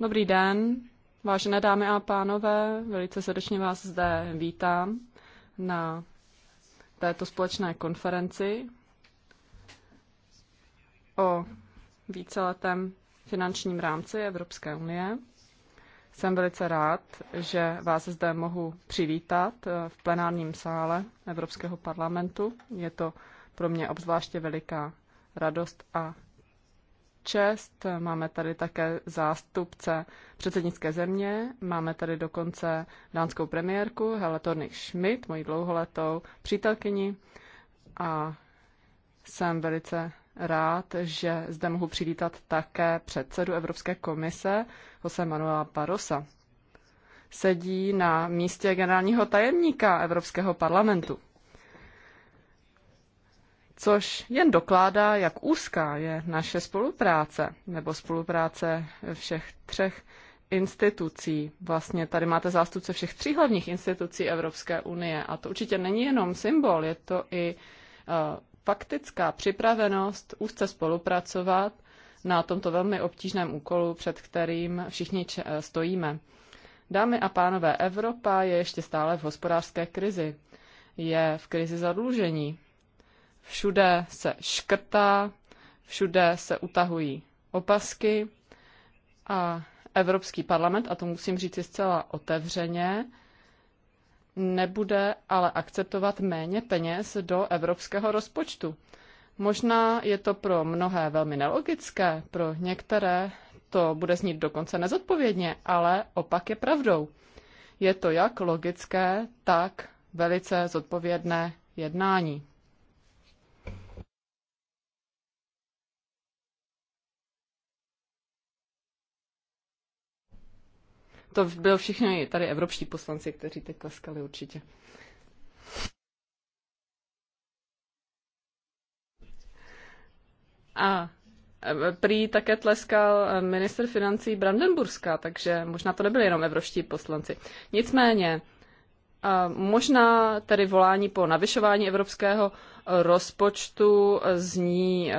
Dobrý den, vážené dámy a pánové, velice srdečně vás zde vítám na této společné konferenci o víceletém finančním rámci Evropské unie. Jsem velice rád, že vás zde mohu přivítat v plenárním sále Evropského parlamentu. Je to pro mě obzvláště veliká radost a čest. Máme tady také zástupce předsednické země, máme tady dokonce dánskou premiérku Hele Tornik Schmidt, moji dlouholetou přítelkyni a jsem velice rád, že zde mohu přivítat také předsedu Evropské komise Jose Manuela Barosa. Sedí na místě generálního tajemníka Evropského parlamentu což jen dokládá, jak úzká je naše spolupráce, nebo spolupráce všech třech institucí. Vlastně tady máte zástupce všech tří hlavních institucí Evropské unie a to určitě není jenom symbol, je to i uh, faktická připravenost úzce spolupracovat na tomto velmi obtížném úkolu, před kterým všichni eh, stojíme. Dámy a pánové, Evropa je ještě stále v hospodářské krizi. Je v krizi zadlužení všude se škrtá, všude se utahují opasky a Evropský parlament, a to musím říct si zcela otevřeně, nebude ale akceptovat méně peněz do evropského rozpočtu. Možná je to pro mnohé velmi nelogické, pro některé to bude znít dokonce nezodpovědně, ale opak je pravdou. Je to jak logické, tak velice zodpovědné jednání. To byl všichni tady evropští poslanci, kteří teď tleskali určitě. A e, prý také tleskal e, minister financí Brandenburska, takže možná to nebyli jenom evropští poslanci. Nicméně, e, možná tedy volání po navyšování evropského rozpočtu zní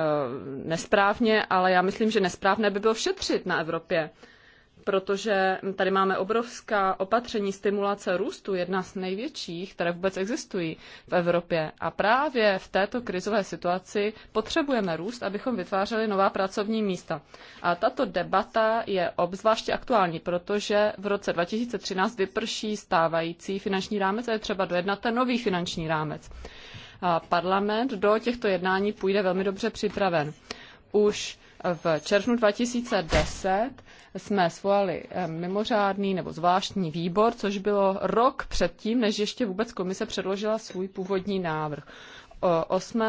nesprávně, ale já myslím, že nesprávné by bylo šetřit na Evropě protože tady máme obrovská opatření stimulace růstu, jedna z největších, které vůbec existují v Evropě. A právě v této krizové situaci potřebujeme růst, abychom vytvářeli nová pracovní místa. A tato debata je obzvláště aktuální, protože v roce 2013 vyprší stávající finanční rámec a je třeba dojednat ten nový finanční rámec. A parlament do těchto jednání půjde velmi dobře připraven. Už v červnu 2010 jsme svolali eh, mimořádný nebo zvláštní výbor, což bylo rok předtím, než ještě vůbec komise předložila svůj původní návrh. 8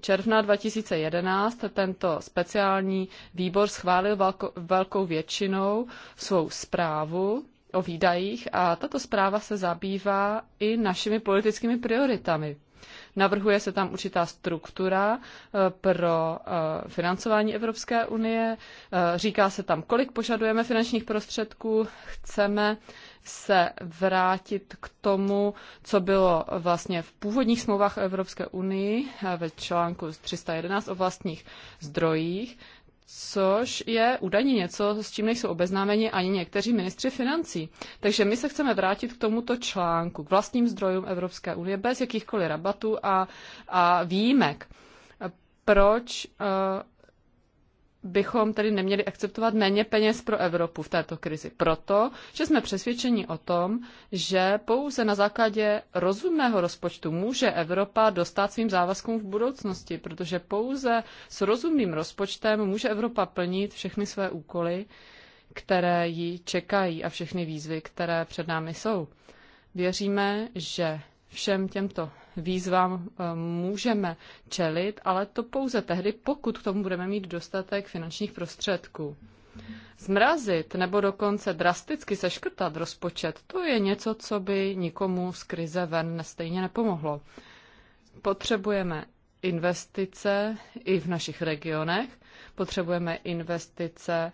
června 2011 tento speciální výbor schválil velkou většinou svou zprávu o výdajích a tato zpráva se zabývá i našimi politickými prioritami. Navrhuje se tam určitá struktura eh, pro eh, financování Evropské unie. Eh, říká se tam, kolik požadujeme finančních prostředků, chceme se vrátit k tomu, co bylo vlastně v původních smlouvách o Evropské unii ve článku 311 o vlastních zdrojích což je údajně něco, s čím nejsou obeznámeni ani někteří ministři financí. Takže my se chceme vrátit k tomuto článku, k vlastním zdrojům Evropské unie, bez jakýchkoliv rabatů a, a výjimek. Proč uh, bychom tedy neměli akceptovat méně peněz pro Evropu v této krizi. Proto, že jsme přesvědčeni o tom, že pouze na základě rozumného rozpočtu může Evropa dostat svým závazkům v budoucnosti, protože pouze s rozumným rozpočtem může Evropa plnit všechny své úkoly, které ji čekají a všechny výzvy, které před námi jsou. Věříme, že všem těmto výzvám eh, můžeme čelit, ale to pouze tehdy, pokud k tomu budeme mít dostatek finančních prostředků. Zmrazit nebo dokonce drasticky seškrtat rozpočet, to je něco, co by nikomu z krize ven nestejně nepomohlo. Potřebujeme investice i v našich regionech, potřebujeme investice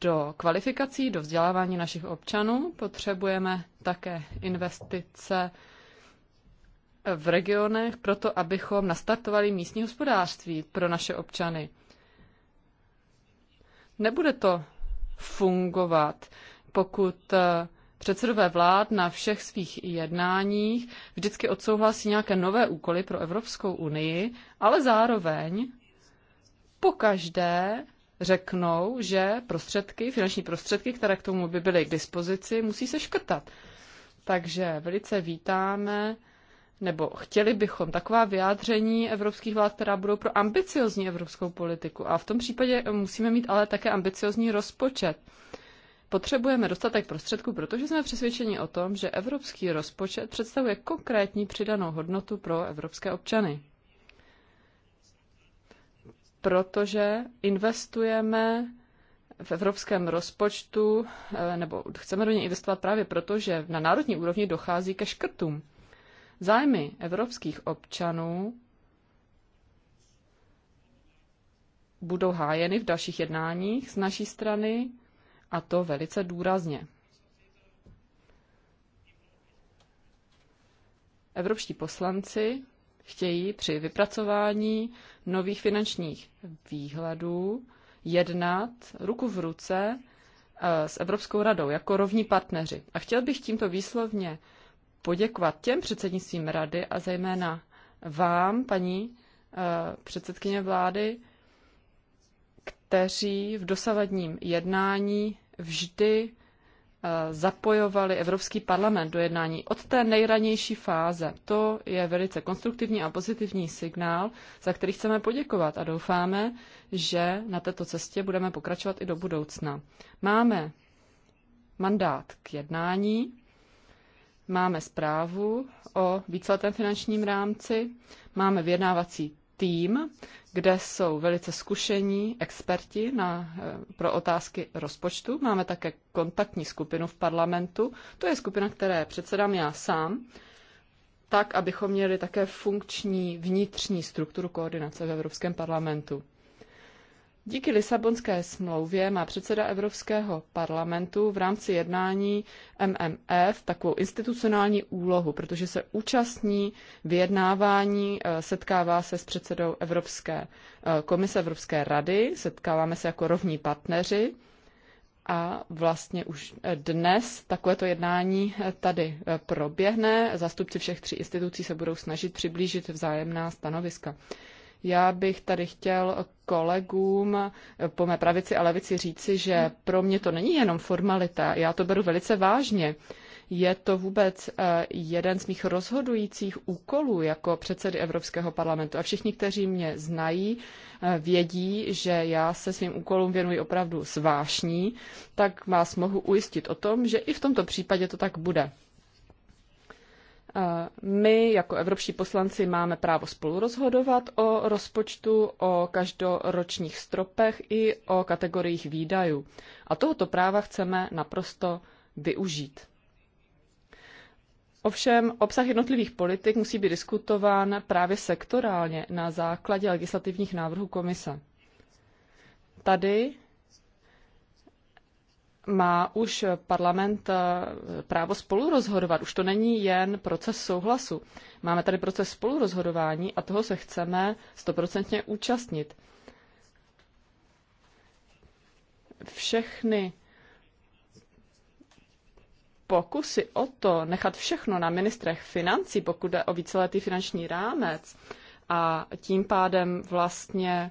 do kvalifikací, do vzdělávání našich občanů, potřebujeme také investice v regionech proto, abychom nastartovali místní hospodářství pro naše občany. Nebude to fungovat, pokud eh, předsedové vlád na všech svých jednáních vždycky odsouhlasí nějaké nové úkoly pro Evropskou unii, ale zároveň pokaždé řeknou, že prostředky, finanční prostředky, které k tomu by byly k dispozici, musí se škrtat. Takže velice vítáme nebo chtěli bychom taková vyjádření evropských vlád, která budou pro ambiciozní evropskou politiku. A v tom případě musíme mít ale také ambiciozní rozpočet. Potřebujeme dostatek prostředků, protože jsme přesvědčeni o tom, že evropský rozpočet představuje konkrétní přidanou hodnotu pro evropské občany. Protože investujeme v evropském rozpočtu, eh, nebo chceme do něj investovat právě proto, že na národní úrovni dochází ke škrtům zájmy evropských občanů budou hájeny v dalších jednáních z naší strany a to velice důrazně. Evropští poslanci chtějí při vypracování nových finančních výhledů jednat ruku v ruce eh, s Evropskou radou jako rovní partneři. A chtěl bych tímto výslovně poděkovat těm předsednictvím rady a zejména vám, paní eh, předsedkyně vlády, kteří v dosavadním jednání vždy eh, zapojovali Evropský parlament do jednání od té nejranější fáze. To je velice konstruktivní a pozitivní signál, za který chceme poděkovat a doufáme, že na této cestě budeme pokračovat i do budoucna. Máme mandát k jednání, Máme zprávu o víceletém finančním rámci, máme vyjednávací tým, kde jsou velice zkušení experti na, eh, pro otázky rozpočtu. Máme také kontaktní skupinu v parlamentu. To je skupina, které předsedám já sám, tak, abychom měli také funkční vnitřní strukturu koordinace v Evropském parlamentu. Díky Lisabonské smlouvě má předseda Evropského parlamentu v rámci jednání MMF takovou institucionální úlohu, protože se účastní vyjednávání, eh, setkává se s předsedou Evropské eh, komise Evropské rady, setkáváme se jako rovní partneři a vlastně už eh, dnes takovéto jednání tady proběhne. Zastupci všech tří institucí se budou snažit přiblížit vzájemná stanoviska. Já bych tady chtěl kolegům po mé pravici a levici říci, že pro mě to není jenom formalita, já to beru velice vážně. Je to vůbec eh, jeden z mých rozhodujících úkolů jako předsedy Evropského parlamentu. A všichni, kteří mě znají, eh, vědí, že já se svým úkolům věnuji opravdu svášní, tak vás mohu ujistit o tom, že i v tomto případě to tak bude. My jako evropští poslanci máme právo spolurozhodovat o rozpočtu, o každoročních stropech i o kategoriích výdajů. A tohoto práva chceme naprosto využít. Ovšem obsah jednotlivých politik musí být diskutován právě sektorálně na základě legislativních návrhů komise. Tady má už parlament eh, právo spolurozhodovat. Už to není jen proces souhlasu. Máme tady proces spolurozhodování a toho se chceme stoprocentně účastnit. Všechny pokusy o to nechat všechno na ministrech financí, pokud jde o víceletý finanční rámec, a tím pádem vlastně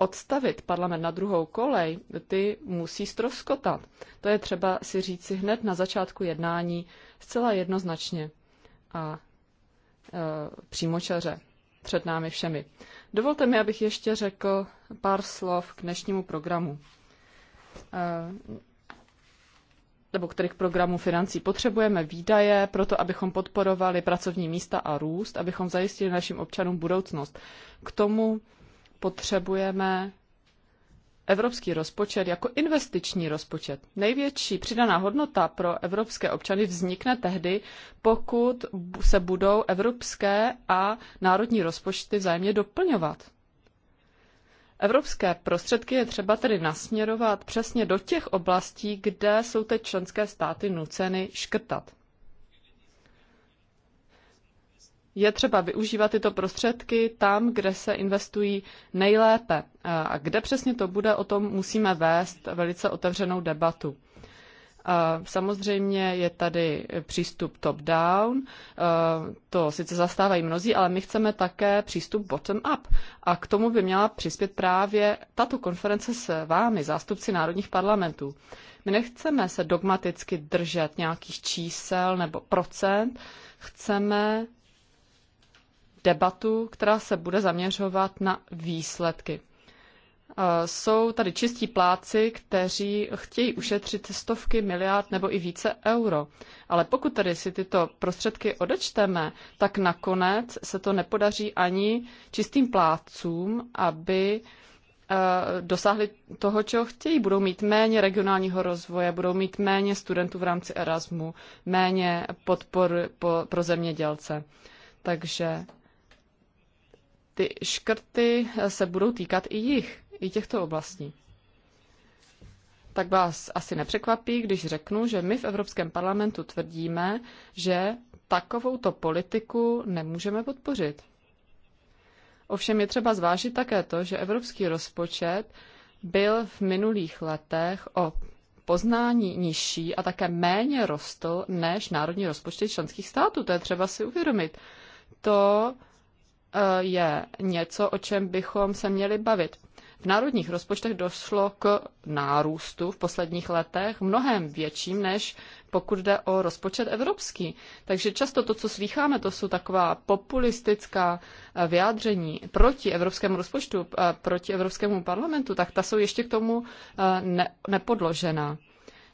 odstavit parlament na druhou kolej, ty musí stroskotat. To je třeba si říci hned na začátku jednání zcela jednoznačně a e, přímočaře před námi všemi. Dovolte mi, abych ještě řekl pár slov k dnešnímu programu. E, nebo kterých programů financí potřebujeme výdaje, proto abychom podporovali pracovní místa a růst, abychom zajistili našim občanům budoucnost. K tomu potřebujeme evropský rozpočet jako investiční rozpočet. Největší přidaná hodnota pro evropské občany vznikne tehdy, pokud se budou evropské a národní rozpočty vzájemně doplňovat. Evropské prostředky je třeba tedy nasměrovat přesně do těch oblastí, kde jsou teď členské státy nuceny škrtat. je třeba využívat tyto prostředky tam, kde se investují nejlépe. A kde přesně to bude, o tom musíme vést velice otevřenou debatu. Samozřejmě je tady přístup top-down, to sice zastávají mnozí, ale my chceme také přístup bottom-up. A k tomu by měla přispět právě tato konference s vámi, zástupci národních parlamentů. My nechceme se dogmaticky držet nějakých čísel nebo procent, chceme debatu, která se bude zaměřovat na výsledky. Eh, jsou tady čistí pláci, kteří chtějí ušetřit stovky miliard nebo i více euro. Ale pokud tady si tyto prostředky odečteme, tak nakonec se to nepodaří ani čistým plácům, aby eh, dosáhli toho, čeho chtějí. Budou mít méně regionálního rozvoje, budou mít méně studentů v rámci Erasmu, méně podpor pro zemědělce. Takže ty škrty eh, se budou týkat i jich, i těchto oblastí. Tak vás asi nepřekvapí, když řeknu, že my v Evropském parlamentu tvrdíme, že takovouto politiku nemůžeme podpořit. Ovšem je třeba zvážit také to, že evropský rozpočet byl v minulých letech o poznání nižší a také méně rostl než národní rozpočty členských států. To je třeba si uvědomit. To Eh, je něco, o čem bychom se měli bavit. V národních rozpočtech došlo k nárůstu v posledních letech mnohem větším, než pokud jde o rozpočet evropský. Takže často to, co slýcháme, to jsou taková populistická eh, vyjádření proti evropskému rozpočtu, eh, proti evropskému parlamentu, tak ta jsou ještě k tomu ne- nepodložená.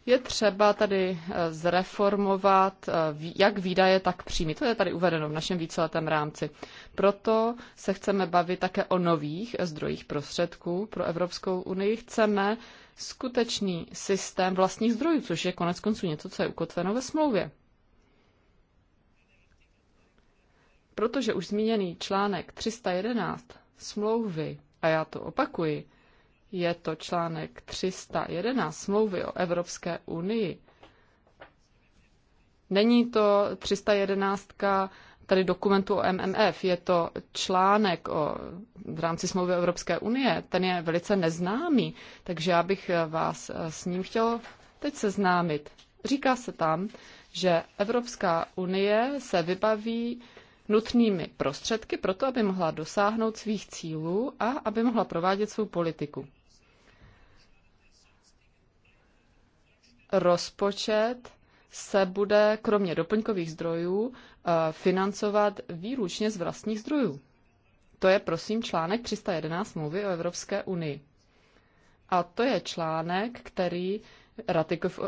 Je třeba tady eh, zreformovat eh, jak výdaje, tak příjmy. To je tady uvedeno v našem víceletém rámci. Proto se chceme bavit také o nových eh, zdrojích prostředků pro Evropskou unii. Chceme skutečný systém vlastních zdrojů, což je konec konců něco, co je ukotveno ve smlouvě. Protože už zmíněný článek 311 smlouvy, a já to opakuji, je to článek 311 smlouvy o Evropské unii. Není to 311 tady dokumentu o MMF, je to článek o, v rámci smlouvy Evropské unie, ten je velice neznámý, takže já bych eh, vás eh, s ním chtěl teď seznámit. Říká se tam, že Evropská unie se vybaví nutnými prostředky pro to, aby mohla dosáhnout svých cílů a aby mohla provádět svou politiku. rozpočet se bude kromě doplňkových zdrojů eh, financovat výlučně z vlastních zdrojů. To je prosím článek 311 smlouvy o Evropské unii. A to je článek, který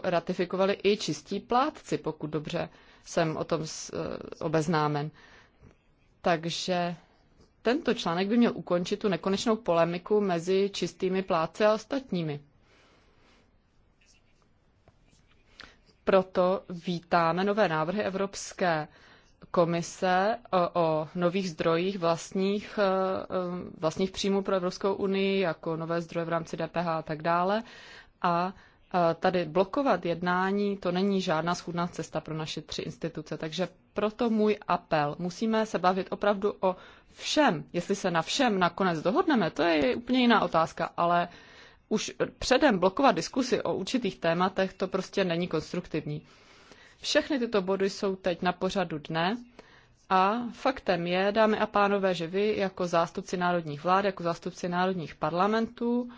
ratifikovali i čistí plátci, pokud dobře jsem o tom eh, obeznámen. Takže tento článek by měl ukončit tu nekonečnou polemiku mezi čistými plátci a ostatními. Proto vítáme nové návrhy Evropské komise o, e, o nových zdrojích vlastních, e, e, vlastních příjmů pro Evropskou unii, jako nové zdroje v rámci DPH a tak dále. A tady blokovat jednání, to není žádná schůdná cesta pro naše tři instituce. Takže proto můj apel. Musíme se bavit opravdu o všem. Jestli se na všem nakonec dohodneme, to je úplně jiná otázka, ale už předem blokovat diskusy o určitých tématech, to prostě není konstruktivní. Všechny tyto body jsou teď na pořadu dne a faktem je, dámy a pánové, že vy jako zástupci národních vlád, jako zástupci národních parlamentů,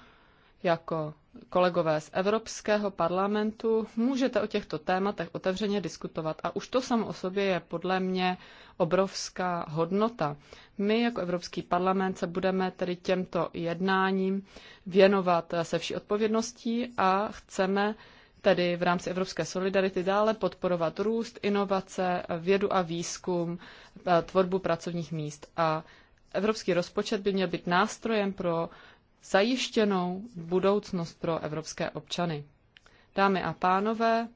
jako kolegové z Evropského parlamentu, můžete o těchto tématech otevřeně diskutovat. A už to samo o sobě je podle mě obrovská hodnota. My jako Evropský parlament se budeme tedy těmto jednáním věnovat se vší odpovědností a chceme tedy v rámci Evropské solidarity dále podporovat růst, inovace, vědu a výzkum, tvorbu pracovních míst. A evropský rozpočet by měl být nástrojem pro zajištěnou budoucnost pro evropské občany. Dámy a pánové,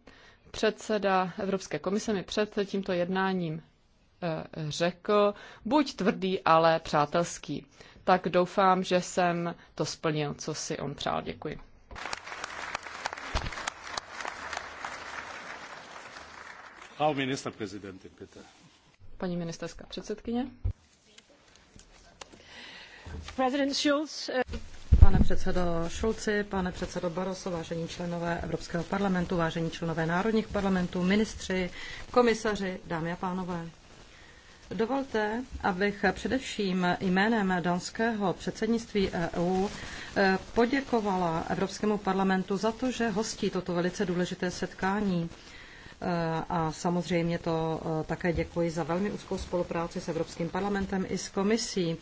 předseda Evropské komise mi před tímto jednáním e, řekl, buď tvrdý, ale přátelský. Tak doufám, že jsem to splnil, co si on přál. Děkuji. Paní ministerská předsedkyně. President Schulz, uh pane předsedo Šulci, pane předsedo Baroso, vážení členové Evropského parlamentu, vážení členové národních parlamentů, ministři, komisaři, dámy a pánové. Dovolte, abych především jménem dánského předsednictví EU eh, poděkovala Evropskému parlamentu za to, že hostí toto velice důležité setkání. Eh, a samozřejmě to eh, také děkuji za velmi úzkou spolupráci s Evropským parlamentem i s komisí.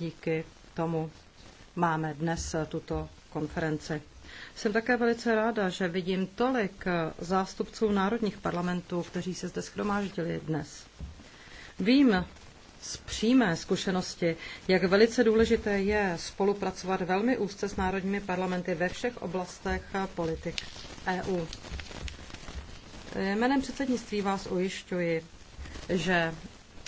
Díky tomu máme dnes tuto konferenci. Jsem také velice ráda, že vidím tolik zástupců národních parlamentů, kteří se zde schromáždili dnes. Vím z přímé zkušenosti, jak velice důležité je spolupracovat velmi úzce s národními parlamenty ve všech oblastech politik EU. Jménem předsednictví vás ujišťuji, že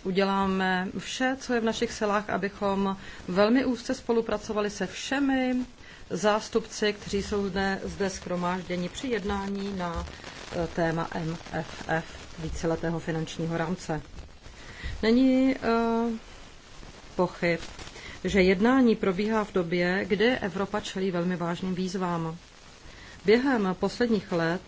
uděláme vše, co je v našich silách, abychom velmi úzce spolupracovali se všemi zástupci, kteří jsou zde, zde schromážděni při jednání na eh, téma MFF víceletého finančního rámce. Není uh, pochyb, že jednání probíhá v době, kdy Evropa čelí velmi vážným výzvám. Během posledních let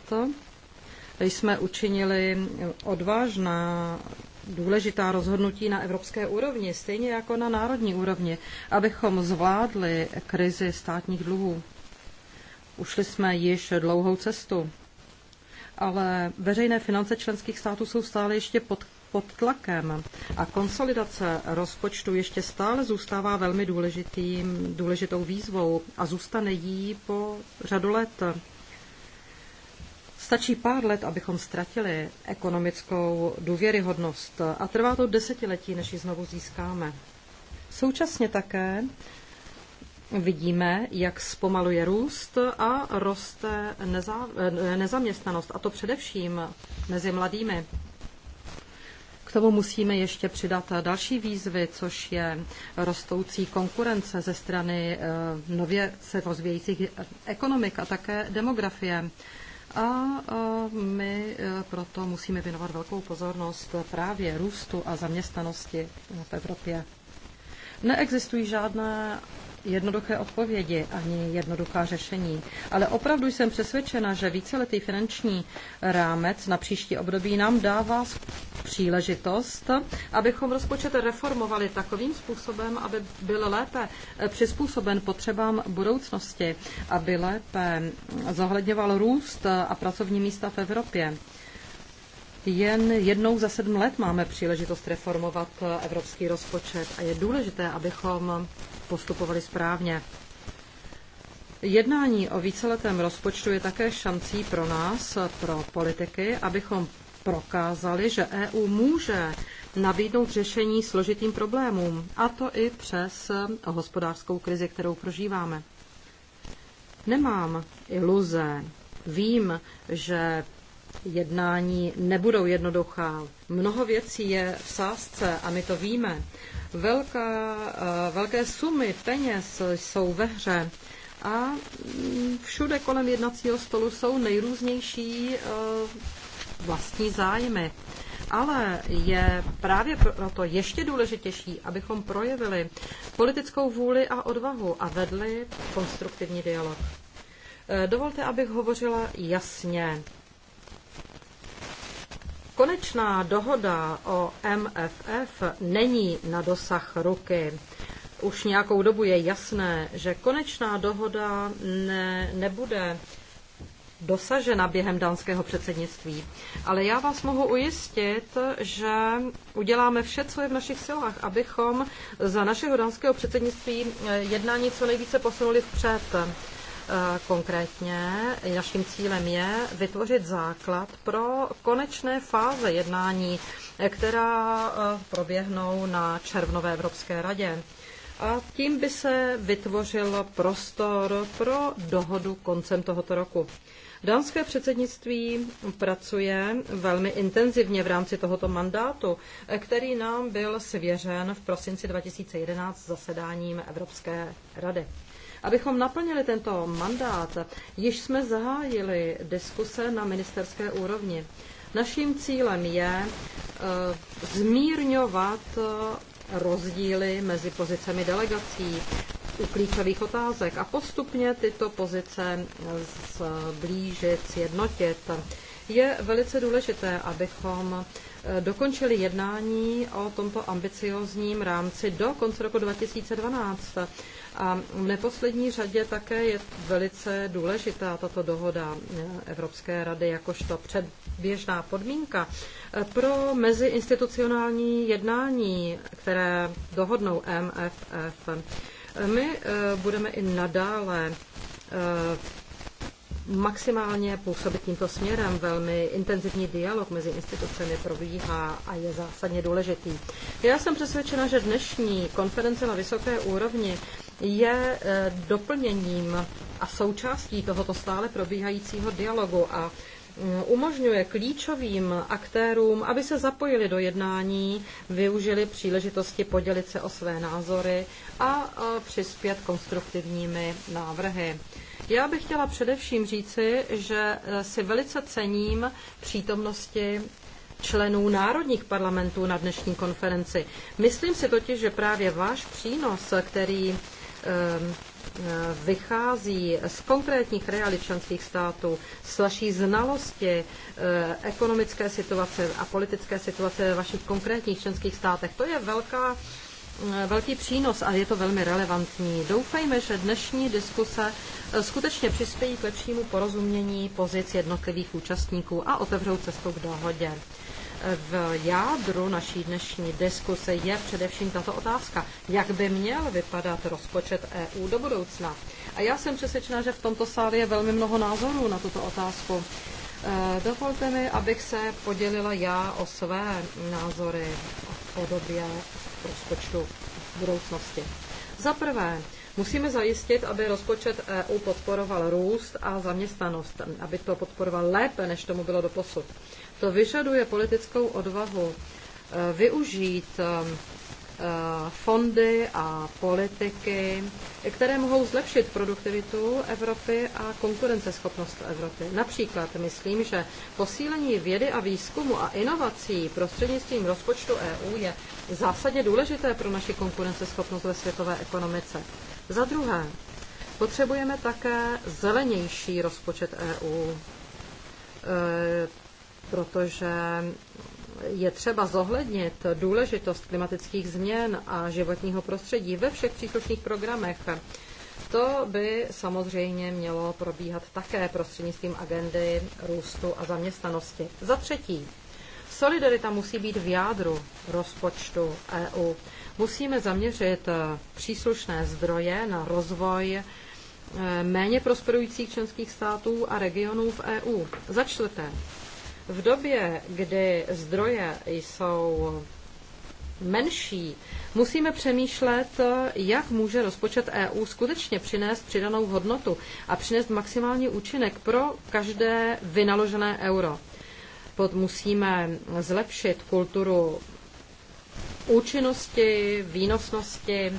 jsme učinili odvážná důležitá rozhodnutí na evropské úrovni, stejně jako na národní úrovni, abychom zvládli krizi státních dluhů. Ušli jsme již dlouhou cestu, ale veřejné finance členských států jsou stále ještě pod, pod tlakem a konsolidace rozpočtu ještě stále zůstává velmi důležitým, důležitou výzvou a zůstane jí po řadu let. Stačí pár let, abychom ztratili ekonomickou důvěryhodnost a trvá to desetiletí, než ji znovu získáme. Současně také vidíme, jak zpomaluje růst a roste neza, eh, nezaměstnanost, a to především mezi mladými. K tomu musíme ještě přidat další výzvy, což je rostoucí konkurence ze strany eh, nově se rozvíjejících ekonomik a také demografie. A my e, proto musíme věnovat velkou pozornost právě růstu a zaměstnanosti v Evropě. Neexistují žádné jednoduché odpovědi ani jednoduchá řešení, ale opravdu jsem přesvědčena, že víceletý finanční rámec na příští období nám dává příležitost, abychom rozpočet reformovali takovým způsobem, aby byl lépe přizpůsoben potřebám budoucnosti, aby lépe zohledňoval růst a pracovní místa v Evropě. Jen jednou za sedm let máme příležitost reformovat evropský rozpočet a je důležité, abychom postupovali správně. Jednání o víceletém rozpočtu je také šancí pro nás, pro politiky, abychom prokázali, že EU může nabídnout řešení složitým problémům, a to i přes eh, hospodářskou krizi, kterou prožíváme. Nemám iluze. Vím, že jednání nebudou jednoduchá. Mnoho věcí je v sázce a my to víme. Velká, eh, velké sumy peněz jsou ve hře a mm, všude kolem jednacího stolu jsou nejrůznější eh, vlastní zájmy. Ale je právě proto ještě důležitější, abychom projevili politickou vůli a odvahu a vedli konstruktivní dialog. Eh, dovolte, abych hovořila jasně. Konečná dohoda o MFF není na dosah ruky. Už nějakou dobu je jasné, že konečná dohoda ne, nebude dosažena během dánského předsednictví. Ale já vás mohu ujistit, že uděláme vše, co je v našich silách, abychom za našeho dánského předsednictví eh, jednání co nejvíce posunuli vpřed. E, konkrétně naším cílem je vytvořit základ pro konečné fáze jednání, která e, proběhnou na červnové Evropské radě. A tím by se vytvořil prostor pro dohodu koncem tohoto roku. Dánské předsednictví pracuje velmi intenzivně v rámci tohoto mandátu, který nám byl svěřen v prosinci 2011 zasedáním Evropské rady. Abychom naplnili tento mandát, již jsme zahájili diskuse na ministerské úrovni. Naším cílem je eh, zmírňovat eh, rozdíly mezi pozicemi delegací u klíčových otázek a postupně tyto pozice eh, zblížit, sjednotit. Je velice důležité, abychom dokončili jednání o tomto ambiciozním rámci do konce roku 2012. A v neposlední řadě také je velice důležitá tato dohoda eh, Evropské rady jakožto předběžná podmínka eh, pro meziinstitucionální jednání, které dohodnou MFF. Eh, my budeme i nadále maximálně působit tímto směrem. Velmi intenzivní dialog mezi institucemi probíhá a je zásadně důležitý. Já jsem přesvědčena, že dnešní konference na vysoké úrovni je eh, doplněním a součástí tohoto stále probíhajícího dialogu a mm, umožňuje klíčovým aktérům, aby se zapojili do jednání, využili příležitosti podělit se o své názory a přispět konstruktivními návrhy. Já bych chtěla především říci, že eh, si velice cením přítomnosti členů národních parlamentů na dnešní konferenci. Myslím si totiž, že právě váš přínos, který Ehm, vychází z konkrétních realit členských států, z vaší znalosti eh, ekonomické situace a politické situace ve vašich konkrétních členských státech. To je velká, eh, velký přínos a je to velmi relevantní. Doufejme, že dnešní diskuse eh, skutečně přispějí k lepšímu porozumění pozic jednotlivých účastníků a otevřou cestu k dohodě v jádru naší dnešní diskuse je především tato otázka, jak by měl vypadat rozpočet EU do budoucna. A já jsem přesvědčena, že v tomto sále je velmi mnoho názorů na tuto otázku. E, dovolte mi, abych se podělila já o své názory o podobě rozpočtu v budoucnosti. Za prvé, musíme zajistit, aby rozpočet EU podporoval růst a zaměstnanost, aby to podporoval lépe, než tomu bylo doposud. posud. To vyžaduje politickou odvahu eh, využít eh, eh, fondy a politiky, které mohou zlepšit produktivitu Evropy a konkurenceschopnost Evropy. Například myslím, že posílení vědy a výzkumu a inovací prostřednictvím rozpočtu EU je zásadně důležité pro naši konkurenceschopnost ve světové ekonomice. Za druhé, potřebujeme také zelenější rozpočet EU protože je třeba zohlednit důležitost klimatických změn a životního prostředí ve všech příslušných programech. To by samozřejmě mělo probíhat také prostřednictvím agendy růstu a zaměstnanosti. Za třetí, solidarita musí být v jádru rozpočtu EU. Musíme zaměřit eh, příslušné zdroje na rozvoj eh, méně prosperujících členských států a regionů v EU. Za čtvrté, v době, kdy zdroje jsou menší, musíme přemýšlet, jak může rozpočet EU skutečně přinést přidanou hodnotu a přinést maximální účinek pro každé vynaložené euro. Pod musíme zlepšit kulturu účinnosti, výnosnosti,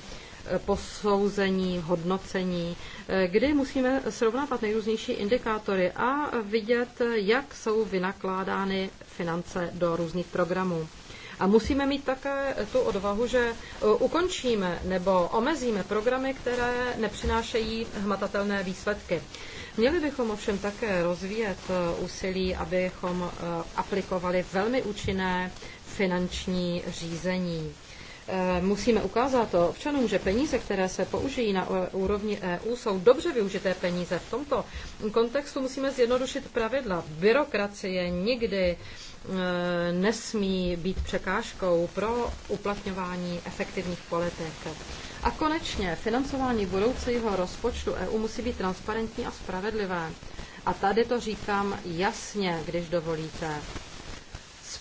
posouzení, hodnocení, eh, kdy musíme srovnávat nejrůznější indikátory a vidět, jak jsou vynakládány finance do různých programů. A musíme mít také tu odvahu, že eh, ukončíme nebo omezíme programy, které nepřinášejí hmatatelné výsledky. Měli bychom ovšem také rozvíjet eh, úsilí, abychom aplikovali velmi účinné finanční řízení. Eh, musíme ukázat to občanům, že peníze, které se použijí na úrovni EU, jsou dobře využité peníze. V tomto kontextu musíme zjednodušit pravidla. Byrokracie nikdy eh, nesmí být překážkou pro uplatňování efektivních politik. A konečně financování budoucího rozpočtu EU musí být transparentní a spravedlivé. A tady to říkám jasně, když dovolíte.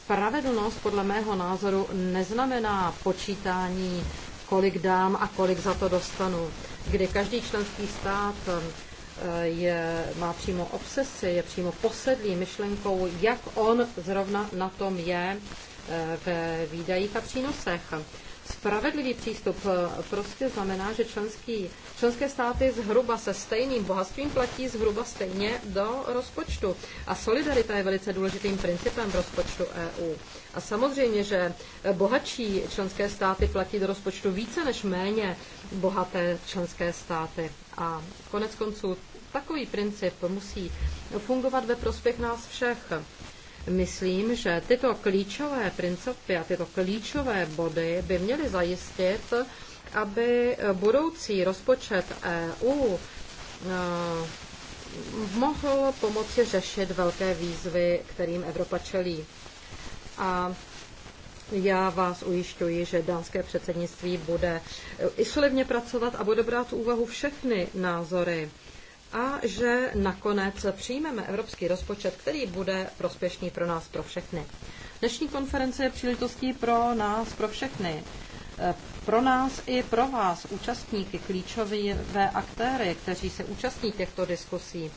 Spravedlnost podle mého názoru neznamená počítání, kolik dám a kolik za to dostanu, kdy každý členský stát eh, je, má přímo obsesi, je přímo posedlý myšlenkou, jak on zrovna na tom je eh, ve výdajích a přínosech. Spravedlivý přístup eh, prostě znamená, že členský, členské státy zhruba se stejným bohatstvím platí zhruba stejně do rozpočtu. A solidarita je velice důležitým principem v rozpočtu EU. A samozřejmě, že eh, bohatší členské státy platí do rozpočtu více než méně bohaté členské státy. A konec konců takový princip musí fungovat ve prospěch nás všech. Myslím, že tyto klíčové principy a tyto klíčové body by měly zajistit, aby budoucí rozpočet EU eh, mohl pomoci řešit velké výzvy, kterým Evropa čelí. A já vás ujišťuji, že dánské předsednictví bude eh, i slibně pracovat a bude brát v úvahu všechny názory a že nakonec přijmeme evropský rozpočet, který bude prospěšný pro nás, pro všechny. Dnešní konference je příležitostí pro nás, pro všechny. E, pro nás i pro vás, účastníky, klíčové aktéry, kteří se účastní těchto diskusí,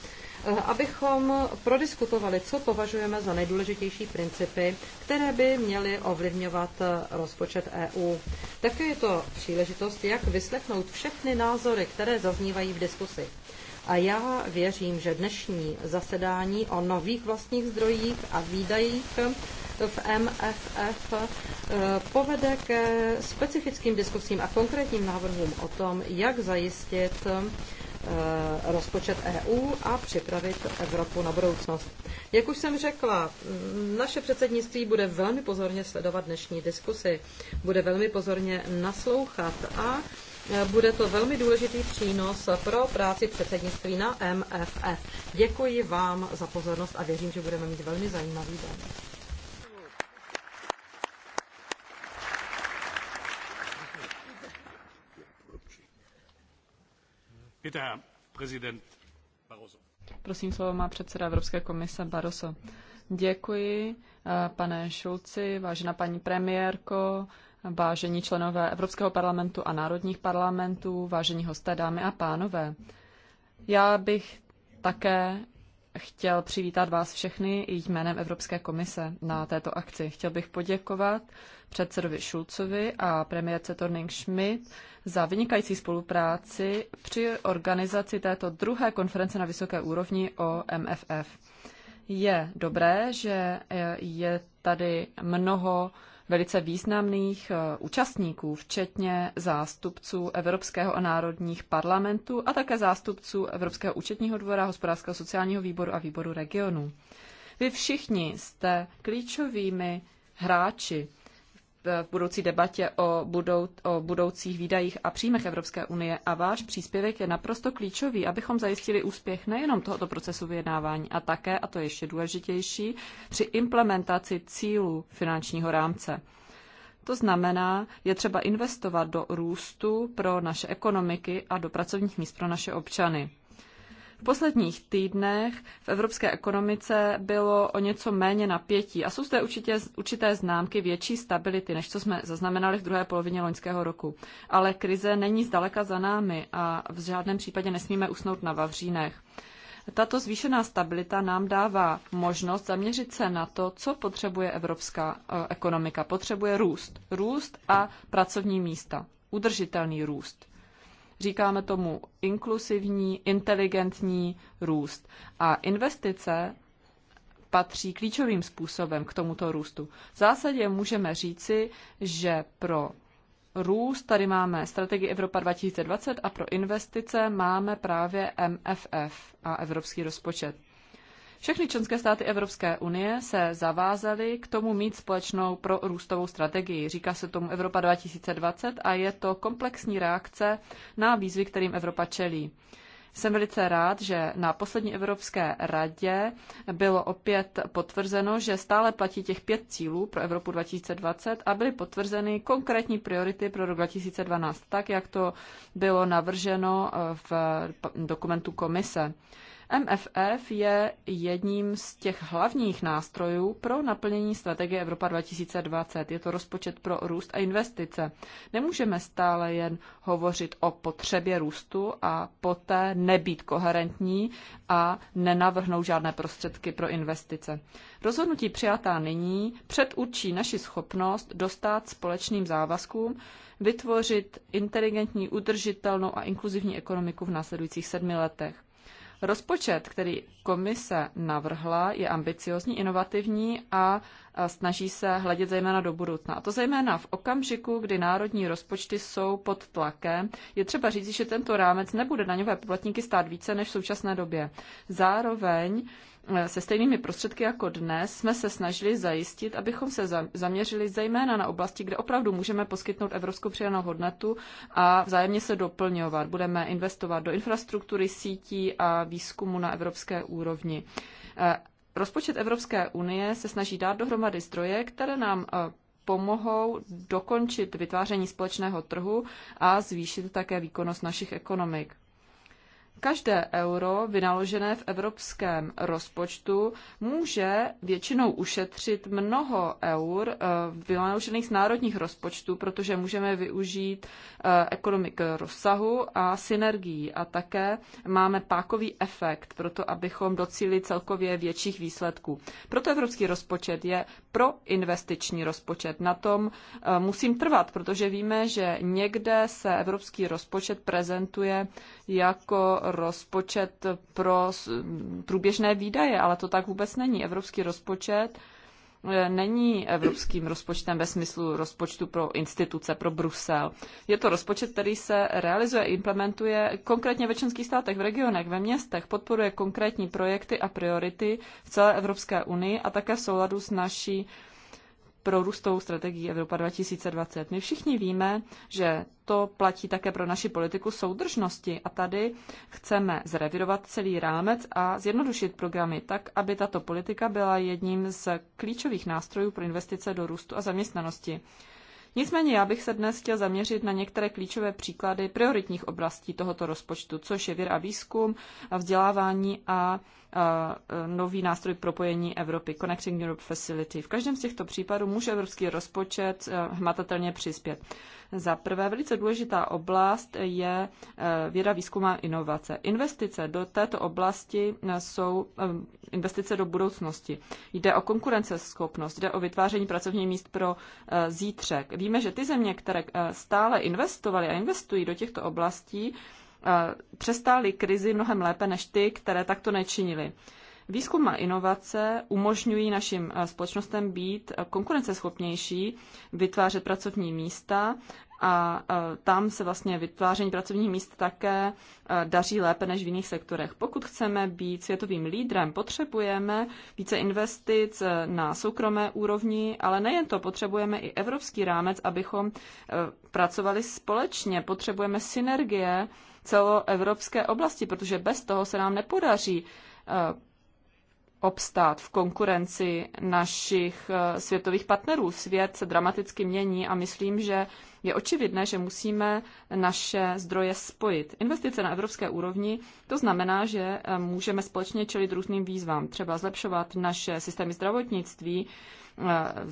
e, abychom prodiskutovali, co považujeme za nejdůležitější principy, které by měly ovlivňovat e, rozpočet EU. Také je to příležitost, jak vyslechnout všechny názory, které zaznívají v diskusi. A já věřím, že dnešní zasedání o nových vlastních zdrojích a výdajích v MFF eh, povede ke specifickým diskusím a konkrétním návrhům o tom, jak zajistit eh, rozpočet EU a připravit Evropu na budoucnost. Jak už jsem řekla, naše předsednictví bude velmi pozorně sledovat dnešní diskusy, bude velmi pozorně naslouchat a bude to velmi důležitý přínos pro práci předsednictví na MFF. Děkuji vám za pozornost a věřím, že budeme mít velmi zajímavý den. Prosím, slovo má předseda Evropské komise Barroso. Děkuji, eh, pane Šulci, vážená paní premiérko, vážení členové Evropského parlamentu a národních parlamentů, vážení hosté, dámy a pánové. Já bych také chtěl přivítat vás všechny i jménem Evropské komise na této akci. Chtěl bych poděkovat předsedovi Šulcovi a premiérce Torning Schmidt za vynikající spolupráci při organizaci této druhé konference na vysoké úrovni o MFF. Je dobré, že je tady mnoho velice významných eh, účastníků, včetně zástupců Evropského a národních parlamentů a také zástupců Evropského účetního dvora, hospodářského sociálního výboru a výboru regionu. Vy všichni jste klíčovými hráči v budoucí debatě o, budou, o budoucích výdajích a příjmech Evropské unie a váš příspěvek je naprosto klíčový, abychom zajistili úspěch nejenom tohoto procesu vyjednávání a také, a to je ještě důležitější, při implementaci cílů finančního rámce. To znamená, je třeba investovat do růstu pro naše ekonomiky a do pracovních míst pro naše občany. V posledních týdnech v evropské ekonomice bylo o něco méně napětí a jsou zde určitě určité známky větší stability, než co jsme zaznamenali v druhé polovině loňského roku. Ale krize není zdaleka za námi a v žádném případě nesmíme usnout na vavřínech. Tato zvýšená stabilita nám dává možnost zaměřit se na to, co potřebuje evropská e, ekonomika. Potřebuje růst. Růst a pracovní místa. Udržitelný růst. Říkáme tomu inkluzivní, inteligentní růst. A investice patří klíčovým způsobem k tomuto růstu. V zásadě můžeme říci, že pro růst tady máme strategii Evropa 2020 a pro investice máme právě MFF a evropský rozpočet. Všechny členské státy Evropské unie se zavázaly k tomu mít společnou pro růstovou strategii. Říká se tomu Evropa 2020 a je to komplexní reakce na výzvy, kterým Evropa čelí. Jsem velice rád, že na poslední Evropské radě bylo opět potvrzeno, že stále platí těch pět cílů pro Evropu 2020 a byly potvrzeny konkrétní priority pro rok 2012, tak jak to bylo navrženo v dokumentu komise. MFF je jedním z těch hlavních nástrojů pro naplnění strategie Evropa 2020. Je to rozpočet pro růst a investice. Nemůžeme stále jen hovořit o potřebě růstu a poté nebýt koherentní a nenavrhnout žádné prostředky pro investice. Rozhodnutí přijatá nyní předurčí naši schopnost dostat společným závazkům, vytvořit inteligentní, udržitelnou a inkluzivní ekonomiku v následujících sedmi letech. Rozpočet, který komise navrhla, je ambiciozní, inovativní a snaží se hledět zejména do budoucna. A to zejména v okamžiku, kdy národní rozpočty jsou pod tlakem, je třeba říct, že tento rámec nebude daňové poplatníky stát více než v současné době. Zároveň Eh, se stejnými prostředky jako dnes jsme se snažili zajistit, abychom se zaměřili zejména na oblasti, kde opravdu můžeme poskytnout evropskou přidanou hodnotu a vzájemně se doplňovat. Budeme investovat do infrastruktury sítí a výzkumu na evropské úrovni. Eh, rozpočet Evropské unie se snaží dát dohromady zdroje, které nám eh, pomohou dokončit vytváření společného trhu a zvýšit také výkonnost našich ekonomik. Každé euro vynaložené v evropském rozpočtu může většinou ušetřit mnoho eur eh, vynaložených z národních rozpočtů, protože můžeme využít eh, ekonomik rozsahu a synergií a také máme pákový efekt pro to, abychom docílili celkově větších výsledků. Proto evropský rozpočet je pro investiční rozpočet. Na tom eh, musím trvat, protože víme, že někde se evropský rozpočet prezentuje jako rozpočet pro průběžné výdaje, ale to tak vůbec není. Evropský rozpočet eh, není evropským rozpočtem ve smyslu rozpočtu pro instituce, pro Brusel. Je to rozpočet, který se realizuje, implementuje konkrétně ve členských státech, v regionech, ve městech, podporuje konkrétní projekty a priority v celé Evropské unii a také v souladu s naší pro růstovou strategii Evropa 2020. My všichni víme, že to platí také pro naši politiku soudržnosti a tady chceme zrevidovat celý rámec a zjednodušit programy tak, aby tato politika byla jedním z klíčových nástrojů pro investice do růstu a zaměstnanosti. Nicméně já bych se dnes chtěl zaměřit na některé klíčové příklady prioritních oblastí tohoto rozpočtu, což je věr a výzkum, vzdělávání a nový nástroj propojení Evropy, Connecting Europe Facility. V každém z těchto případů může evropský rozpočet hmatatelně přispět. Za prvé, velice důležitá oblast je eh, věda, výzkum a inovace. Investice do této oblasti eh, jsou eh, investice do budoucnosti. Jde o konkurenceschopnost, jde o vytváření pracovních míst pro zítřek. Víme, že ty země, které stále investovaly a investují do těchto oblastí, přestály krizi mnohem lépe než ty, které takto nečinily. Výzkum a inovace umožňují našim eh, společnostem být eh, konkurenceschopnější, vytvářet pracovní místa a eh, tam se vlastně vytváření pracovních míst také daří lépe než v jiných sektorech. Pokud chceme být světovým lídrem, potřebujeme více investic na soukromé úrovni, ale nejen to, potřebujeme i evropský rámec, abychom pracovali společně, potřebujeme synergie celoevropské oblasti, protože bez toho se nám nepodaří obstát v konkurenci našich eh, světových partnerů. Svět se dramaticky mění a myslím, že je očividné, že musíme naše zdroje spojit. Investice na evropské úrovni, to znamená, že eh, můžeme společně čelit různým výzvám, třeba zlepšovat naše systémy zdravotnictví, eh,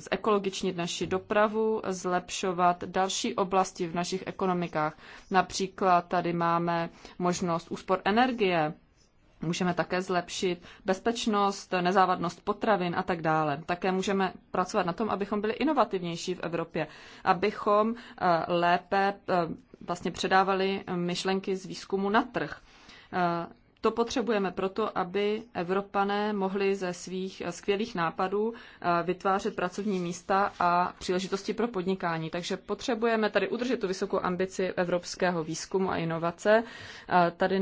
zekologičnit naši dopravu, zlepšovat další oblasti v našich ekonomikách. Například tady máme možnost úspor energie, Můžeme také zlepšit bezpečnost, nezávadnost potravin a tak dále. Také můžeme pracovat na tom, abychom byli inovativnější v Evropě, abychom eh, lépe eh, vlastně předávali myšlenky z výzkumu na trh. Eh, to potřebujeme proto, aby Evropané mohli ze svých skvělých nápadů eh, vytvářet pracovní místa a příležitosti pro podnikání. Takže potřebujeme tady udržet tu vysokou ambici evropského výzkumu a inovace. Eh, tady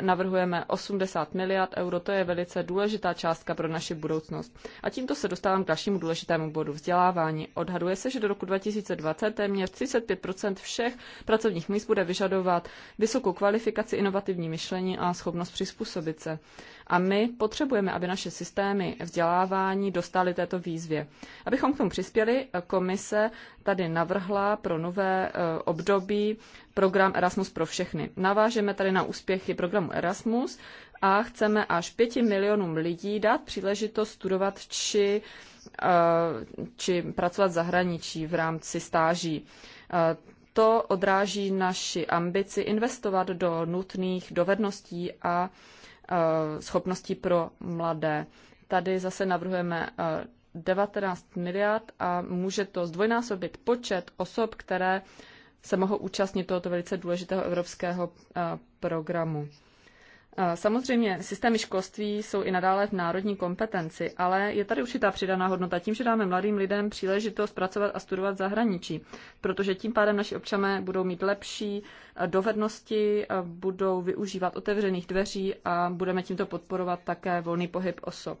navrhujeme 80 miliard euro, to je velice důležitá částka pro naši budoucnost. A tímto se dostávám k dalšímu důležitému bodu vzdělávání. Odhaduje se, že do roku 2020 téměř 35 všech pracovních míst bude vyžadovat vysokou kvalifikaci, inovativní myšlení a schopnost přizpůsobit se. A my potřebujeme, aby naše systémy vzdělávání dostaly této výzvě. Abychom k tomu přispěli, komise tady navrhla pro nové eh, období program Erasmus pro všechny. Navážeme tady na úspěchy programu Erasmus a chceme až pěti milionům lidí dát příležitost studovat či, eh, či pracovat v zahraničí v rámci stáží eh, to odráží naši ambici investovat do nutných dovedností a e, schopností pro mladé. Tady zase navrhujeme 19 e, miliard a může to zdvojnásobit počet osob, které se mohou účastnit tohoto velice důležitého evropského e, programu. Samozřejmě systémy školství jsou i nadále v národní kompetenci, ale je tady určitá přidaná hodnota tím, že dáme mladým lidem příležitost pracovat a studovat v zahraničí, protože tím pádem naši občané budou mít lepší eh, dovednosti, eh, budou využívat otevřených dveří a budeme tímto podporovat také volný pohyb osob.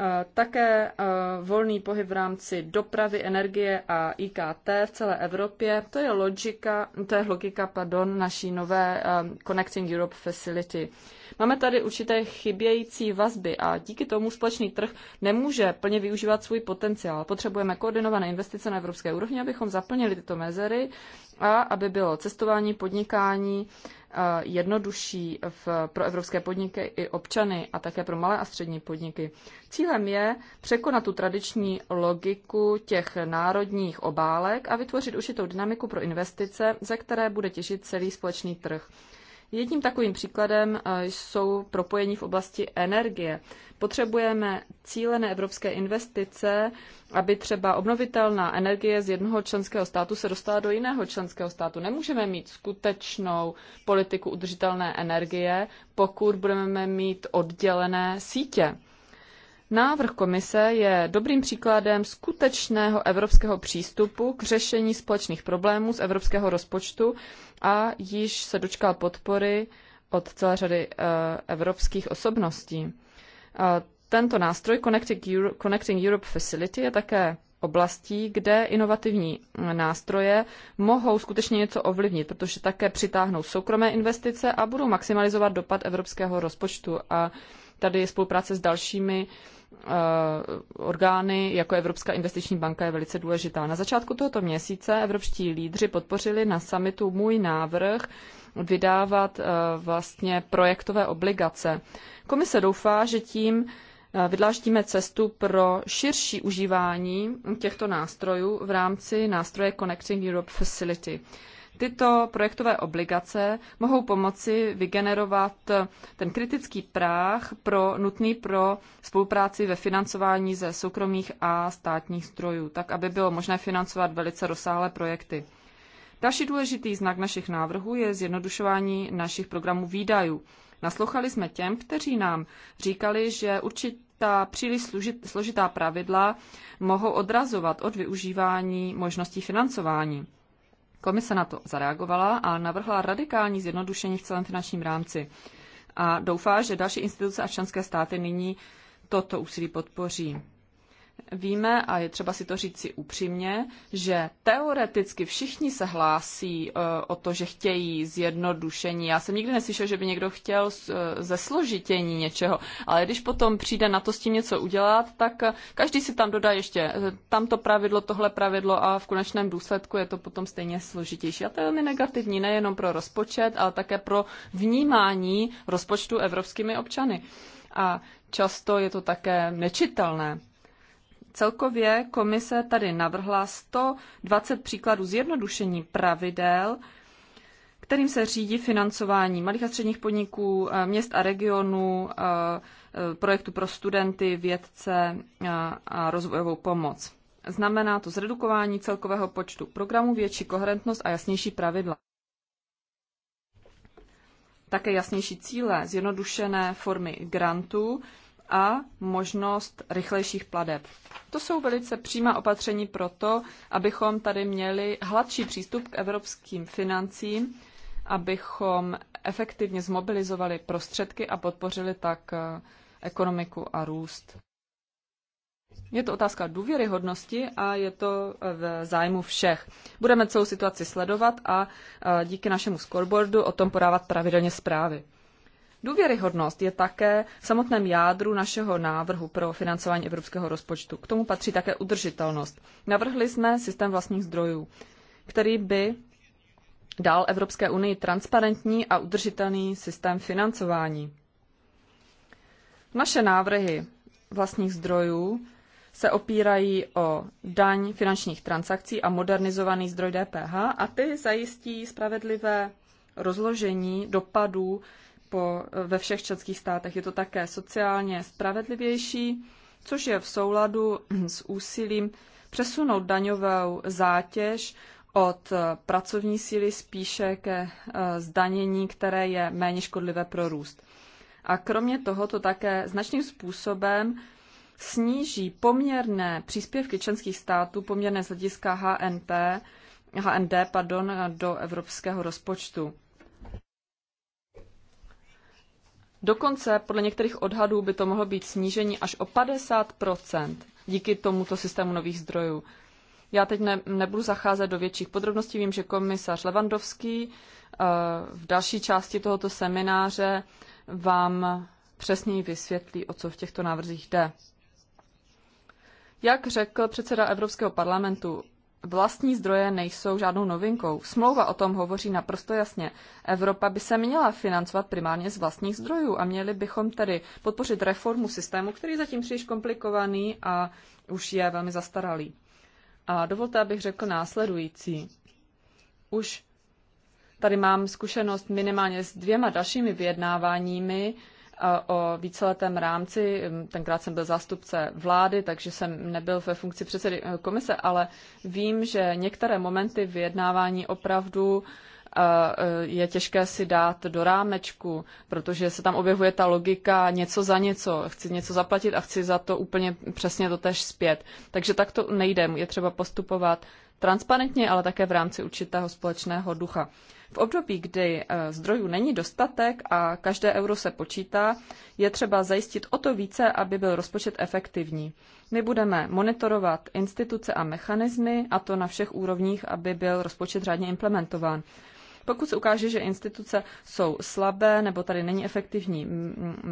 Eh, také eh, volný pohyb v rámci dopravy, energie a IKT v celé Evropě, to je logika, to je logika pardon, naší nové eh, Connecting Europe Facility. Máme tady určité chybějící vazby a díky tomu společný trh nemůže plně využívat svůj potenciál. Potřebujeme koordinované investice na evropské úrovni, abychom zaplnili tyto mezery a aby bylo cestování, podnikání eh, jednodušší v, pro evropské podniky i občany a také pro malé a střední podniky. Cílem je překonat tu tradiční logiku těch národních obálek a vytvořit určitou dynamiku pro investice, ze které bude těžit celý společný trh. Jedním takovým příkladem eh, jsou propojení v oblasti energie. Potřebujeme cílené evropské investice, aby třeba obnovitelná energie z jednoho členského státu se dostala do jiného členského státu. Nemůžeme mít skutečnou politiku udržitelné energie, pokud budeme mít oddělené sítě. Návrh komise je dobrým příkladem skutečného evropského přístupu k řešení společných problémů z evropského rozpočtu a již se dočkal podpory od celé řady eh, evropských osobností. Eh, tento nástroj Connecting Europe Facility je také oblastí, kde inovativní eh, nástroje mohou skutečně něco ovlivnit, protože také přitáhnou soukromé investice a budou maximalizovat dopad evropského rozpočtu. A tady je spolupráce s dalšími uh, Eh, orgány jako Evropská investiční banka je velice důležitá. Na začátku tohoto měsíce evropští lídři podpořili na summitu můj návrh vydávat eh, vlastně projektové obligace. Komise doufá, že tím eh, vydláštíme cestu pro širší užívání těchto nástrojů v rámci nástroje Connecting Europe Facility. Tyto projektové obligace mohou pomoci vygenerovat ten kritický práh pro, nutný pro spolupráci ve financování ze soukromých a státních zdrojů, tak aby bylo možné financovat velice rozsáhlé projekty. Další důležitý znak našich návrhů je zjednodušování našich programů výdajů. Naslouchali jsme těm, kteří nám říkali, že určitá příliš složitá pravidla mohou odrazovat od využívání možností financování. Komise na to zareagovala a navrhla radikální zjednodušení v celém finančním rámci. A doufá, že další instituce a členské státy nyní toto úsilí podpoří víme, a je třeba si to říct si upřímně, že teoreticky všichni se hlásí eh, o to, že chtějí zjednodušení. Já jsem nikdy neslyšel, že by někdo chtěl eh, složitění něčeho, ale když potom přijde na to s tím něco udělat, tak eh, každý si tam dodá ještě tamto pravidlo, tohle pravidlo a v konečném důsledku je to potom stejně složitější. A to je velmi negativní nejenom pro rozpočet, ale také pro vnímání rozpočtu evropskými občany. A často je to také nečitelné. Celkově komise tady navrhla 120 příkladů zjednodušení pravidel, kterým se řídí financování malých a středních podniků, eh, měst a regionů, eh, eh, projektu pro studenty, vědce a rozvojovou pomoc. Znamená to zredukování celkového počtu programů, větší koherentnost a jasnější pravidla. Také jasnější cíle, zjednodušené formy grantů, a možnost rychlejších pladeb. To jsou velice přímá opatření pro to, abychom tady měli hladší přístup k evropským financím, abychom efektivně zmobilizovali prostředky a podpořili tak eh, ekonomiku a růst. Je to otázka důvěryhodnosti a je to eh, v zájmu všech. Budeme celou situaci sledovat a eh, díky našemu scoreboardu o tom podávat pravidelně zprávy. Důvěryhodnost je také v samotném jádru našeho návrhu pro financování evropského rozpočtu. K tomu patří také udržitelnost. Navrhli jsme systém vlastních zdrojů, který by dal Evropské unii transparentní a udržitelný systém financování. Naše návrhy vlastních zdrojů se opírají o daň finančních transakcí a modernizovaný zdroj DPH a ty zajistí spravedlivé rozložení dopadů po, ve všech členských státech. Je to také sociálně spravedlivější, což je v souladu s úsilím přesunout daňovou zátěž od eh, pracovní síly spíše ke eh, zdanění, které je méně škodlivé pro růst. A kromě toho to také značným způsobem sníží poměrné příspěvky členských států, poměrné z hlediska HNP, HND pardon, do evropského rozpočtu. Dokonce podle některých odhadů by to mohlo být snížení až o 50 díky tomuto systému nových zdrojů. Já teď ne, nebudu zacházet do větších podrobností. Vím, že komisař Levandovský eh, v další části tohoto semináře vám přesněji vysvětlí, o co v těchto návrzích jde. Jak řekl předseda Evropského parlamentu, vlastní zdroje nejsou žádnou novinkou. Smlouva o tom hovoří naprosto jasně. Evropa by se měla financovat primárně z vlastních zdrojů a měli bychom tedy podpořit reformu systému, který je zatím příliš komplikovaný a už je velmi zastaralý. A dovolte, abych řekl následující. Už tady mám zkušenost minimálně s dvěma dalšími vyjednáváními, o víceletém rámci. Hm, tenkrát jsem byl zástupce vlády, takže jsem nebyl ve funkci předsedy eh, komise, ale vím, že některé momenty vyjednávání opravdu eh, eh, je těžké si dát do rámečku, protože se tam objevuje ta logika něco za něco, chci něco zaplatit a chci za to úplně přesně to tež zpět. Takže tak to nejde, je třeba postupovat transparentně, ale také v rámci určitého společného ducha. V období, kdy eh, zdrojů není dostatek a každé euro se počítá, je třeba zajistit o to více, aby byl rozpočet efektivní. My budeme monitorovat instituce a mechanismy, a to na všech úrovních, aby byl rozpočet řádně implementován. Pokud se ukáže, že instituce jsou slabé nebo tady není efektivní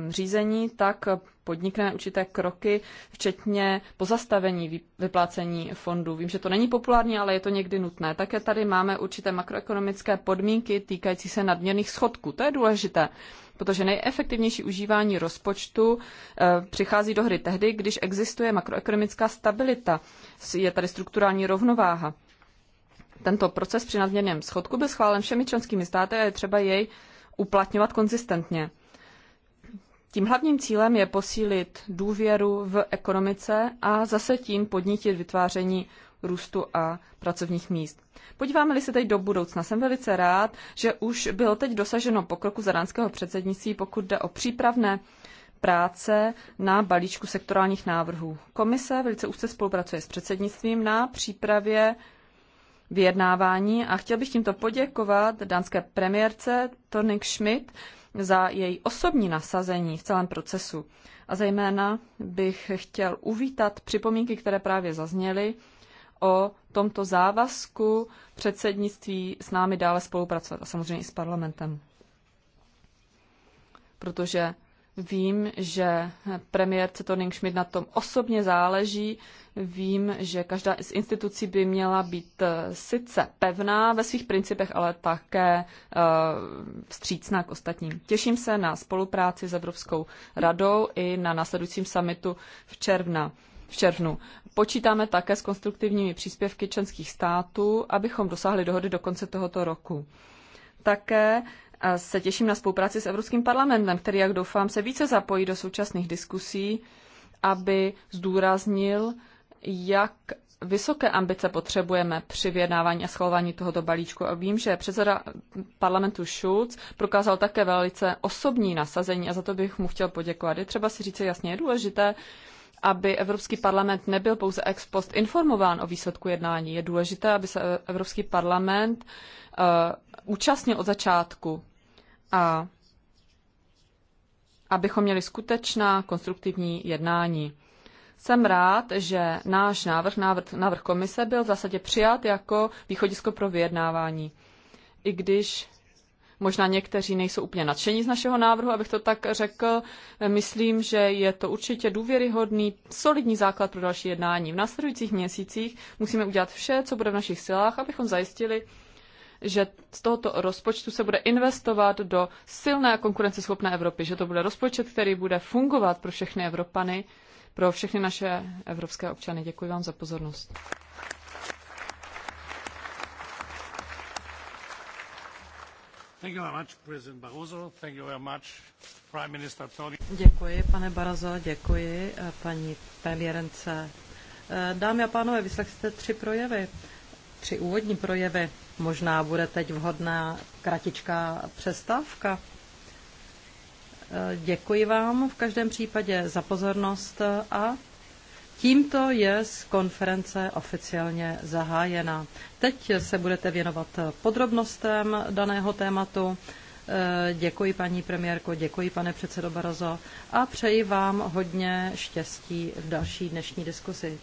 řízení, tak podnikne určité kroky, včetně pozastavení vyplácení fondů. Vím, že to není populární, ale je to někdy nutné. Také tady máme určité makroekonomické podmínky týkající se nadměrných schodků. To je důležité protože nejefektivnější užívání rozpočtu eh, přichází do hry tehdy, když existuje makroekonomická stabilita, je tady strukturální rovnováha. Tento proces při nadměrném schodku byl schválen všemi členskými státy a je třeba jej uplatňovat konzistentně. Tím hlavním cílem je posílit důvěru v ekonomice a zase tím podnítit vytváření růstu a pracovních míst. Podíváme-li se teď do budoucna, jsem velice rád, že už bylo teď dosaženo pokroku zadánského předsednictví, pokud jde o přípravné práce na balíčku sektorálních návrhů. Komise velice úzce spolupracuje s předsednictvím na přípravě vyjednávání a chtěl bych tímto poděkovat dánské premiérce Tornik Schmidt za její osobní nasazení v celém procesu. A zejména bych chtěl uvítat připomínky, které právě zazněly o tomto závazku předsednictví s námi dále spolupracovat a samozřejmě i s parlamentem. Protože Vím, že premiérce Torning Schmidt na tom osobně záleží. Vím, že každá z institucí by měla být eh, sice pevná ve svých principech, ale také eh, vstřícná k ostatním. Těším se na spolupráci s Evropskou radou i na následujícím summitu v června v červnu. Počítáme také s konstruktivními příspěvky členských států, abychom dosáhli dohody do konce tohoto roku. Také a se těším na spolupráci s Evropským parlamentem, který, jak doufám, se více zapojí do současných diskusí, aby zdůraznil, jak vysoké ambice potřebujeme při vyjednávání a schvalování tohoto balíčku. A vím, že předseda parlamentu Schulz prokázal také velice osobní nasazení a za to bych mu chtěl poděkovat. Je třeba si říct, jasně je důležité, aby Evropský parlament nebyl pouze ex post informován o výsledku jednání. Je důležité, aby se Evropský parlament eh, účastnil od začátku a abychom měli skutečná konstruktivní jednání. Jsem rád, že náš návrh, návrh, návrh komise byl v zásadě přijat jako východisko pro vyjednávání. I když možná někteří nejsou úplně nadšení z našeho návrhu, abych to tak řekl, myslím, že je to určitě důvěryhodný, solidní základ pro další jednání. V následujících měsících musíme udělat vše, co bude v našich silách, abychom zajistili, že z tohoto rozpočtu se bude investovat do silné a konkurenceschopné Evropy, že to bude rozpočet, který bude fungovat pro všechny Evropany, pro všechny naše evropské občany. Děkuji vám za pozornost. Děkuji, pane Barazo, děkuji eh, paní premiérence. Eh, dámy a pánové, vyslechli jste tři projevy tři úvodní projevy. Možná bude teď vhodná kratičká přestávka. E, děkuji vám v každém případě za pozornost a tímto je z konference oficiálně zahájena. Teď se budete věnovat podrobnostem daného tématu. E, děkuji paní premiérko, děkuji pane předsedo Barozo a přeji vám hodně štěstí v další dnešní diskusi.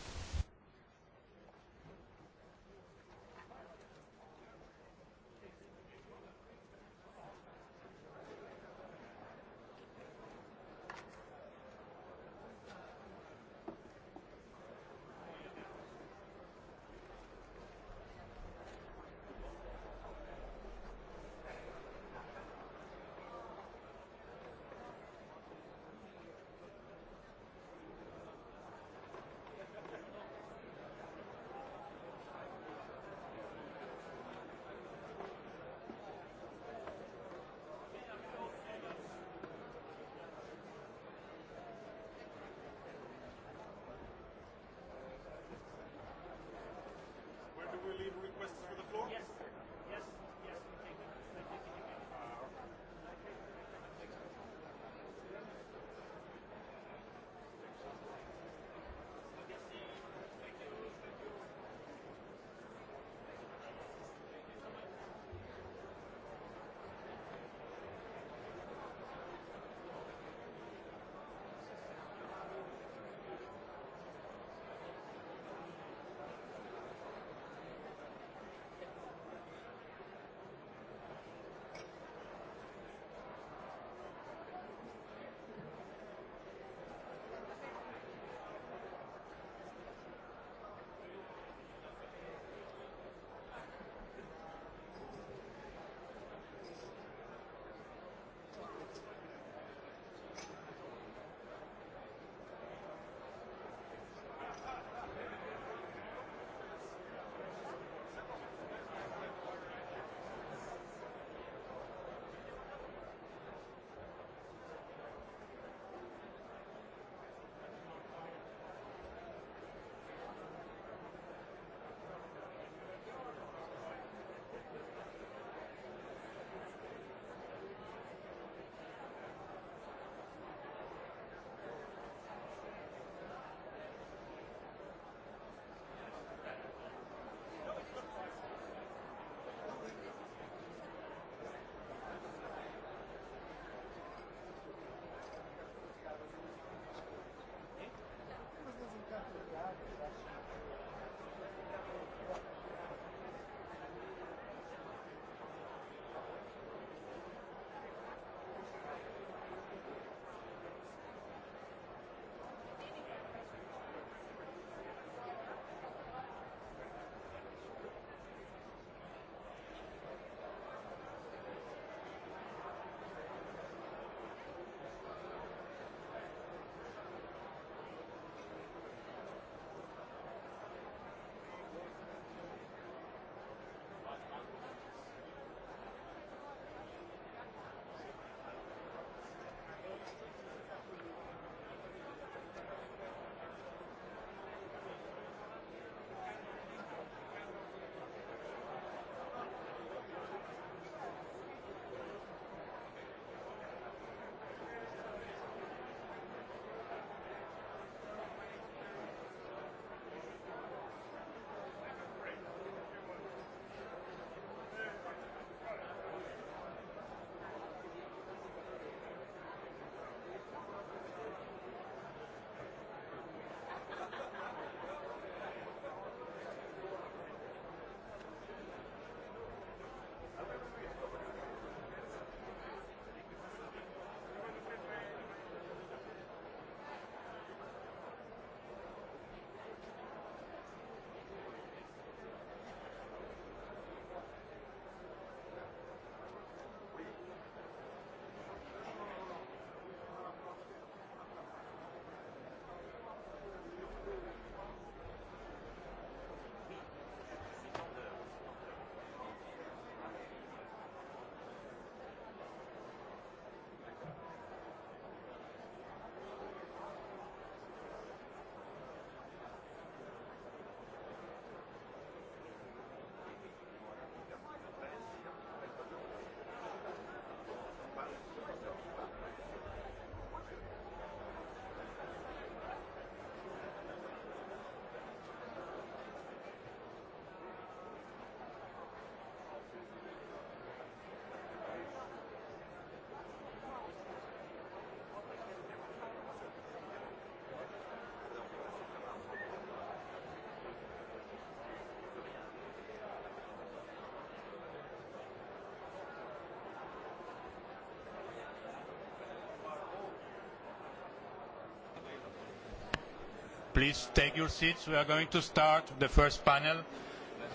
Please take your seats. We are going to start the first panel.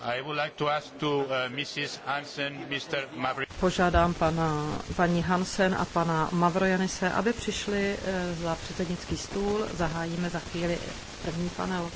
I would like to ask to uh, Mrs. Hansen, Mr. Mavric. Požádám pana, paní Hansen a pana Mavrojanise, aby přišli eh, za předsednický stůl. Zahájíme za chvíli první panel.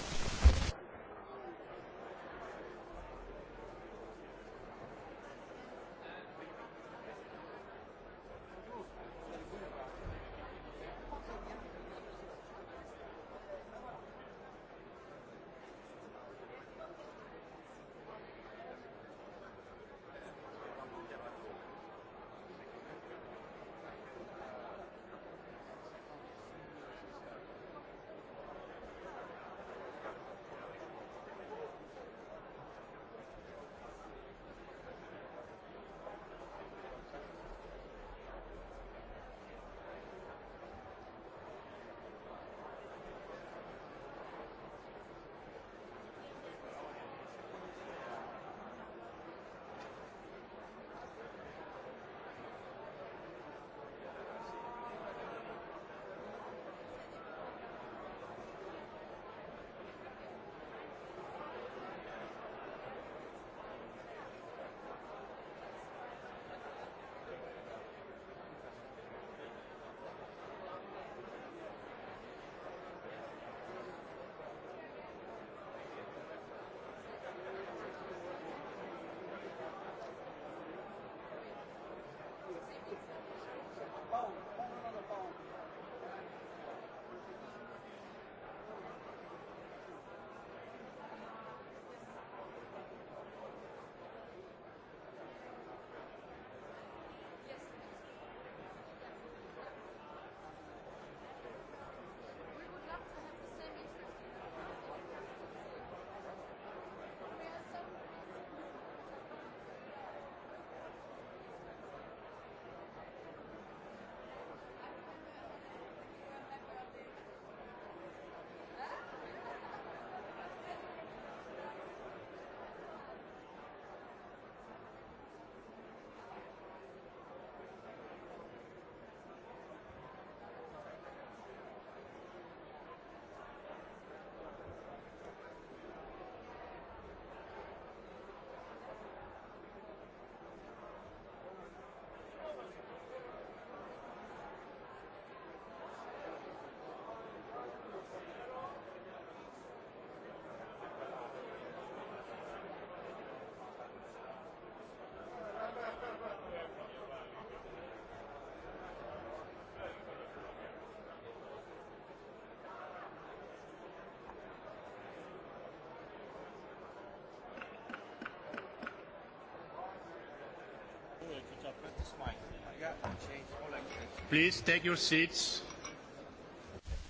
Please take your seats.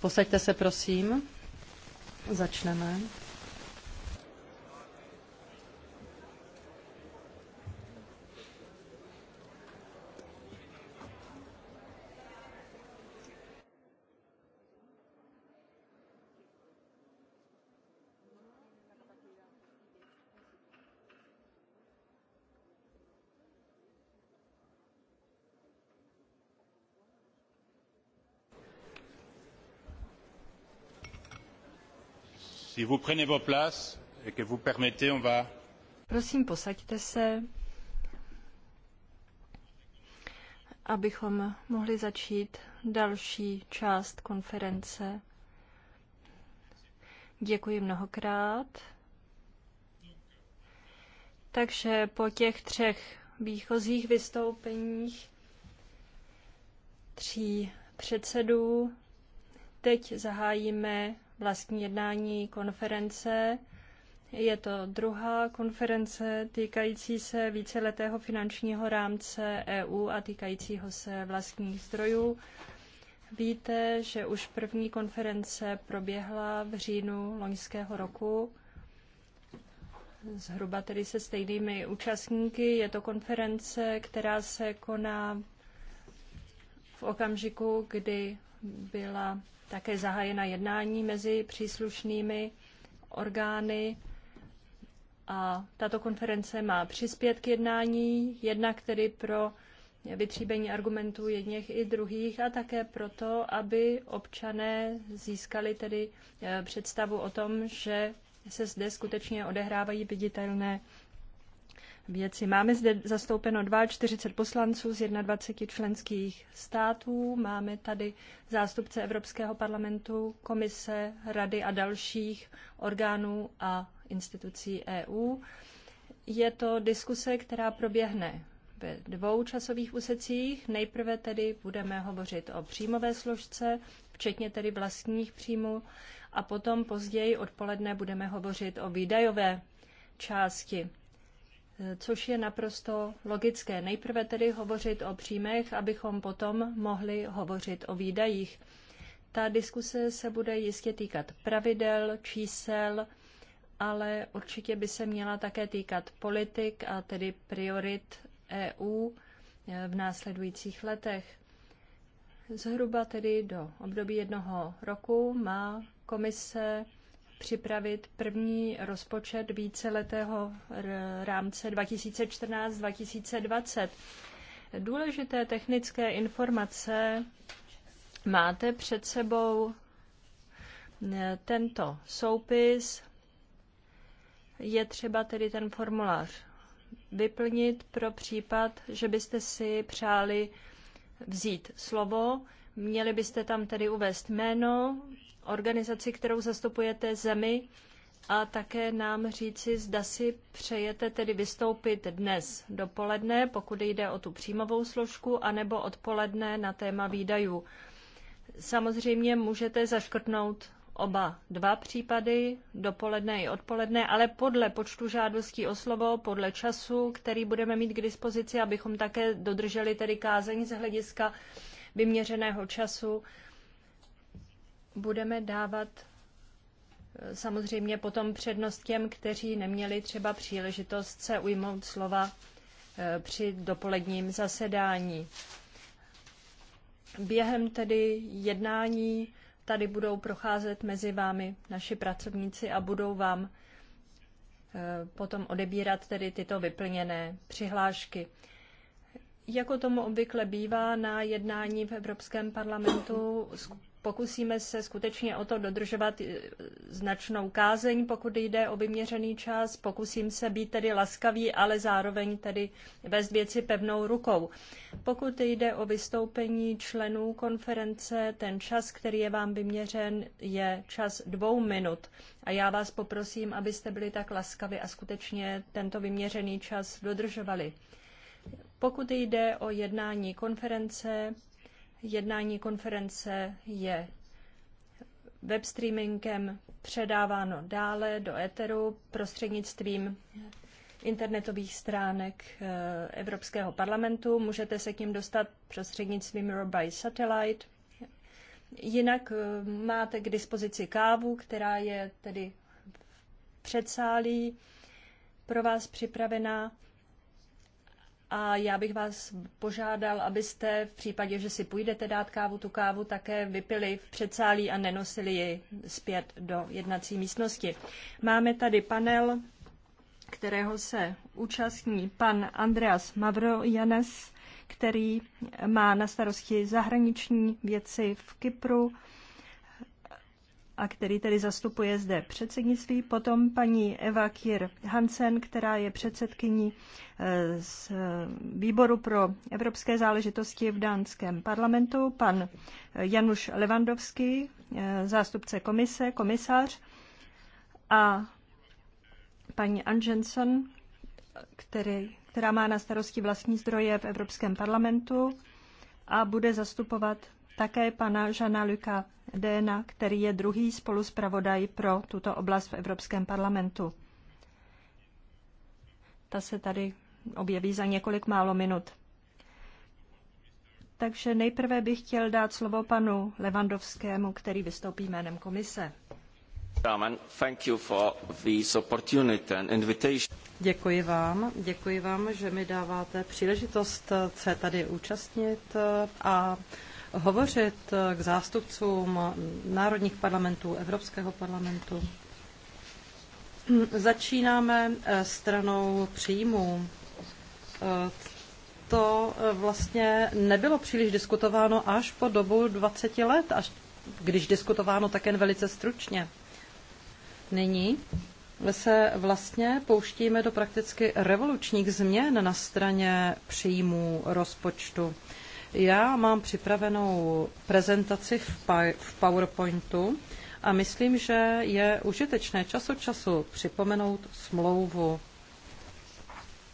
Posaďte se, prosím. Začneme. vous prenez vos places et que vous permettez, on va... Prosím, posaďte se, abychom mohli začít další část konference. Děkuji mnohokrát. Takže po těch třech výchozích vystoupeních tří předsedů teď zahájíme vlastní jednání konference. Je to druhá konference týkající se víceletého finančního rámce EU a týkajícího se vlastních zdrojů. Víte, že už první konference proběhla v říjnu loňského roku. Zhruba tedy se stejnými účastníky. Je to konference, která se koná v okamžiku, kdy byla také zahájena jednání mezi příslušnými orgány a tato konference má přispět k jednání, jednak tedy pro vytříbení argumentů jedněch i druhých a také proto, aby občané získali tedy eh, představu o tom, že se zde skutečně odehrávají viditelné věci. Máme zde zastoupeno 42 poslanců z 21 členských států, máme tady zástupce Evropského parlamentu, komise, rady a dalších orgánů a institucí EU. Je to diskuse, která proběhne ve dvou časových úsecích. Nejprve tedy budeme hovořit o příjmové složce, včetně tedy vlastních příjmů, a potom později odpoledne budeme hovořit o výdajové části což je naprosto logické. Nejprve tedy hovořit o příjmech, abychom potom mohli hovořit o výdajích. Ta diskuse se bude jistě týkat pravidel, čísel, ale určitě by se měla také týkat politik a tedy priorit EU eh, v následujících letech. Zhruba tedy do období jednoho roku má komise připravit první rozpočet víceletého rámce 2014-2020. Důležité technické informace máte před sebou e, tento soupis. Je třeba tedy ten formulář vyplnit pro případ, že byste si přáli vzít slovo. Měli byste tam tedy uvést jméno, organizaci, kterou zastupujete zemi a také nám říci, zda si přejete tedy vystoupit dnes dopoledne, pokud jde o tu příjmovou složku, anebo odpoledne na téma výdajů. Samozřejmě můžete zaškrtnout oba dva případy, dopoledne i odpoledne, ale podle počtu žádostí o slovo, podle času, který budeme mít k dispozici, abychom také dodrželi tedy kázeň z hlediska vyměřeného času budeme dávat eh, samozřejmě potom přednost těm, kteří neměli třeba příležitost se ujmout slova eh, při dopoledním zasedání. Během tedy jednání tady budou procházet mezi vámi naši pracovníci a budou vám eh, potom odebírat tedy tyto vyplněné přihlášky. Jako tomu obvykle bývá na jednání v Evropském parlamentu, pokusíme se skutečně o to dodržovat eh, značnou kázeň, pokud jde o vyměřený čas. Pokusím se být tedy laskavý, ale zároveň tedy vést věci pevnou rukou. Pokud jde o vystoupení členů konference, ten čas, který je vám vyměřen, je čas dvou minut. A já vás poprosím, abyste byli tak laskavi a skutečně tento vyměřený čas dodržovali. Pokud jde o jednání konference, jednání konference je webstreamingem předáváno dále do éteru prostřednictvím internetových stránek eh, Evropského parlamentu. Můžete se k ním dostat prostřednictvím Europe by Satellite. Jinak eh, máte k dispozici kávu, která je tedy v předsálí pro vás připravená a já bych vás požádal, abyste v případě, že si půjdete dát kávu, tu kávu také vypili v předsálí a nenosili ji zpět do jednací místnosti. Máme tady panel, kterého se účastní pan Andreas Mavrojanes, který má na starosti zahraniční věci v Kypru a který tedy zastupuje zde předsednictví. Potom paní Eva Kir Hansen, která je předsedkyní eh, z eh, výboru pro evropské záležitosti v dánském parlamentu. Pan eh, Januš Levandovský, zástupce komise, komisář. A paní Anjensen, který, která má na starosti vlastní zdroje v Evropském parlamentu a bude zastupovat také pana Žana Luka Déna, který je druhý spoluspravodaj pro tuto oblast v Evropském parlamentu. Ta se tady objeví za několik málo minut. Takže nejprve bych chtěl dát slovo panu Levandovskému, který vystoupí jménem komise. Děkuji vám, děkuji vám, že mi dáváte příležitost se tady účastnit a hovořit eh, k zástupcům národních parlamentů, Evropského parlamentu. Začínáme eh, stranou příjmů. Eh, to vlastně nebylo příliš diskutováno až po dobu 20 let, až když diskutováno tak jen velice stručně. Nyní se vlastně pouštíme do prakticky revolučních změn na straně příjmů rozpočtu. Já mám připravenou prezentaci v PowerPointu a myslím, že je užitečné čas od času připomenout smlouvu.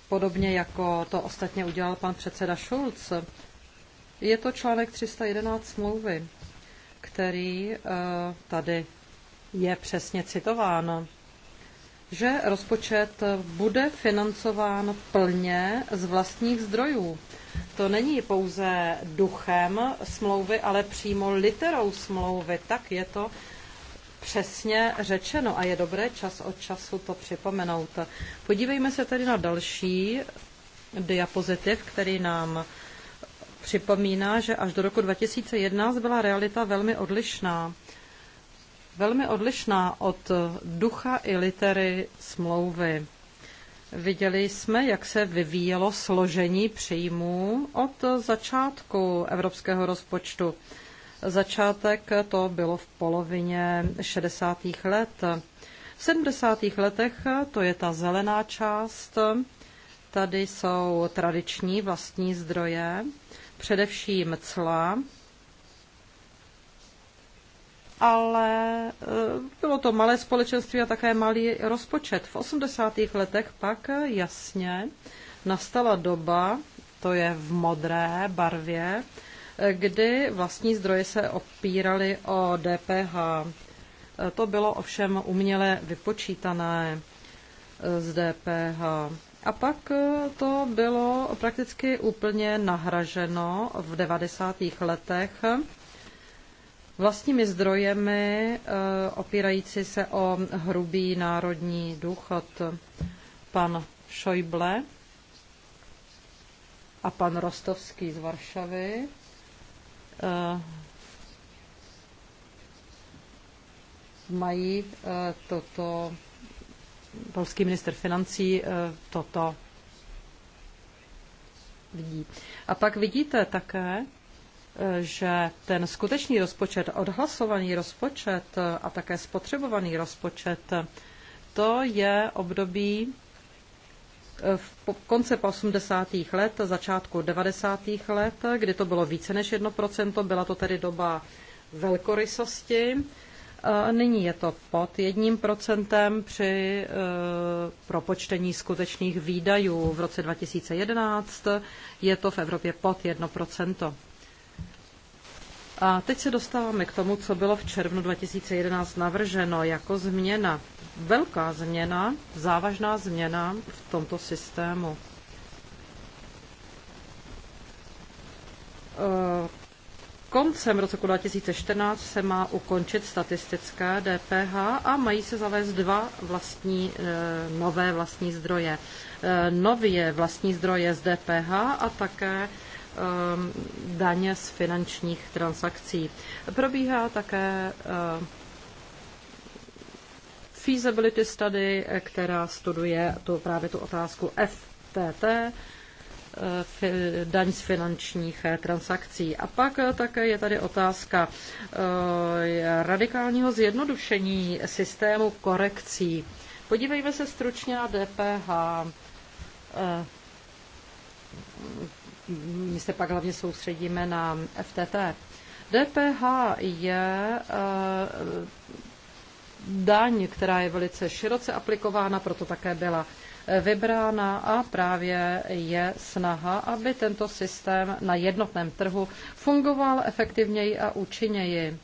Podobně jako to ostatně udělal pan předseda Schulz. Je to článek 311 smlouvy, který eh, tady je přesně citován že rozpočet bude financován plně z vlastních zdrojů to není pouze duchem smlouvy, ale přímo literou smlouvy. Tak je to přesně řečeno a je dobré čas od času to připomenout. Podívejme se tedy na další diapozitiv, který nám připomíná, že až do roku 2011 byla realita velmi odlišná. Velmi odlišná od ducha i litery smlouvy. Viděli jsme, jak se vyvíjelo složení příjmů od začátku evropského rozpočtu. Začátek to bylo v polovině 60. let. V 70. letech to je ta zelená část. Tady jsou tradiční vlastní zdroje, především cla, ale eh, bylo to malé společenství a také malý rozpočet. V 80. letech pak jasně nastala doba, to je v modré barvě, eh, kdy vlastní zdroje se opíraly o DPH. Eh, to bylo ovšem uměle vypočítané z DPH. A pak to bylo prakticky úplně nahraženo v 90. letech vlastními zdrojemi, eh, opírající se o hrubý národní důchod. Pan Šojble a pan Rostovský z Varšavy eh, mají eh, toto, polský minister financí toto vidí. A pak vidíte také, že ten skutečný rozpočet, odhlasovaný rozpočet a také spotřebovaný rozpočet, to je období eh, v konce 80. let, začátku 90. let, kdy to bylo více než 1%, byla to tedy doba velkorysosti. Eh, nyní je to pod jedním procentem při eh, propočtení skutečných výdajů. V roce 2011 je to v Evropě pod 1%. A teď se dostáváme k tomu, co bylo v červnu 2011 navrženo jako změna. Velká změna, závažná změna v tomto systému. Eh, koncem roku 2014 se má ukončit statistické DPH a mají se zavést dva vlastní, eh, nové vlastní zdroje. Eh, nově vlastní zdroje z DPH a také Um, daně z finančních transakcí. Probíhá také uh, feasibility study, která studuje tu, právě tu otázku FTT, eh, daň z finančních eh, transakcí. A pak eh, také je tady otázka radikálního zjednodušení systému korekcí. Podívejme se stručně na DPH my se pak hlavně soustředíme na FTT. DPH je eh, daň, která je velice široce aplikována, proto také byla eh, vybrána a právě je snaha, aby tento systém na jednotném trhu fungoval efektivněji a účinněji.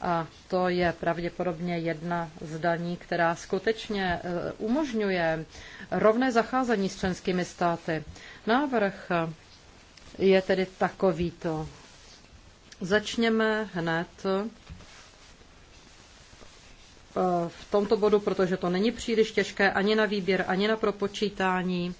A to je pravděpodobně jedna z daní, která skutečně eh, umožňuje rovné zacházení s členskými státy. Návrh je tedy takovýto. Začněme hned eh, v tomto bodu, protože to není příliš těžké ani na výběr, ani na propočítání.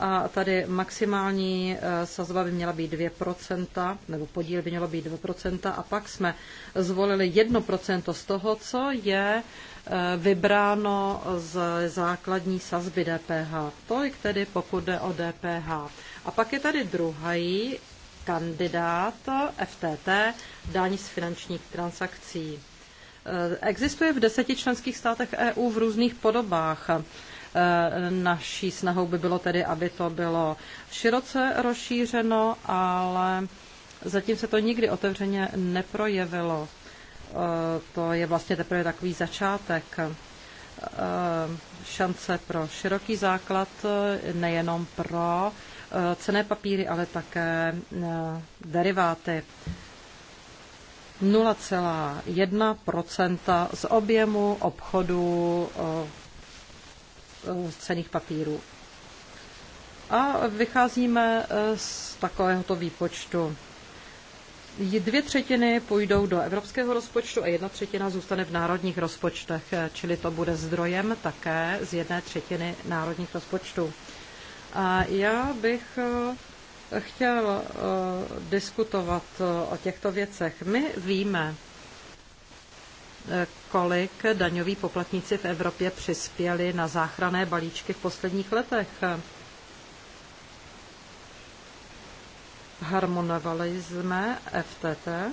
A tady maximální eh, sazba by měla být 2%, nebo podíl by mělo být 2%, a pak jsme zvolili 1% z toho, co je Eh, vybráno z základní sazby DPH. Tolik tedy pokud jde o DPH. A pak je tady druhý kandidát FTT, daň z finančních transakcí. Eh, existuje v deseti členských státech EU v různých podobách. Eh, naší snahou by bylo tedy, aby to bylo široce rozšířeno, ale zatím se to nikdy otevřeně neprojevilo. Eh, to je vlastně teprve takový začátek eh, šance pro široký základ, eh, nejenom pro cené papíry, ale také deriváty. 0,1 z objemu obchodu cených papírů. A vycházíme z takovéhoto výpočtu dvě třetiny půjdou do evropského rozpočtu a jedna třetina zůstane v národních rozpočtech, čili to bude zdrojem také z jedné třetiny národních rozpočtů. A já bych eh, chtěl eh, diskutovat eh, o těchto věcech. My víme, kolik daňoví poplatníci v Evropě přispěli na záchranné balíčky v posledních letech. harmonovali jsme FTT eh,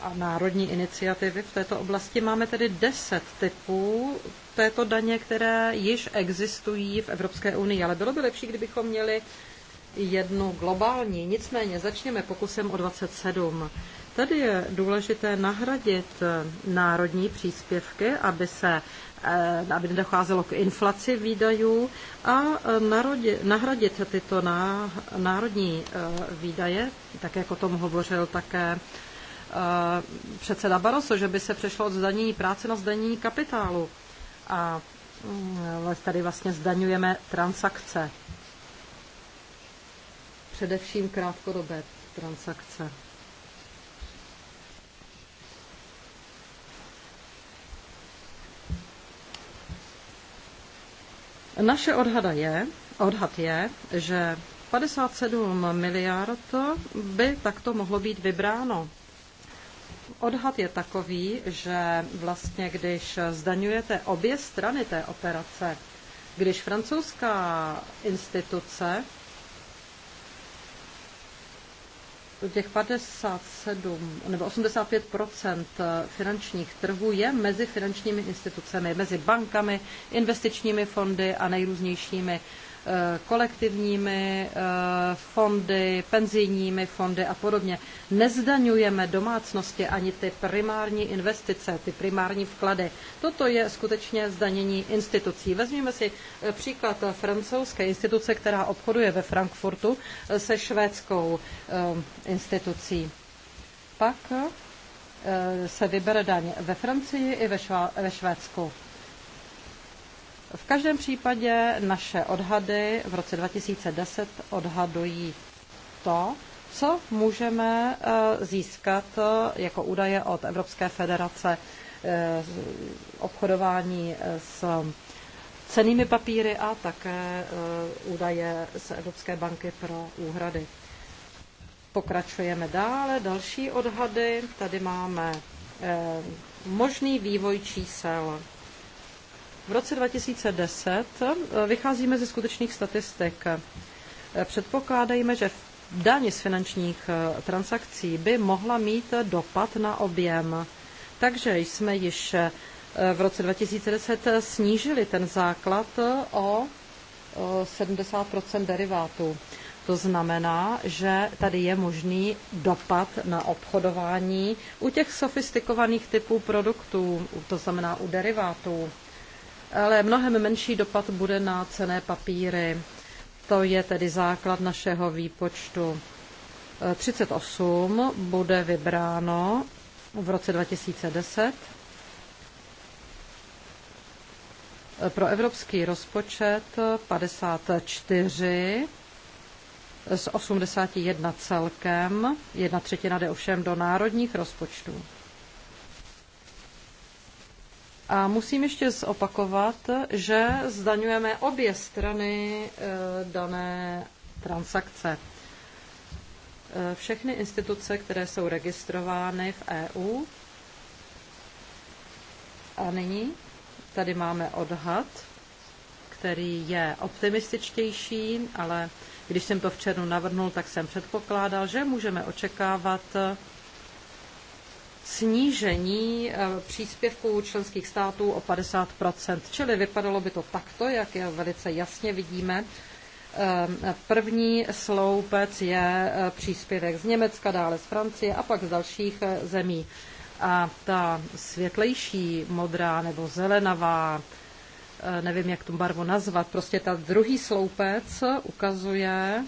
a národní iniciativy v této oblasti. Máme tedy deset typů této daně, které již existují v Evropské unii, ale bylo by lepší, kdybychom měli jednu globální. Nicméně začněme pokusem o 27. Tady je důležité nahradit národní příspěvky, aby se Eh, aby nedocházelo k inflaci výdajů a eh, nahradit tyto národní eh, výdaje, tak jako o tom hovořil také předseda Baroso, že by se přešlo od zdanění práce na zdanění kapitálu. A mm, tady vlastně zdaňujeme transakce. Především krátkodobé transakce. Naše odhada je, odhad je, že 57 miliard by takto mohlo být vybráno. Odhad je takový, že vlastně když zdaňujete obě strany té operace, když francouzská instituce těch 57 nebo 85 eh, finančních trhů je mezi finančními institucemi, mezi bankami, investičními fondy a nejrůznějšími kolektivními eh, fondy, penzijními fondy a podobně. Nezdaňujeme domácnosti ani ty primární investice, ty primární vklady. Toto je skutečně zdanění institucí. Vezměme si eh, příklad francouzské instituce, která obchoduje ve Frankfurtu eh, se švédskou institucí. Pak se vybere daň ve Francii i ve, Švá- ve Švédsku. V každém případě naše odhady v roce 2010 odhadují to, co můžeme eh, získat eh, jako údaje od Evropské federace eh, obchodování s cenými papíry a také údaje z Evropské banky pro úhrady. Pokračujeme dále. Další odhady. Tady máme možný vývoj čísel v roce 2010 eh, vycházíme ze skutečných statistik. Eh, předpokládejme, že daň z finančních eh, transakcí by mohla mít dopad na objem. Takže jsme již v roce 2010 snížili ten základ o 70 derivátů. To znamená, že tady je možný dopad na obchodování u těch sofistikovaných typů produktů, to znamená u derivátů ale mnohem menší dopad bude na cené papíry. To je tedy základ našeho výpočtu. 38 e, bude vybráno v roce 2010 e, pro evropský rozpočet 54 z 81 celkem, jedna třetina jde ovšem do národních rozpočtů. A musím ještě zopakovat, že zdaňujeme obě strany eh, dané transakce. Eh, všechny instituce, které jsou registrovány v EU, a nyní tady máme odhad, který je optimističtější, ale když jsem to v červnu navrhnul, tak jsem předpokládal, že můžeme očekávat snížení eh, příspěvků členských států o 50 Čili vypadalo by to takto, jak je velice jasně vidíme. Ehm, první sloupec je eh, příspěvek z Německa, dále z Francie a pak z dalších eh, zemí. A ta světlejší modrá nebo zelenavá, nevím, jak tu barvu nazvat, prostě ta druhý sloupec ukazuje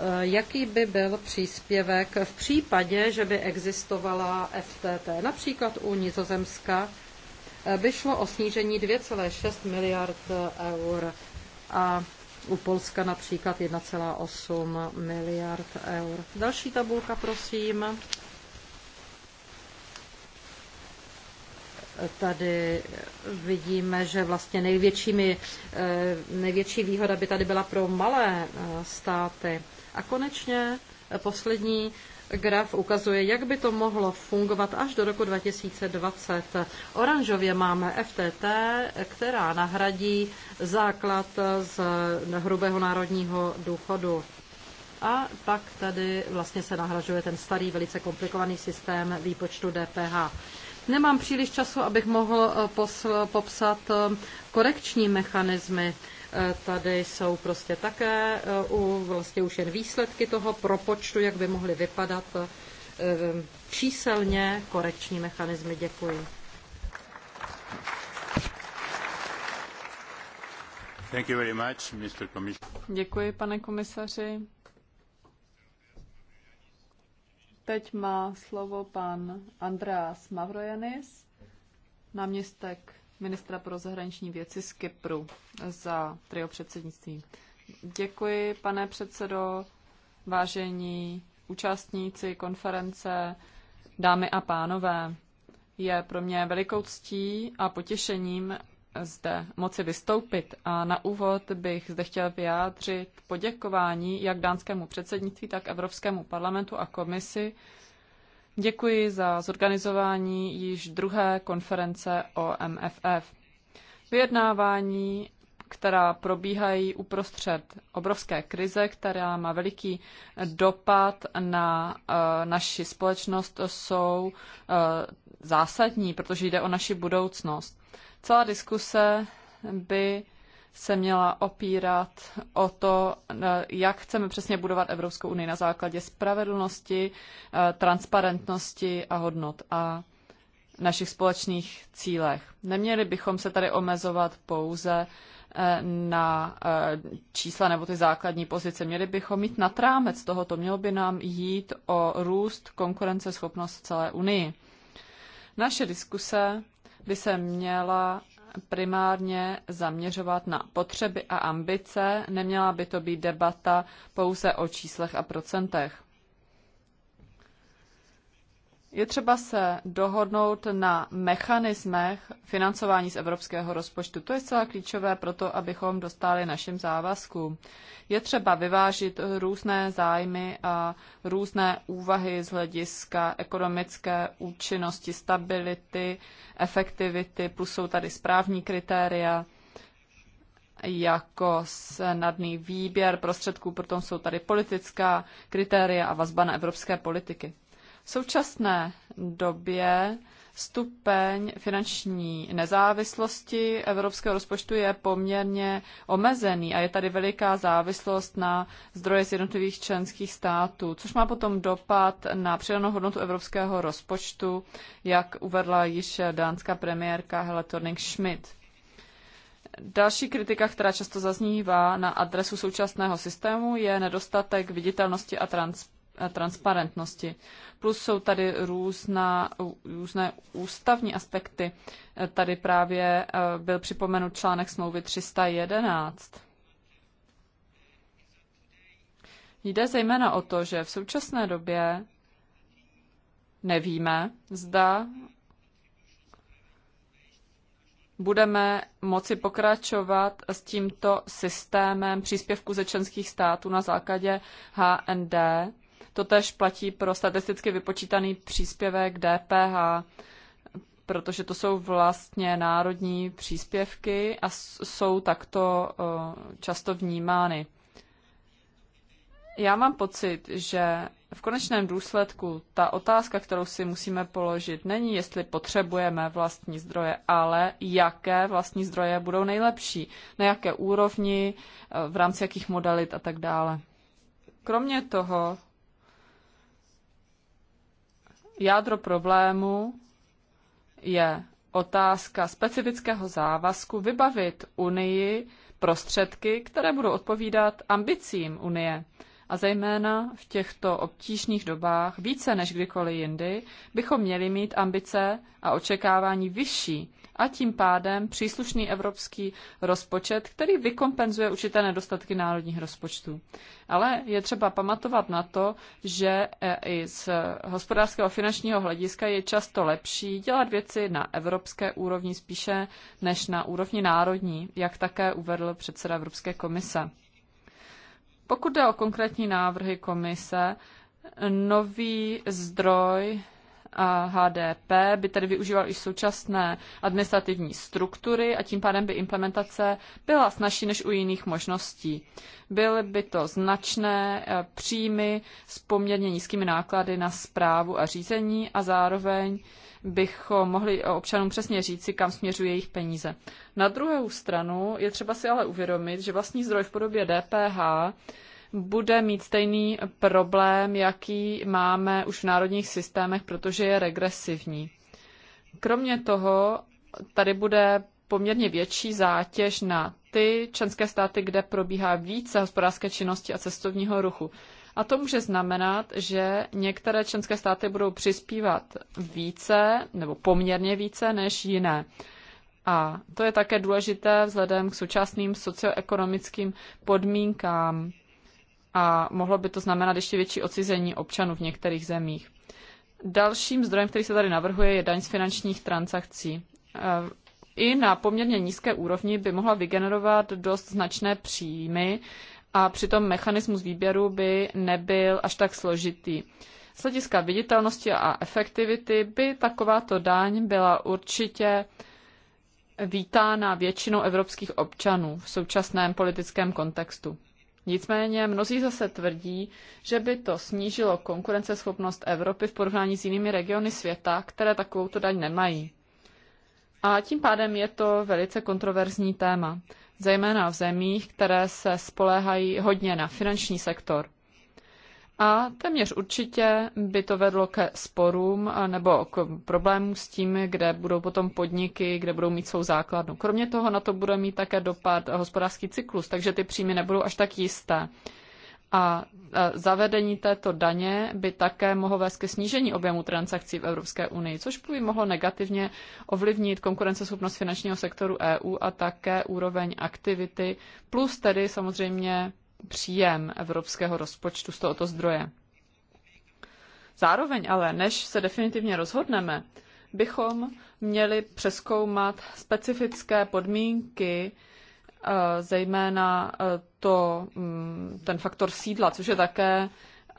Eh, jaký by byl příspěvek v případě, že by existovala FTT. Například u Nizozemska eh, by šlo o snížení 2,6 miliard eh, eur a u Polska například 1,8 miliard eur. Další tabulka, prosím. Tady vidíme, že vlastně největšími, největší výhoda by tady byla pro malé státy. A konečně eh, poslední graf ukazuje, jak by to mohlo fungovat až do roku 2020. Oranžově máme FTT, která nahradí základ z hrubého národního důchodu. A pak tady vlastně se nahražuje ten starý, velice komplikovaný systém výpočtu DPH. Nemám příliš času, abych mohl eh, posl, popsat eh, korekční mechanismy. E, tady jsou prostě také e, u, vlastně už jen výsledky toho propočtu, jak by mohly vypadat e, číselně korekční mechanismy. Děkuji. Thank you very much, Mr. Děkuji, pane komisaři. Teď má slovo pan Andreas Mavrojanis, náměstek ministra pro zahraniční věci z Kypru za trio předsednictví. Děkuji, pane předsedo, vážení účastníci konference, dámy a pánové. Je pro mě velikou ctí a potěšením zde moci vystoupit a na úvod bych zde chtěl vyjádřit poděkování jak dánskému předsednictví, tak Evropskému parlamentu a komisi Děkuji za zorganizování již druhé konference o MFF. Vyjednávání, která probíhají uprostřed obrovské krize, která má veliký dopad na eh, naši společnost, jsou eh, zásadní, protože jde o naši budoucnost. Celá diskuse by se měla opírat o to, eh, jak chceme přesně budovat Evropskou unii na základě spravedlnosti, eh, transparentnosti a hodnot a našich společných cílech. Neměli bychom se tady omezovat pouze eh, na čísla nebo ty základní pozice. Měli bychom mít nad rámec tohoto. Mělo by nám jít o růst konkurenceschopnost v celé Unii. Naše diskuse by se měla primárně zaměřovat na potřeby a ambice, neměla by to být debata pouze o číslech a procentech. Je třeba se dohodnout na mechanismech financování z evropského rozpočtu. To je zcela klíčové pro to, abychom dostali našim závazkům. Je třeba vyvážit různé zájmy a různé úvahy z hlediska ekonomické účinnosti, stability, efektivity, plus jsou tady správní kritéria jako snadný výběr prostředků, potom jsou tady politická kritéria a vazba na evropské politiky. V současné době stupeň finanční nezávislosti evropského rozpočtu je poměrně omezený a je tady veliká závislost na zdroje z jednotlivých členských států, což má potom dopad na přidanou hodnotu evropského rozpočtu, jak uvedla již dánská premiérka Hele Thorning Schmidt. Další kritika, která často zaznívá na adresu současného systému, je nedostatek viditelnosti a transparentnosti transparentnosti. Plus jsou tady různá, různé ústavní aspekty. Tady právě eh, byl připomenut článek smlouvy 311. Jde zejména o to, že v současné době nevíme, zda budeme moci pokračovat s tímto systémem příspěvku ze členských států na základě HND Totež platí pro statisticky vypočítaný příspěvek DPH, protože to jsou vlastně národní příspěvky a jsou takto eh, často vnímány. Já mám pocit, že v konečném důsledku ta otázka, kterou si musíme položit, není, jestli potřebujeme vlastní zdroje, ale jaké vlastní zdroje budou nejlepší, na jaké úrovni, eh, v rámci jakých modalit a tak dále. Kromě toho Jádro problému je otázka specifického závazku vybavit Unii prostředky, které budou odpovídat ambicím Unie. A zejména v těchto obtížných dobách, více než kdykoliv jindy, bychom měli mít ambice a očekávání vyšší a tím pádem příslušný evropský rozpočet, který vykompenzuje určité nedostatky národních rozpočtů. Ale je třeba pamatovat na to, že e, i z hospodářského finančního hlediska je často lepší dělat věci na evropské úrovni spíše než na úrovni národní, jak také uvedl předseda Evropské komise. Pokud jde o konkrétní návrhy komise, nový zdroj a HDP by tedy využíval i současné administrativní struktury a tím pádem by implementace byla snažší než u jiných možností. Byly by to značné eh, příjmy s poměrně nízkými náklady na zprávu a řízení a zároveň bychom mohli eh, občanům přesně říci, kam směřují jejich peníze. Na druhou stranu je třeba si ale uvědomit, že vlastní zdroj v podobě DPH bude mít stejný problém, jaký máme už v národních systémech, protože je regresivní. Kromě toho, tady bude poměrně větší zátěž na ty členské státy, kde probíhá více hospodářské činnosti a cestovního ruchu. A to může znamenat, že některé členské státy budou přispívat více nebo poměrně více než jiné. A to je také důležité vzhledem k současným socioekonomickým podmínkám a mohlo by to znamenat ještě větší ocizení občanů v některých zemích. Dalším zdrojem, který se tady navrhuje, je daň z finančních transakcí. E, I na poměrně nízké úrovni by mohla vygenerovat dost značné příjmy a přitom mechanismus výběru by nebyl až tak složitý. Z hlediska viditelnosti a efektivity by takováto daň byla určitě vítána většinou evropských občanů v současném politickém kontextu. Nicméně mnozí zase tvrdí, že by to snížilo konkurenceschopnost Evropy v porovnání s jinými regiony světa, které takovouto daň nemají. A tím pádem je to velice kontroverzní téma, zejména v zemích, které se spoléhají hodně na finanční sektor a téměř určitě by to vedlo ke sporům nebo k problémům s tím, kde budou potom podniky, kde budou mít svou základnu. Kromě toho na to bude mít také dopad hospodářský cyklus, takže ty příjmy nebudou až tak jisté. A zavedení této daně by také mohlo vést ke snížení objemu transakcí v Evropské unii, což by mohlo negativně ovlivnit konkurenceschopnost finančního sektoru EU a také úroveň aktivity, plus tedy samozřejmě příjem evropského rozpočtu z tohoto zdroje. Zároveň ale, než se definitivně rozhodneme, bychom měli přeskoumat specifické podmínky, eh, zejména eh, to, mm, ten faktor sídla, což je také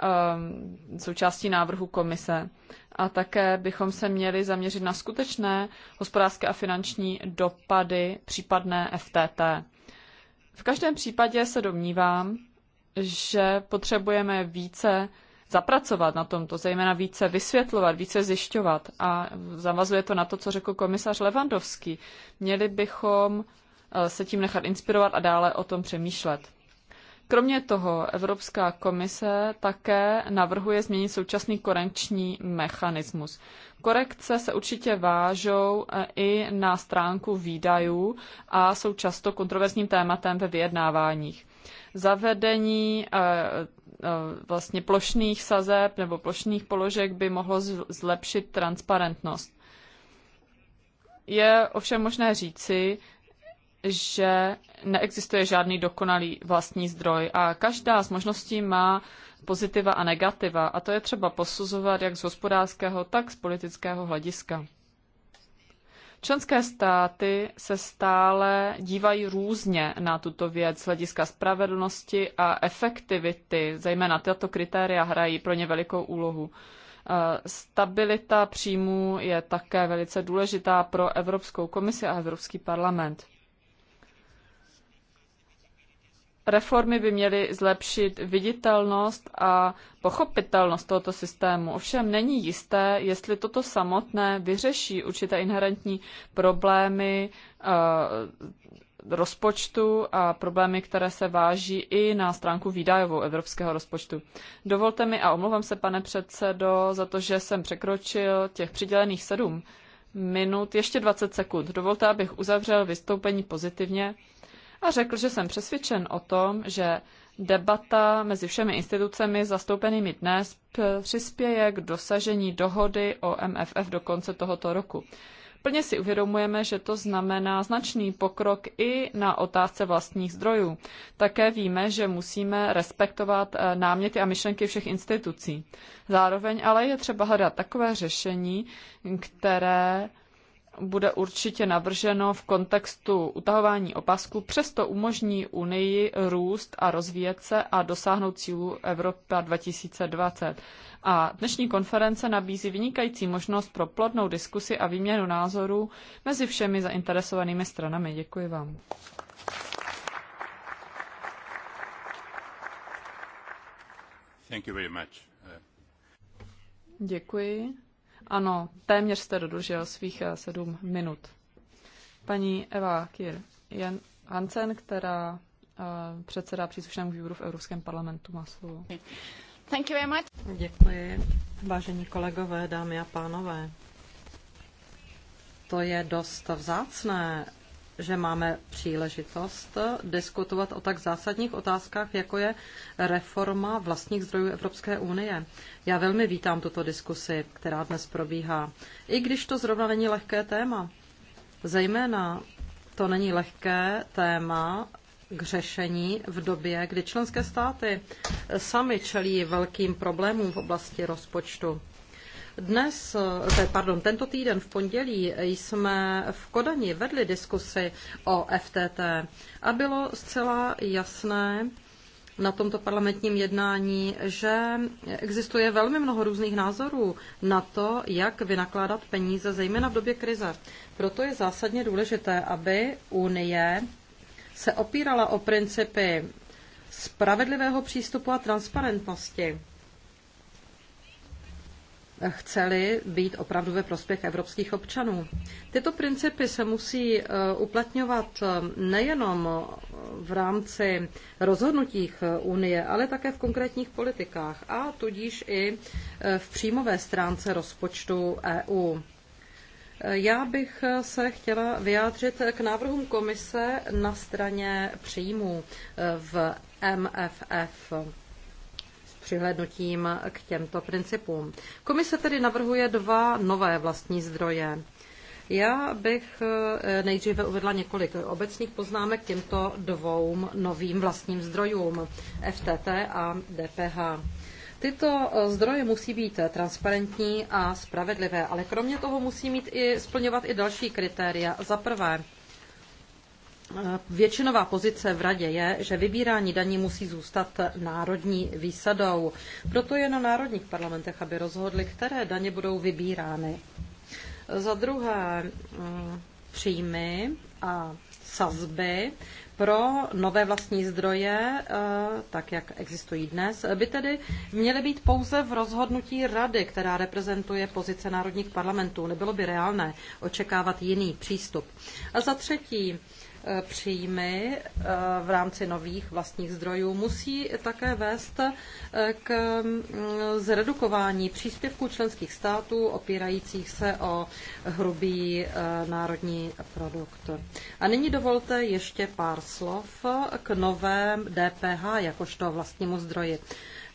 eh, součástí návrhu komise. A také bychom se měli zaměřit na skutečné hospodářské a finanční dopady případné FTT. V každém případě se domnívám, že potřebujeme více zapracovat na tomto, zejména více vysvětlovat, více zjišťovat. A zavazuje to na to, co řekl komisař Levandovský. Měli bychom eh, se tím nechat inspirovat a dále o tom přemýšlet. Kromě toho Evropská komise také navrhuje změnit současný korekční mechanismus. Korekce se určitě vážou e, i na stránku výdajů a jsou často kontroverzním tématem ve vyjednáváních. Zavedení e, e, vlastně plošných sazeb nebo plošných položek by mohlo zlepšit transparentnost. Je ovšem možné říci, že neexistuje žádný dokonalý vlastní zdroj a každá z možností má pozitiva a negativa a to je třeba posuzovat jak z hospodářského, tak z politického hlediska. Členské státy se stále dívají různě na tuto věc z hlediska spravedlnosti a efektivity. Zejména tato kritéria hrají pro ně velikou úlohu. E, stabilita příjmů je také velice důležitá pro Evropskou komisi a Evropský parlament. Reformy by měly zlepšit viditelnost a pochopitelnost tohoto systému. Ovšem není jisté, jestli toto samotné vyřeší určité inherentní problémy eh, rozpočtu a problémy, které se váží i na stránku výdajovou evropského rozpočtu. Dovolte mi a omlouvám se, pane předsedo, za to, že jsem překročil těch přidělených sedm minut, ještě 20 sekund. Dovolte, abych uzavřel vystoupení pozitivně a řekl, že jsem přesvědčen o tom, že debata mezi všemi institucemi zastoupenými dnes přispěje k dosažení dohody o MFF do konce tohoto roku. Plně si uvědomujeme, že to znamená značný pokrok i na otázce vlastních zdrojů. Také víme, že musíme respektovat eh, náměty a myšlenky všech institucí. Zároveň ale je třeba hledat takové řešení, které bude určitě navrženo v kontextu utahování opasku, přesto umožní Unii růst a rozvíjet se a dosáhnout cílů Evropa 2020. A dnešní konference nabízí vynikající možnost pro plodnou diskusi a výměnu názorů mezi všemi zainteresovanými stranami. Děkuji vám. Thank you very much. Děkuji. Ano, téměř jste dodržel svých eh, sedm minut. Paní Eva Jan Hansen, která eh, předsedá příslušnému výboru v Evropském parlamentu, má slovo. Thank you very much. Děkuji, vážení kolegové, dámy a pánové. To je dost vzácné že máme příležitost diskutovat o tak zásadních otázkách, jako je reforma vlastních zdrojů Evropské unie. Já velmi vítám tuto diskusi, která dnes probíhá, i když to zrovna není lehké téma. Zejména to není lehké téma k řešení v době, kdy členské státy sami čelí velkým problémům v oblasti rozpočtu. Dnes, eh, pardon, tento týden v pondělí jsme v Kodani vedli diskusi o FTT a bylo zcela jasné na tomto parlamentním jednání, že existuje velmi mnoho různých názorů na to, jak vynakládat peníze, zejména v době krize. Proto je zásadně důležité, aby Unie se opírala o principy spravedlivého přístupu a transparentnosti chceli být opravdu ve prospěch evropských občanů. Tyto principy se musí eh, uplatňovat eh, nejenom eh, v rámci rozhodnutích Unie, ale také v konkrétních politikách a tudíž i v příjmové stránce rozpočtu EU. Já bych se chtěla vyjádřit k návrhům komise na straně příjmů v MFF přihlednutím k těmto principům. Komise tedy navrhuje dva nové vlastní zdroje. Já bych eh, nejdříve uvedla několik obecných poznámek těmto dvou novým vlastním zdrojům FTT a DPH. Tyto eh, zdroje musí být transparentní a spravedlivé, ale kromě toho musí mít i, splňovat i další kritéria. Za prvé, Eh, většinová pozice v radě je, že vybírání daní musí zůstat národní výsadou. Proto je na národních parlamentech, aby rozhodli, které daně budou vybírány. Za druhé mm, příjmy a sazby pro nové vlastní zdroje, eh, tak jak existují dnes, by tedy měly být pouze v rozhodnutí rady, která reprezentuje pozice národních parlamentů. Nebylo by reálné očekávat jiný přístup. A za třetí, Eh, příjmy eh, v rámci nových vlastních zdrojů musí také vést eh, k mm, zredukování příspěvků členských států opírajících se o hrubý národní produkt. A nyní dovolte ještě pár slov k novém DPH jakožto vlastnímu zdroji.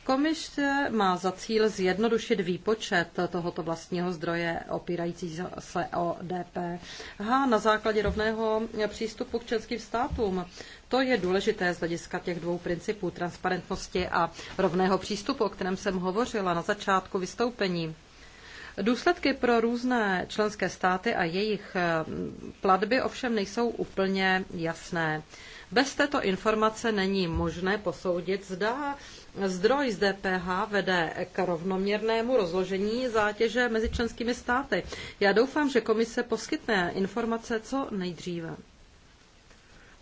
Komise má za cíl zjednodušit výpočet tohoto vlastního zdroje opírající se o DPH na základě rovného přístupu k členským státům. To je důležité z hlediska těch dvou principů transparentnosti a rovného přístupu, o kterém jsem hovořila na začátku vystoupení. Důsledky pro různé členské státy a jejich platby ovšem nejsou úplně jasné. Bez této informace není možné posoudit, zda zdroj z DPH vede k rovnoměrnému rozložení zátěže mezi členskými státy. Já doufám, že komise poskytne informace co nejdříve.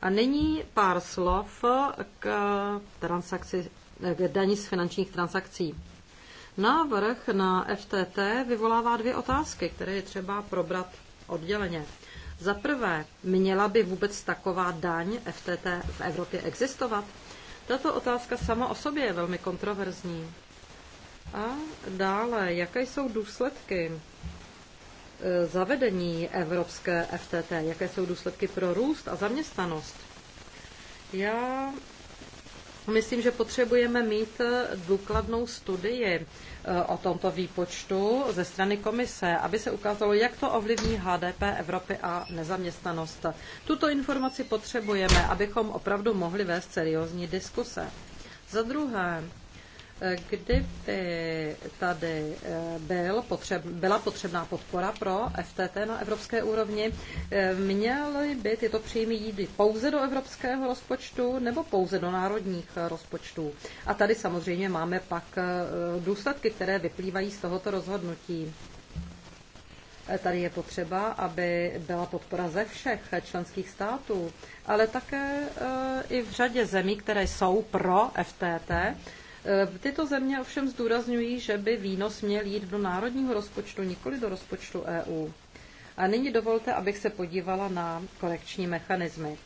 A nyní pár slov k, transakci, k daní z finančních transakcí. Návrh na FTT vyvolává dvě otázky, které je třeba probrat odděleně. Za prvé, měla by vůbec taková daň FTT v Evropě existovat? Tato otázka sama o sobě je velmi kontroverzní. A dále, jaké jsou důsledky e, zavedení evropské FTT? Jaké jsou důsledky pro růst a zaměstnanost? Já myslím, že potřebujeme mít důkladnou studii o tomto výpočtu ze strany komise, aby se ukázalo, jak to ovlivní HDP Evropy a nezaměstnanost. Tuto informaci potřebujeme, abychom opravdu mohli vést seriózní diskuse. Za druhé, Kdyby tady eh, byl potřeb, byla potřebná podpora pro FTT na evropské úrovni, eh, měly by tyto příjmy jít pouze do evropského rozpočtu nebo pouze do národních eh, rozpočtů. A tady samozřejmě máme pak důsledky, které vyplývají z tohoto rozhodnutí. Tady je potřeba, aby byla podpora ze všech členských států, ale také i v řadě zemí, které jsou pro FTT, Eh, tyto země ovšem zdůrazňují, že by výnos měl jít do národního rozpočtu, nikoli do rozpočtu EU. A nyní dovolte, abych se podívala na korekční mechanismy.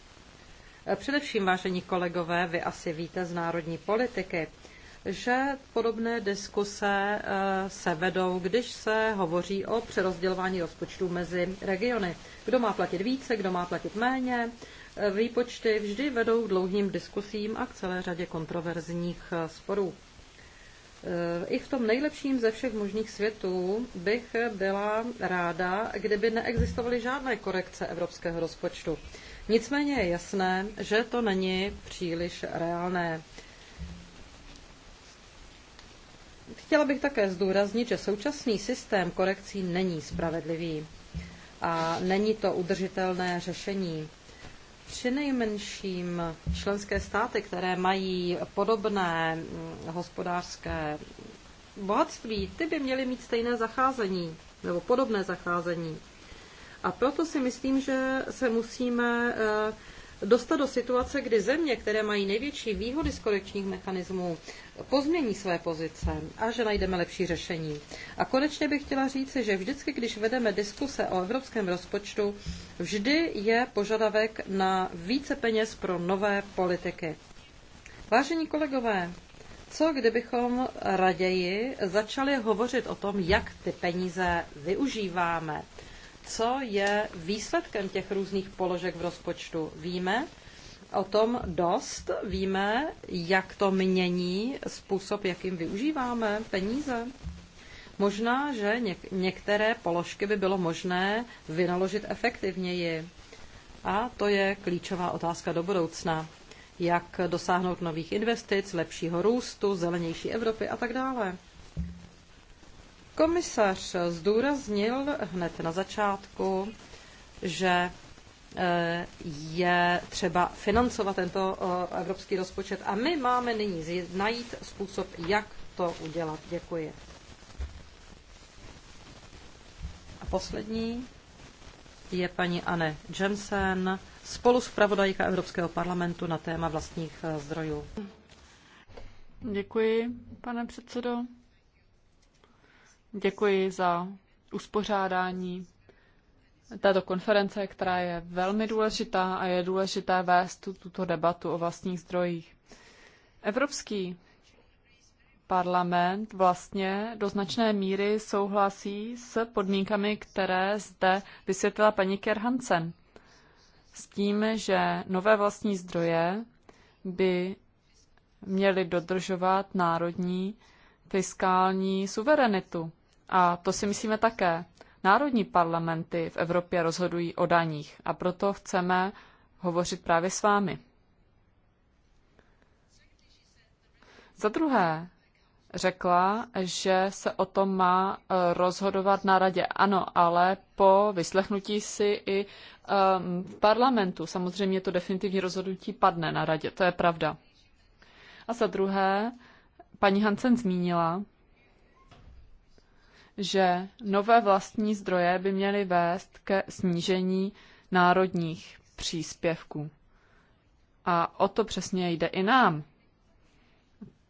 Eh, především, vážení kolegové, vy asi víte z národní politiky, že podobné diskuse eh, se vedou, když se hovoří o přerozdělování rozpočtu mezi regiony. Kdo má platit více, kdo má platit méně, výpočty vždy vedou k dlouhým diskusím a k celé řadě kontroverzních eh, sporů. Eh, I v tom nejlepším ze všech možných světů bych byla ráda, kdyby neexistovaly žádné korekce evropského rozpočtu. Nicméně je jasné, že to není příliš reálné. Chtěla bych také zdůraznit, že současný systém korekcí není spravedlivý a není to udržitelné řešení. Přinejmenším členské státy, které mají podobné mm, hospodářské bohatství, ty by měly mít stejné zacházení nebo podobné zacházení. A proto si myslím, že se musíme eh, dostat do situace, kdy země, které mají největší výhody z korekčních mechanismů, pozmění své pozice a že najdeme lepší řešení. A konečně bych chtěla říci, že vždycky, když vedeme diskuse o evropském rozpočtu, vždy je požadavek na více peněz pro nové politiky. Vážení kolegové, co kdybychom raději začali hovořit o tom, jak ty peníze využíváme? co je výsledkem těch různých položek v rozpočtu. Víme o tom dost, víme, jak to mění způsob, jakým využíváme peníze. Možná, že něk- některé položky by bylo možné vynaložit efektivněji. A to je klíčová otázka do budoucna. Jak dosáhnout nových investic, lepšího růstu, zelenější Evropy a tak dále. Komisař zdůraznil hned na začátku, že eh, je třeba financovat tento eh, evropský rozpočet a my máme nyní najít způsob, jak to udělat. Děkuji. A poslední je paní Anne Jensen, spoluspravodajka Evropského parlamentu na téma vlastních eh, zdrojů. Děkuji, pane předsedo. Děkuji za uspořádání této konference, která je velmi důležitá a je důležité vést tuto debatu o vlastních zdrojích. Evropský parlament vlastně do značné míry souhlasí s podmínkami, které zde vysvětlila paní Kerhansen. S tím, že nové vlastní zdroje by měly dodržovat národní fiskální suverenitu. A to si myslíme také. Národní parlamenty v Evropě rozhodují o daních a proto chceme hovořit právě s vámi. Za druhé, řekla, že se o tom má e, rozhodovat na radě. Ano, ale po vyslechnutí si i um, parlamentu. Samozřejmě to definitivní rozhodnutí padne na radě, to je pravda. A za druhé, paní Hansen zmínila, že nové vlastní zdroje by měly vést ke snížení národních příspěvků. A o to přesně jde i nám.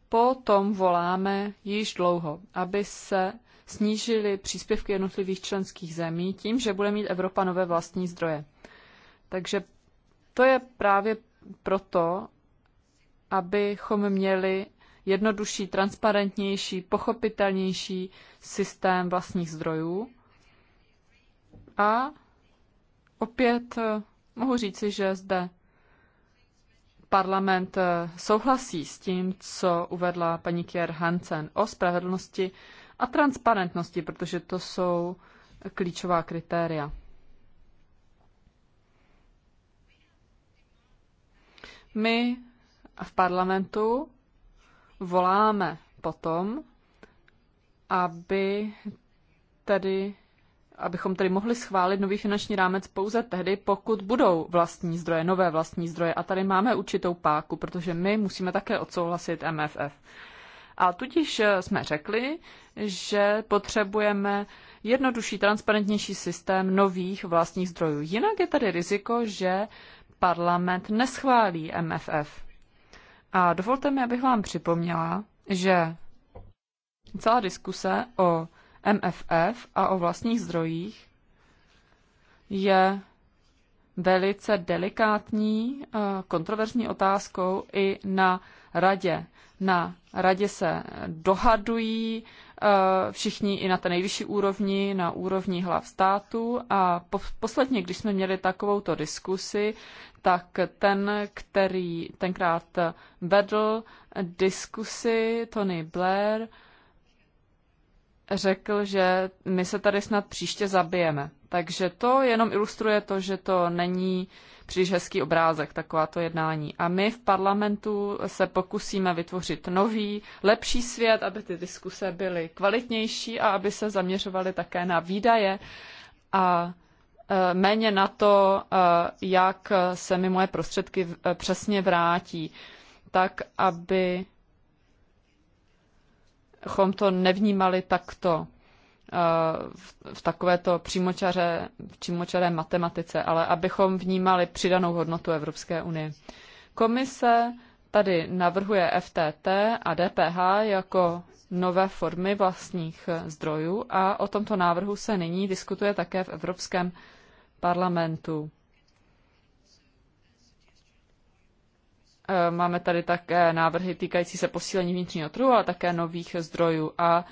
Potom voláme již dlouho, aby se snížily příspěvky jednotlivých členských zemí tím, že bude mít Evropa nové vlastní zdroje. Takže to je právě proto, abychom měli jednodušší, transparentnější, pochopitelnější systém vlastních zdrojů. A opět eh, mohu říci, že zde parlament eh, souhlasí s tím, co uvedla paní Kier Hansen o spravedlnosti a transparentnosti, protože to jsou klíčová kritéria. My v parlamentu voláme potom, aby tedy abychom tedy mohli schválit nový finanční rámec pouze tehdy, pokud budou vlastní zdroje, nové vlastní zdroje. A tady máme určitou páku, protože my musíme také odsouhlasit MFF. A tudíž eh, jsme řekli, že potřebujeme jednodušší, transparentnější systém nových vlastních zdrojů. Jinak je tady riziko, že parlament neschválí MFF. A dovolte mi, abych vám připomněla, že celá diskuse o MFF a o vlastních zdrojích je velice delikátní, eh, kontroverzní otázkou i na radě. Na radě se dohadují Eh, všichni i na té nejvyšší úrovni, na úrovni hlav státu. A po, posledně, když jsme měli takovouto diskusi, tak ten, který tenkrát vedl diskusi, Tony Blair, řekl, že my se tady snad příště zabijeme. Takže to jenom ilustruje to, že to není uh, příliš hezký obrázek, takováto jednání. A my v parlamentu se pokusíme vytvořit nový, lepší svět, aby ty diskuse byly kvalitnější a aby se zaměřovaly také na výdaje a e, méně na to, e, jak se mi moje prostředky e, přesně vrátí, tak aby chom to nevnímali takto v takovéto přímočaře, přímočaré matematice, ale abychom vnímali přidanou hodnotu Evropské unie. Komise tady navrhuje FTT a DPH jako nové formy vlastních zdrojů a o tomto návrhu se nyní diskutuje také v Evropském parlamentu. E, máme tady také návrhy týkající se posílení vnitřního trhu, ale také nových zdrojů a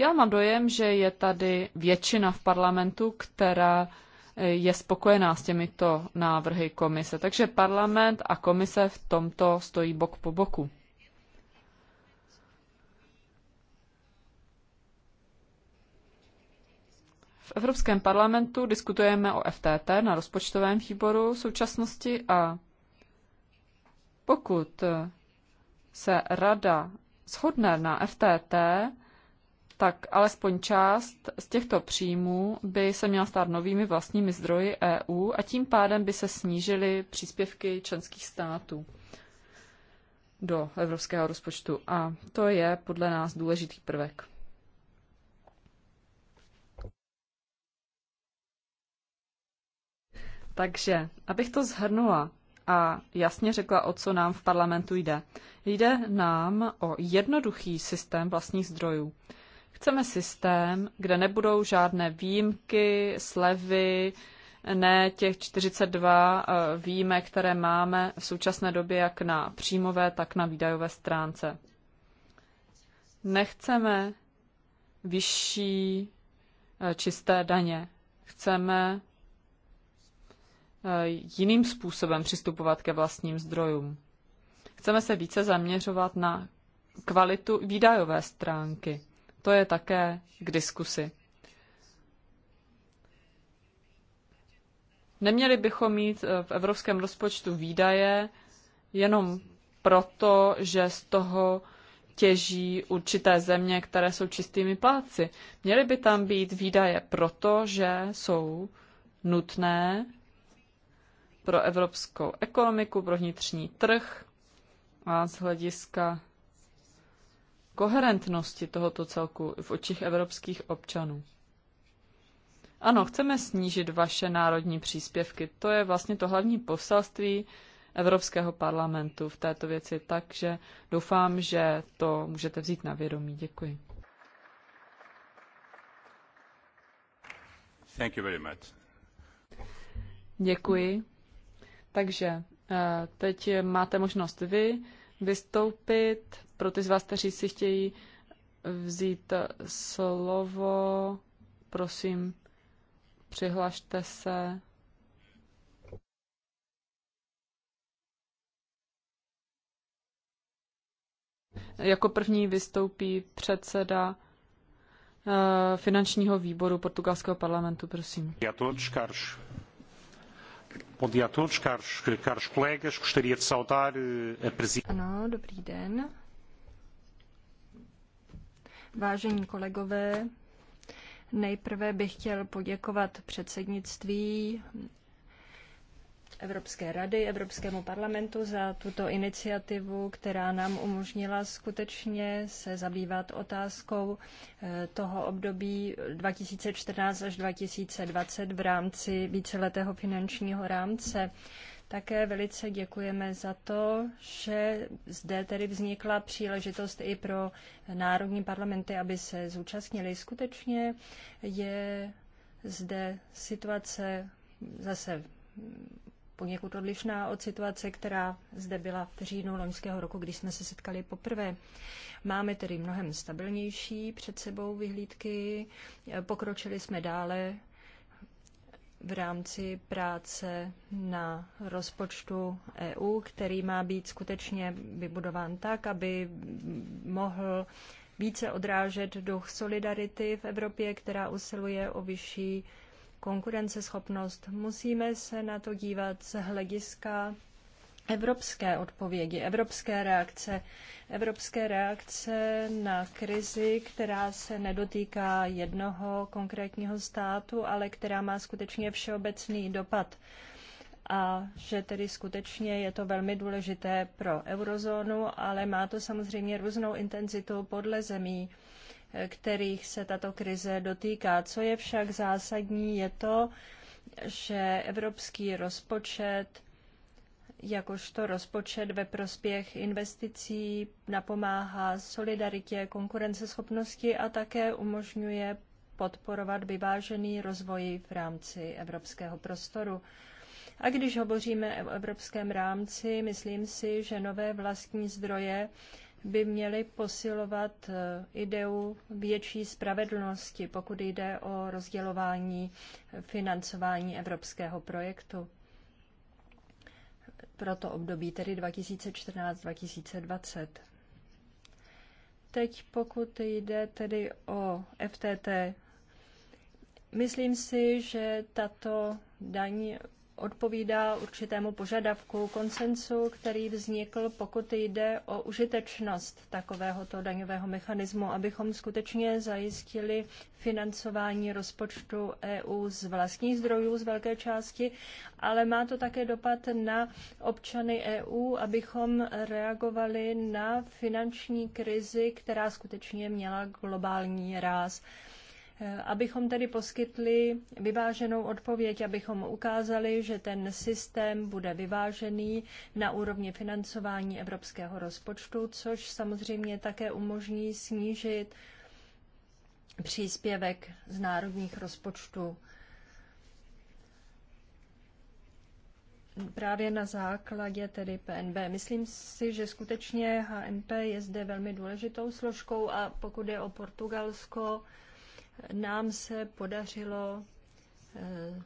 já mám dojem, že je tady většina v parlamentu, která eh, je spokojená s těmito návrhy komise. Takže parlament a komise v tomto stojí bok po boku. V Evropském parlamentu diskutujeme o FTT na rozpočtovém výboru v současnosti a pokud se rada shodne na FTT, tak alespoň část z těchto příjmů by se měla stát novými vlastními zdroji EU a tím pádem by se snížily příspěvky členských států do evropského rozpočtu. A to je podle nás důležitý prvek. Takže, abych to zhrnula a jasně řekla, o co nám v parlamentu jde. Jde nám o jednoduchý systém vlastních zdrojů. Chceme systém, kde nebudou žádné výjimky, slevy, ne těch 42 eh, výjimek, které máme v současné době jak na příjmové, tak na výdajové stránce. Nechceme vyšší eh, čisté daně. Chceme eh, jiným způsobem přistupovat ke vlastním zdrojům. Chceme se více zaměřovat na kvalitu výdajové stránky. To je také k diskusi. Neměli bychom mít eh, v evropském rozpočtu výdaje jenom proto, že z toho těží určité země, které jsou čistými pláci. Měly by tam být výdaje proto, že jsou nutné pro evropskou ekonomiku, pro vnitřní trh a z hlediska koherentnosti tohoto celku v očích evropských občanů. Ano, chceme snížit vaše národní příspěvky. To je vlastně to hlavní poselství Evropského parlamentu v této věci, takže doufám, že to můžete vzít na vědomí. Děkuji. Thank you very much. Děkuji. Takže eh, teď máte možnost vy vystoupit pro ty z vás, kteří si chtějí vzít slovo, prosím, přihlašte se. Jako první vystoupí předseda eh, finančního výboru portugalského parlamentu, prosím. Já to odškarš. Bom dia a todos, caros, caros colegas. Gostaria de saudar eh, a presidência. Ano, dobrý den. Vážení kolegové, nejprve bych chtěl poděkovat předsednictví Evropské rady, Evropskému parlamentu za tuto iniciativu, která nám umožnila skutečně se zabývat otázkou eh, toho období 2014 až 2020 v rámci víceletého finančního rámce. Také velice děkujeme za to, že zde tedy vznikla příležitost i pro národní parlamenty, aby se zúčastnili. Skutečně je zde situace zase poněkud odlišná od situace, která zde byla v říjnu loňského roku, když jsme se setkali poprvé. Máme tedy mnohem stabilnější před sebou vyhlídky, pokročili jsme dále v rámci práce na rozpočtu EU, který má být skutečně vybudován tak, aby mohl více odrážet duch solidarity v Evropě, která usiluje o vyšší konkurenceschopnost. Musíme se na to dívat z hlediska evropské odpovědi, evropské reakce, evropské reakce na krizi, která se nedotýká jednoho konkrétního státu, ale která má skutečně všeobecný dopad. A že tedy skutečně je to velmi důležité pro eurozónu, ale má to samozřejmě různou intenzitu podle zemí, kterých se tato krize dotýká. Co je však zásadní, je to, že evropský rozpočet jakožto rozpočet ve prospěch investicí, napomáhá solidaritě, konkurenceschopnosti a také umožňuje podporovat vyvážený rozvoj v rámci evropského prostoru. A když hovoříme o evropském rámci, myslím si, že nové vlastní zdroje by měly posilovat eh, ideu větší spravedlnosti, pokud jde o rozdělování eh, financování evropského projektu pro to období, tedy 2014-2020. Teď pokud jde tedy o FTT, myslím si, že tato daň odpovídá určitému požadavku konsenzu, který vznikl, pokud jde o užitečnost takovéhoto daňového mechanismu, abychom skutečně zajistili financování rozpočtu EU z vlastních zdrojů z velké části, ale má to také dopad na občany EU, abychom reagovali na finanční krizi, která skutečně měla globální ráz abychom tedy poskytli vyváženou odpověď, abychom ukázali, že ten systém bude vyvážený na úrovni financování evropského rozpočtu, což samozřejmě také umožní snížit příspěvek z národních rozpočtů. právě na základě tedy PNB. Myslím si, že skutečně HMP je zde velmi důležitou složkou a pokud je o Portugalsko, nám se podařilo eh,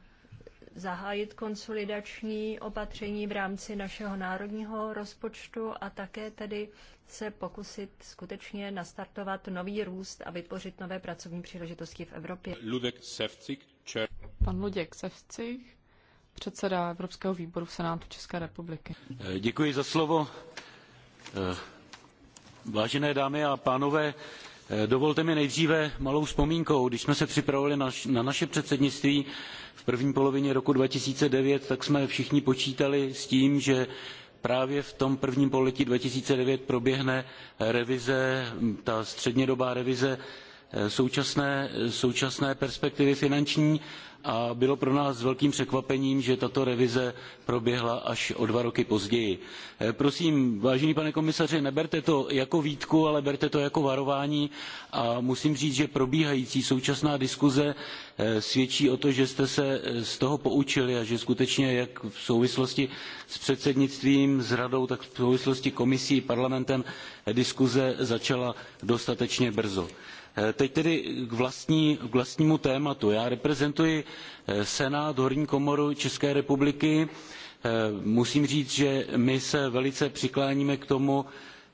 zahájit konsolidační opatření v rámci našeho národního rozpočtu a také tedy se pokusit skutečně nastartovat nový růst a vytvořit nové pracovní příležitosti v Evropě. Ludek Sevcik, čer... Pan Luděk Sevcik, předseda Evropského výboru v Senátu České republiky. Eh, děkuji za slovo. Eh, vážené dámy a pánové, Eh, dovolte mi nejdříve malou vzpomínku když jsme se připravovali na naše předsednictví v první polovině roku two thousand and nine tak jsme všichni počítali s tím že právě v tom prvním pololetí two thousand and nine proběhne revize ta střednědobá revize současné, současné perspektivy finanční a bylo pro nás velkým překvapením, že tato revize proběhla až o dva roky později. Eh, prosím, vážený pane komisaři, neberte to jako výtku, ale berte to jako varování a musím říct, že probíhající současná diskuze eh, svědčí o to, že jste se eh, z toho poučili a že skutečně jak v souvislosti s předsednictvím, s radou, tak v souvislosti komisí, parlamentem diskuze začala dostatečně brzo. Eh, teď tedy k, vlastní, k vlastnímu tématu. Já reprezentuji eh, Senát, Horní komoru České republiky. Eh, musím říct, že my se velice přikláníme k tomu,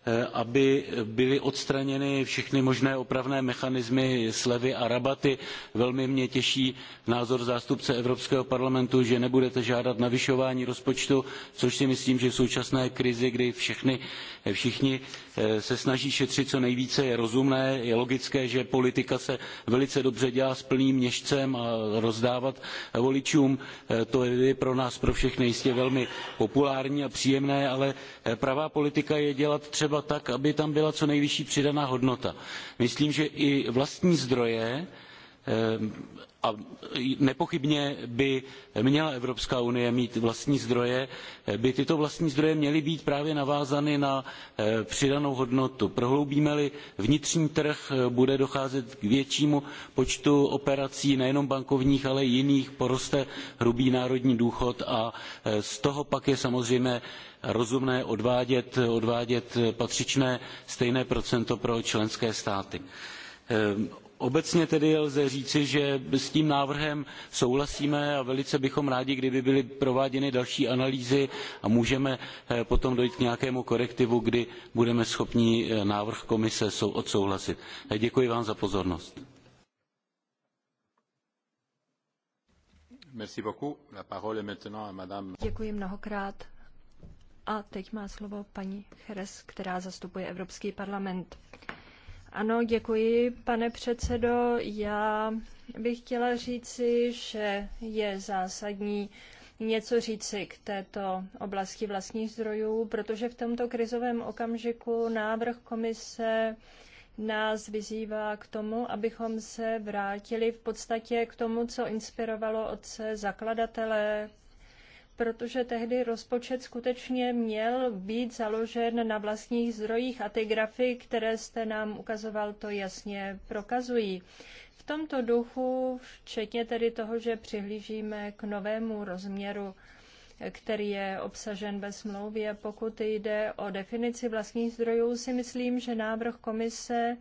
Eh, aby byly odstraněny všechny možné opravné mechanismy, slevy a rabaty. Velmi mě těší názor zástupce Evropského parlamentu, že nebudete žádat navyšování rozpočtu, což si myslím, že v současné krizi, kdy všechny, eh, všichni eh, se snaží šetřit co nejvíce, je rozumné, je logické, že politika se velice dobře dělá s plným měšcem a rozdávat voličům. To je pro nás, pro všechny jistě velmi populární a příjemné, ale pravá politika je dělat třeba třeba tak, aby tam byla co nejvyšší přidaná hodnota. Myslím, že i vlastní zdroje a nepochybně by měla evropská unie mít vlastní zdroje by tyto vlastní zdroje měly být právě navázány na eh, přidanou hodnotu. prohloubíme li vnitřní trh eh, bude docházet k většímu počtu operací nejenom bankovních ale i jiných poroste hrubý národní důchod a eh, z toho pak je samozřejmě rozumné odvádět, odvádět patřičné stejné procento pro členské státy Obecně tedy lze říci, že s tím návrhem souhlasíme a velice bychom rádi, kdyby byly prováděny další analýzy a můžeme eh, potom dojít k nějakému korektivu, kdy budeme schopni eh, návrh komise odsouhlasit. Eh, děkuji vám za pozornost. Děkuji mnohokrát. A teď má slovo paní Cheres, která zastupuje Evropský parlament. Ano, děkuji, pane předsedo. Já bych chtěla říci, že je zásadní něco říci k této oblasti vlastních zdrojů, protože v tomto krizovém okamžiku návrh komise nás vyzývá k tomu, abychom se vrátili v podstatě k tomu, co inspirovalo otce zakladatele protože tehdy rozpočet skutečně měl být založen na vlastních zdrojích a ty grafy, které jste nám ukazoval, to jasně prokazují. V tomto duchu, včetně tedy toho, že přihlížíme k novému rozměru, který je obsažen ve smlouvě, pokud jde o definici vlastních zdrojů, si myslím, že návrh komise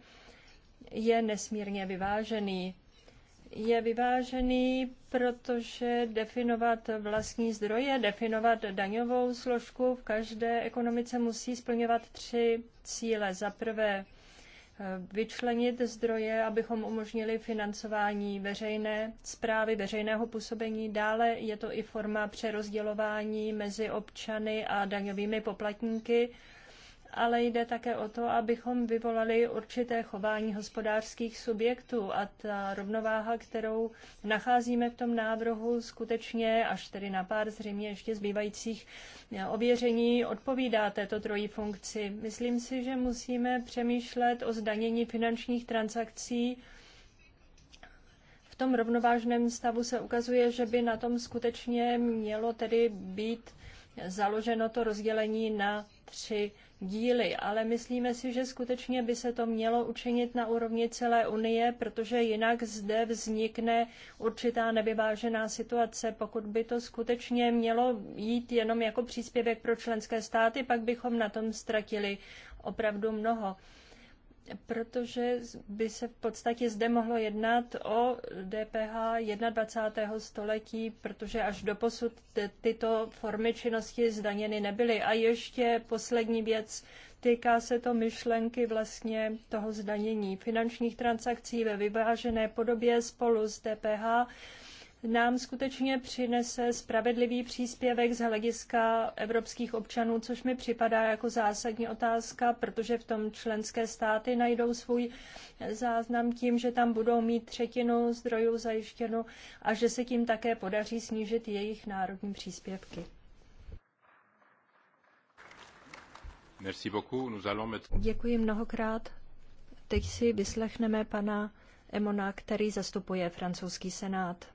je nesmírně vyvážený je vyvážený, protože definovat vlastní zdroje, definovat daňovou složku v každé ekonomice musí splňovat tři cíle. Za prvé eh, vyčlenit zdroje, abychom umožnili financování veřejné zprávy, veřejného působení. Dále je to i forma přerozdělování mezi občany a daňovými poplatníky ale jde také o to, abychom vyvolali určité chování hospodářských subjektů a ta rovnováha, kterou nacházíme v tom návrhu, skutečně až tedy na pár zřejmě ještě zbývajících ověření odpovídá této trojí funkci. Myslím si, že musíme přemýšlet o zdanění finančních transakcí v tom rovnovážném stavu se ukazuje, že by na tom skutečně mělo tedy být založeno to rozdělení na tři díly, ale myslíme si, že skutečně by se to mělo učinit na úrovni celé Unie, protože jinak zde vznikne určitá nevyvážená situace. Pokud by to skutečně mělo jít jenom jako příspěvek pro členské státy, pak bychom na tom ztratili opravdu mnoho protože by se v podstatě zde mohlo jednat o DPH 21. století, protože až do posud tyto formy činnosti zdaněny nebyly. A ještě poslední věc, týká se to myšlenky vlastně toho zdanění finančních transakcí ve vyvážené podobě spolu s DPH nám skutečně přinese spravedlivý příspěvek z hlediska evropských občanů, což mi připadá jako zásadní otázka, protože v tom členské státy najdou svůj záznam tím, že tam budou mít třetinu zdrojů zajištěnu a že se tím také podaří snížit jejich národní příspěvky. Děkuji mnohokrát. Teď si vyslechneme pana Emona, který zastupuje francouzský senát.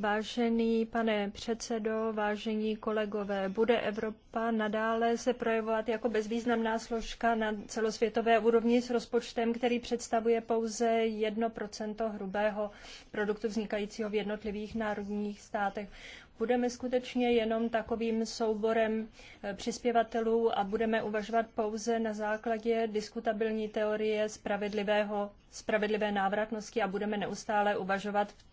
Vážený pane předsedo, vážení kolegové, bude Evropa nadále se projevovat jako bezvýznamná složka na celosvětové úrovni s rozpočtem, který představuje pouze 1% hrubého produktu vznikajícího v jednotlivých národních státech budeme skutečně jenom takovým souborem eh, přispěvatelů a budeme uvažovat pouze na základě diskutabilní teorie spravedlivého, spravedlivé návratnosti a budeme neustále uvažovat v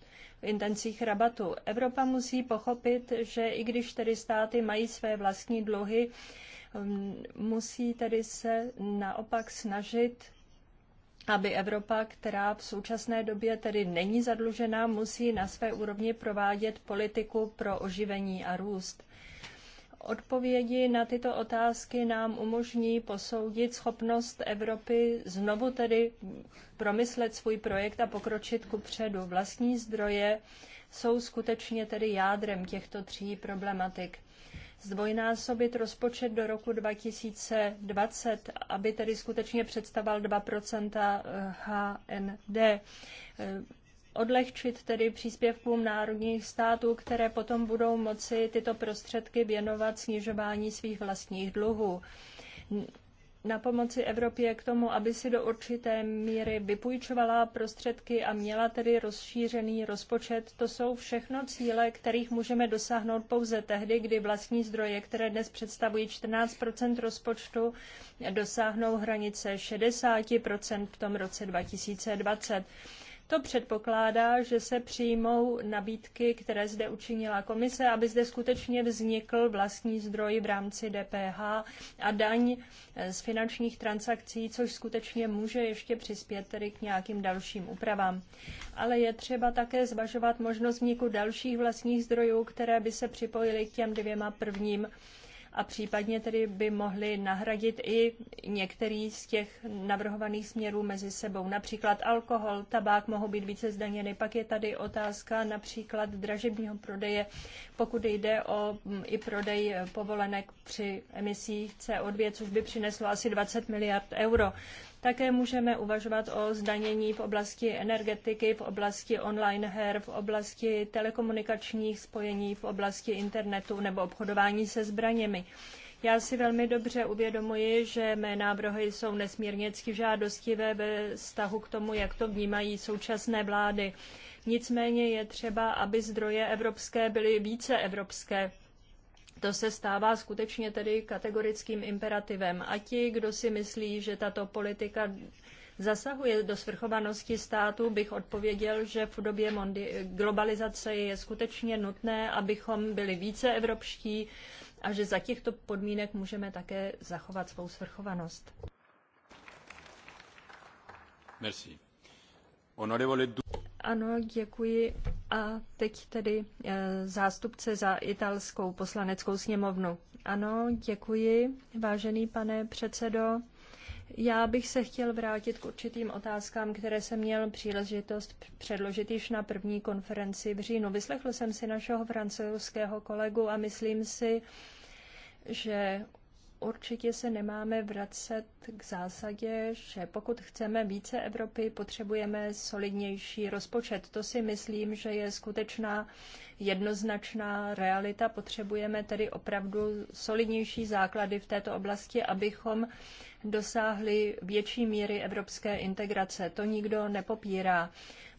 intencích rabatu. Evropa musí pochopit, že i když tedy státy mají své vlastní dluhy, um, musí tedy se naopak snažit aby Evropa, která v současné době tedy není zadlužená, musí na své úrovni provádět politiku pro oživení a růst. Odpovědi na tyto otázky nám umožní posoudit schopnost Evropy znovu tedy promyslet svůj projekt a pokročit ku předu. Vlastní zdroje jsou skutečně tedy jádrem těchto tří problematik. Zdvojnásobit rozpočet do roku 2020, aby tedy skutečně představoval 2 HND odlehčit tedy příspěvkům národních států, které potom budou moci tyto prostředky věnovat snižování svých vlastních dluhů. Na pomoci Evropě k tomu, aby si do určité míry vypůjčovala prostředky a měla tedy rozšířený rozpočet, to jsou všechno cíle, kterých můžeme dosáhnout pouze tehdy, kdy vlastní zdroje, které dnes představují 14 rozpočtu, dosáhnou hranice 60 v tom roce 2020 to předpokládá, že se přijmou nabídky, které zde učinila komise, aby zde skutečně vznikl vlastní zdroj v rámci DPH a daň eh, z finančních transakcí, což skutečně může ještě přispět tedy k nějakým dalším úpravám. Ale je třeba také zvažovat možnost vzniku dalších vlastních zdrojů, které by se připojily k těm dvěma prvním a případně tedy by mohly nahradit i některý z těch navrhovaných směrů mezi sebou. Například alkohol, tabák mohou být více zdaněny. Pak je tady otázka například dražebního prodeje, pokud jde o mm, i prodej eh, povolenek při emisích CO2, což by přineslo asi 20 miliard euro. Také můžeme uvažovat o zdanění v oblasti energetiky, v oblasti online her, v oblasti telekomunikačních spojení, v oblasti internetu nebo obchodování se zbraněmi. Já si velmi dobře uvědomuji, že mé návrhy jsou nesmírně žádostivé ve vztahu k tomu, jak to vnímají současné vlády. Nicméně je třeba, aby zdroje evropské byly více evropské to se stává skutečně tedy kategorickým imperativem. A ti, kdo si myslí, že tato politika zasahuje do svrchovanosti státu, bych odpověděl, že v době globalizace je skutečně nutné, abychom byli více evropští a že za těchto podmínek můžeme také zachovat svou svrchovanost. Merci. Ano, děkuji. A teď tedy eh, zástupce za italskou poslaneckou sněmovnu. Ano, děkuji, vážený pane předsedo. Já bych se chtěl vrátit k určitým otázkám, které jsem měl příležitost předložit již na první konferenci v říjnu. Vyslechl jsem si našeho francouzského kolegu a myslím si, že určitě se nemáme vracet k zásadě, že pokud chceme více Evropy, potřebujeme solidnější rozpočet. To si myslím, že je skutečná jednoznačná realita. Potřebujeme tedy opravdu solidnější základy v této oblasti, abychom dosáhli větší míry evropské integrace. To nikdo nepopírá.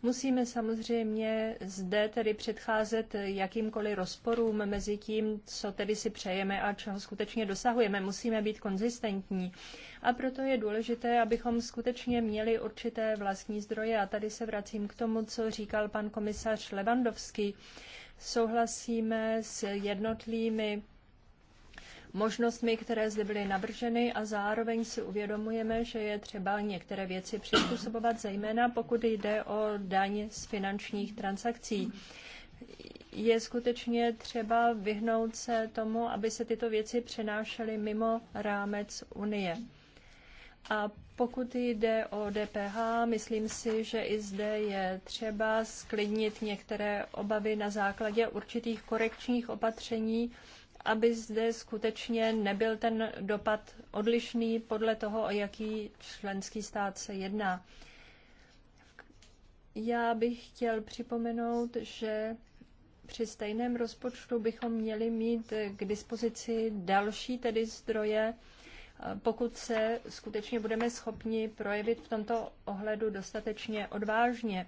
Musíme samozřejmě zde tedy předcházet jakýmkoliv rozporům mezi tím, co tedy si přejeme a čeho skutečně dosahujeme. Musíme být konzistentní. A proto je důležité, abychom skutečně měli určité vlastní zdroje. A tady se vracím k tomu, co říkal pan komisař Levandovský. Souhlasíme s jednotlivými možnostmi, které zde byly navrženy a zároveň si uvědomujeme, že je třeba některé věci přizpůsobovat, zejména pokud jde o daň z finančních transakcí je skutečně třeba vyhnout se tomu, aby se tyto věci přenášely mimo rámec Unie. A pokud jde o DPH, myslím si, že i zde je třeba sklidnit některé obavy na základě určitých korekčních opatření, aby zde skutečně nebyl ten dopad odlišný podle toho, o jaký členský stát se jedná. Já bych chtěl připomenout, že při stejném rozpočtu bychom měli mít k dispozici další tedy zdroje, pokud se skutečně budeme schopni projevit v tomto ohledu dostatečně odvážně.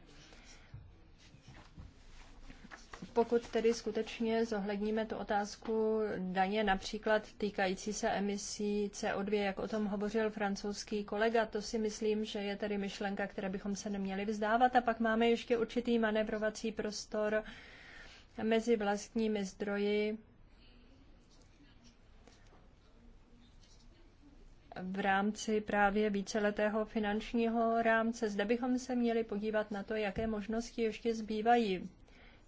Pokud tedy skutečně zohledníme tu otázku daně například týkající se emisí CO2, jak o tom hovořil francouzský kolega, to si myslím, že je tedy myšlenka, které bychom se neměli vzdávat. A pak máme ještě určitý manevrovací prostor mezi vlastními zdroji v rámci právě víceletého finančního rámce. Zde bychom se měli podívat na to, jaké možnosti ještě zbývají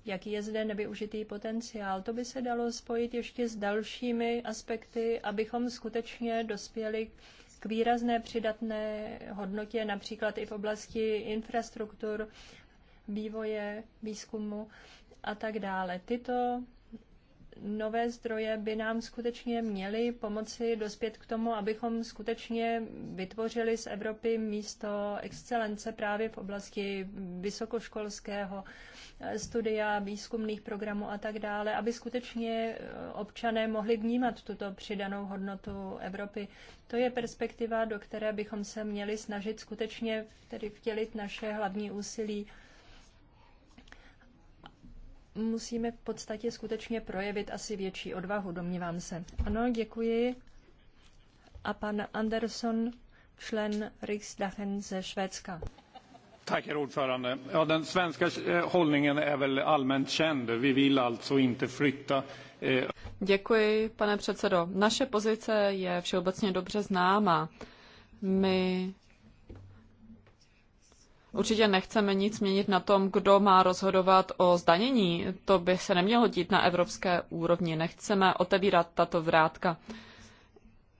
jaký je zde nevyužitý potenciál. To by se dalo spojit ještě s dalšími aspekty, abychom skutečně dospěli k výrazné přidatné hodnotě, například i v oblasti infrastruktur, vývoje, výzkumu a tak dále. Tyto nové zdroje by nám skutečně měly pomoci dospět k tomu, abychom skutečně vytvořili z Evropy místo excelence právě v oblasti vysokoškolského studia, výzkumných programů a tak dále, aby skutečně eh, občané mohli vnímat tuto přidanou hodnotu Evropy. To je perspektiva, do které bychom se měli snažit skutečně tedy vtělit naše hlavní úsilí musíme v podstatě skutečně projevit asi větší odvahu, domnívám se. Ano, děkuji. A pan Anderson, člen Riksdagen ze Švédska. Tack, herr ordförande. Ja, den svenska eh, hållningen är väl allmänt känd. Vi vill alltså inte flytta eh. Děkuji, pane předsedo. Naše pozice je všeobecně dobře známa. My určitě nechceme nic měnit na tom, kdo má rozhodovat o zdanění. To by se nemělo dít na evropské úrovni. Nechceme otevírat tato vrátka. Uh,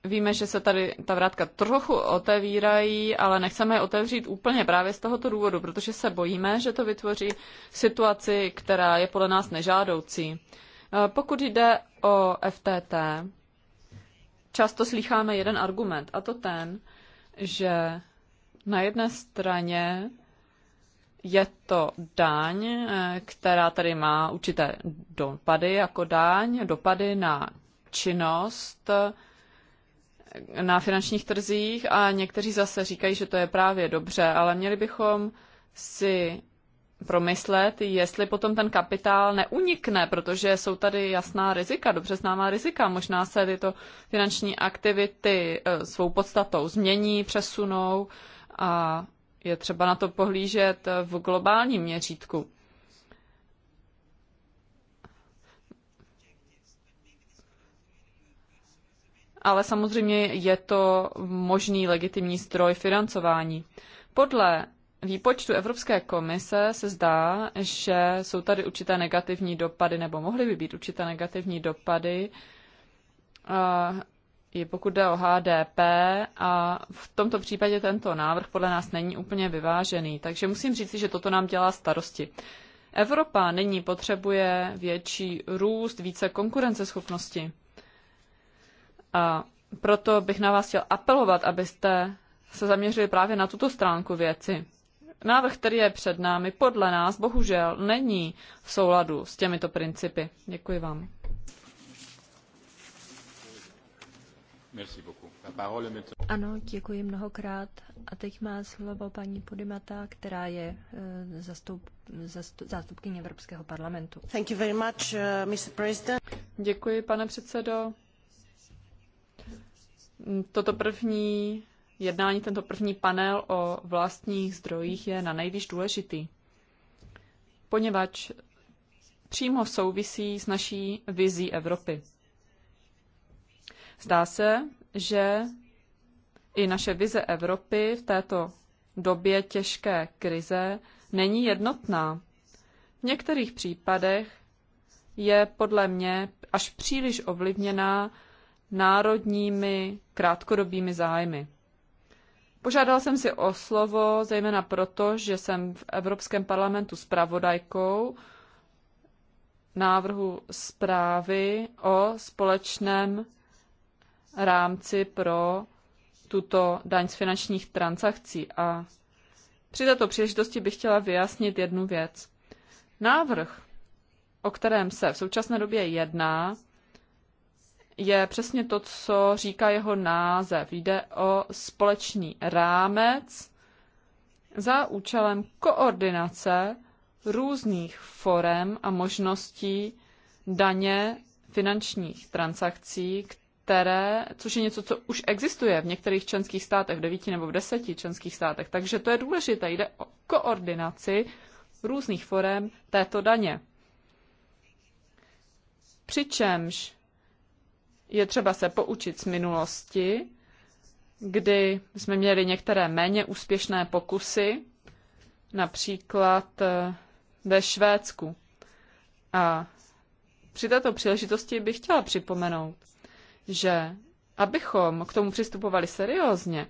Víme, že se tady ta vrátka trochu otevírají, ale nechceme je otevřít úplně právě z tohoto důvodu, protože se bojíme, že to vytvoří situaci, která je podle nás nežádoucí. E, pokud jde o FTT, často slycháme jeden argument, a to ten, že na jedné straně je to daň, e, která tady má určité dopady jako daň, dopady na činnost, na finančních trzích a někteří zase říkají, že to je právě dobře, ale měli bychom si promyslet, jestli potom ten kapitál neunikne, protože jsou tady jasná rizika, dobře známá rizika. Možná se tyto finanční aktivity e, svou podstatou změní, přesunou a je třeba na to pohlížet v globálním měřítku. ale samozřejmě je to možný legitimní stroj financování. Podle výpočtu Evropské komise se zdá, že jsou tady určité negativní dopady, nebo mohly by být určité negativní dopady, je pokud jde o HDP a v tomto případě tento návrh podle nás není úplně vyvážený. Takže musím říct, že toto nám dělá starosti. Evropa nyní potřebuje větší růst, více konkurenceschopnosti. A proto bych na vás chtěl apelovat, abyste se zaměřili právě na tuto stránku věci. Návrh, který je před námi, podle nás bohužel není v souladu s těmito principy. Děkuji vám. Ano, děkuji mnohokrát. A teď má slovo paní Podimata, která je eh, zastup, zastup, zástupkyně Evropského parlamentu. Thank you very much, uh, eh, Mr. President. Děkuji, pane předsedo. Mm, toto první jednání, tento první panel o vlastních zdrojích je na nejvíc důležitý, poněvadž přímo souvisí s naší vizí Evropy. Zdá se, že i naše vize Evropy v této době těžké krize není jednotná. V některých případech je podle mě až příliš ovlivněná národními krátkodobými zájmy. Požádal jsem si o slovo zejména proto, že jsem v Evropském parlamentu pravodajkou návrhu zprávy o společném rámci pro tuto daň z finančních transakcí. A při této příležitosti bych chtěla vyjasnit jednu věc. Návrh, o kterém se v současné době jedná, je přesně to, co říká jeho název. Jde o společný rámec za účelem koordinace různých forem a možností daně finančních transakcí, které, což je něco, co už existuje v některých členských státech, v devíti nebo v deseti členských státech. Takže to je důležité, jde o koordinaci různých forem této daně. Přičemž je třeba se poučit z minulosti, kdy jsme měli některé méně úspěšné pokusy, například eh, ve Švédsku. A při této příležitosti bych chtěla připomenout, že abychom k tomu přistupovali seriózně,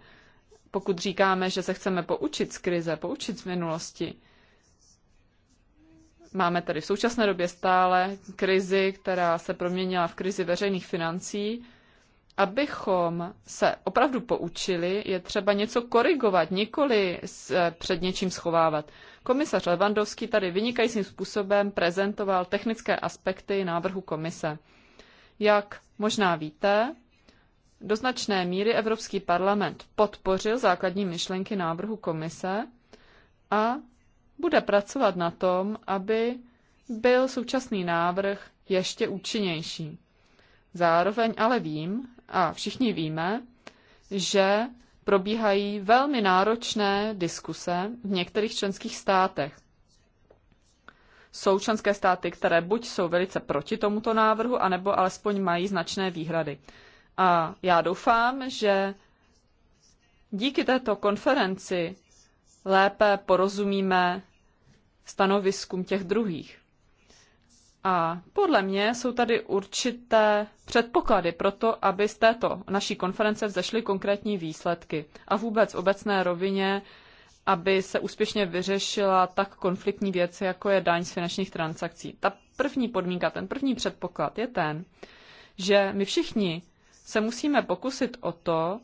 pokud říkáme, že se chceme poučit z krize, poučit z minulosti, Máme tady v současné době stále krizi, která se proměnila v krizi veřejných financí. Abychom se opravdu poučili, je třeba něco korigovat, nikoli eh, před něčím schovávat. Komisař Levandovský tady vynikajícím způsobem prezentoval technické aspekty návrhu komise. Jak možná víte, do značné míry Evropský parlament podpořil základní myšlenky návrhu komise a bude pracovat na tom, aby byl současný návrh ještě účinnější. Zároveň ale vím, a všichni víme, že probíhají velmi náročné diskuse v některých členských státech. Jsou členské státy, které buď jsou velice proti tomuto návrhu, anebo alespoň mají značné výhrady. A já doufám, že díky této konferenci lépe porozumíme stanoviskům těch druhých. A podle mě jsou tady určité předpoklady pro to, aby z této naší konference vzešly konkrétní výsledky a vůbec v obecné rovině, aby se úspěšně vyřešila tak konfliktní věc, jako je daň z finančních transakcí. Ta první podmínka, ten první předpoklad je ten, že my všichni se musíme pokusit o to,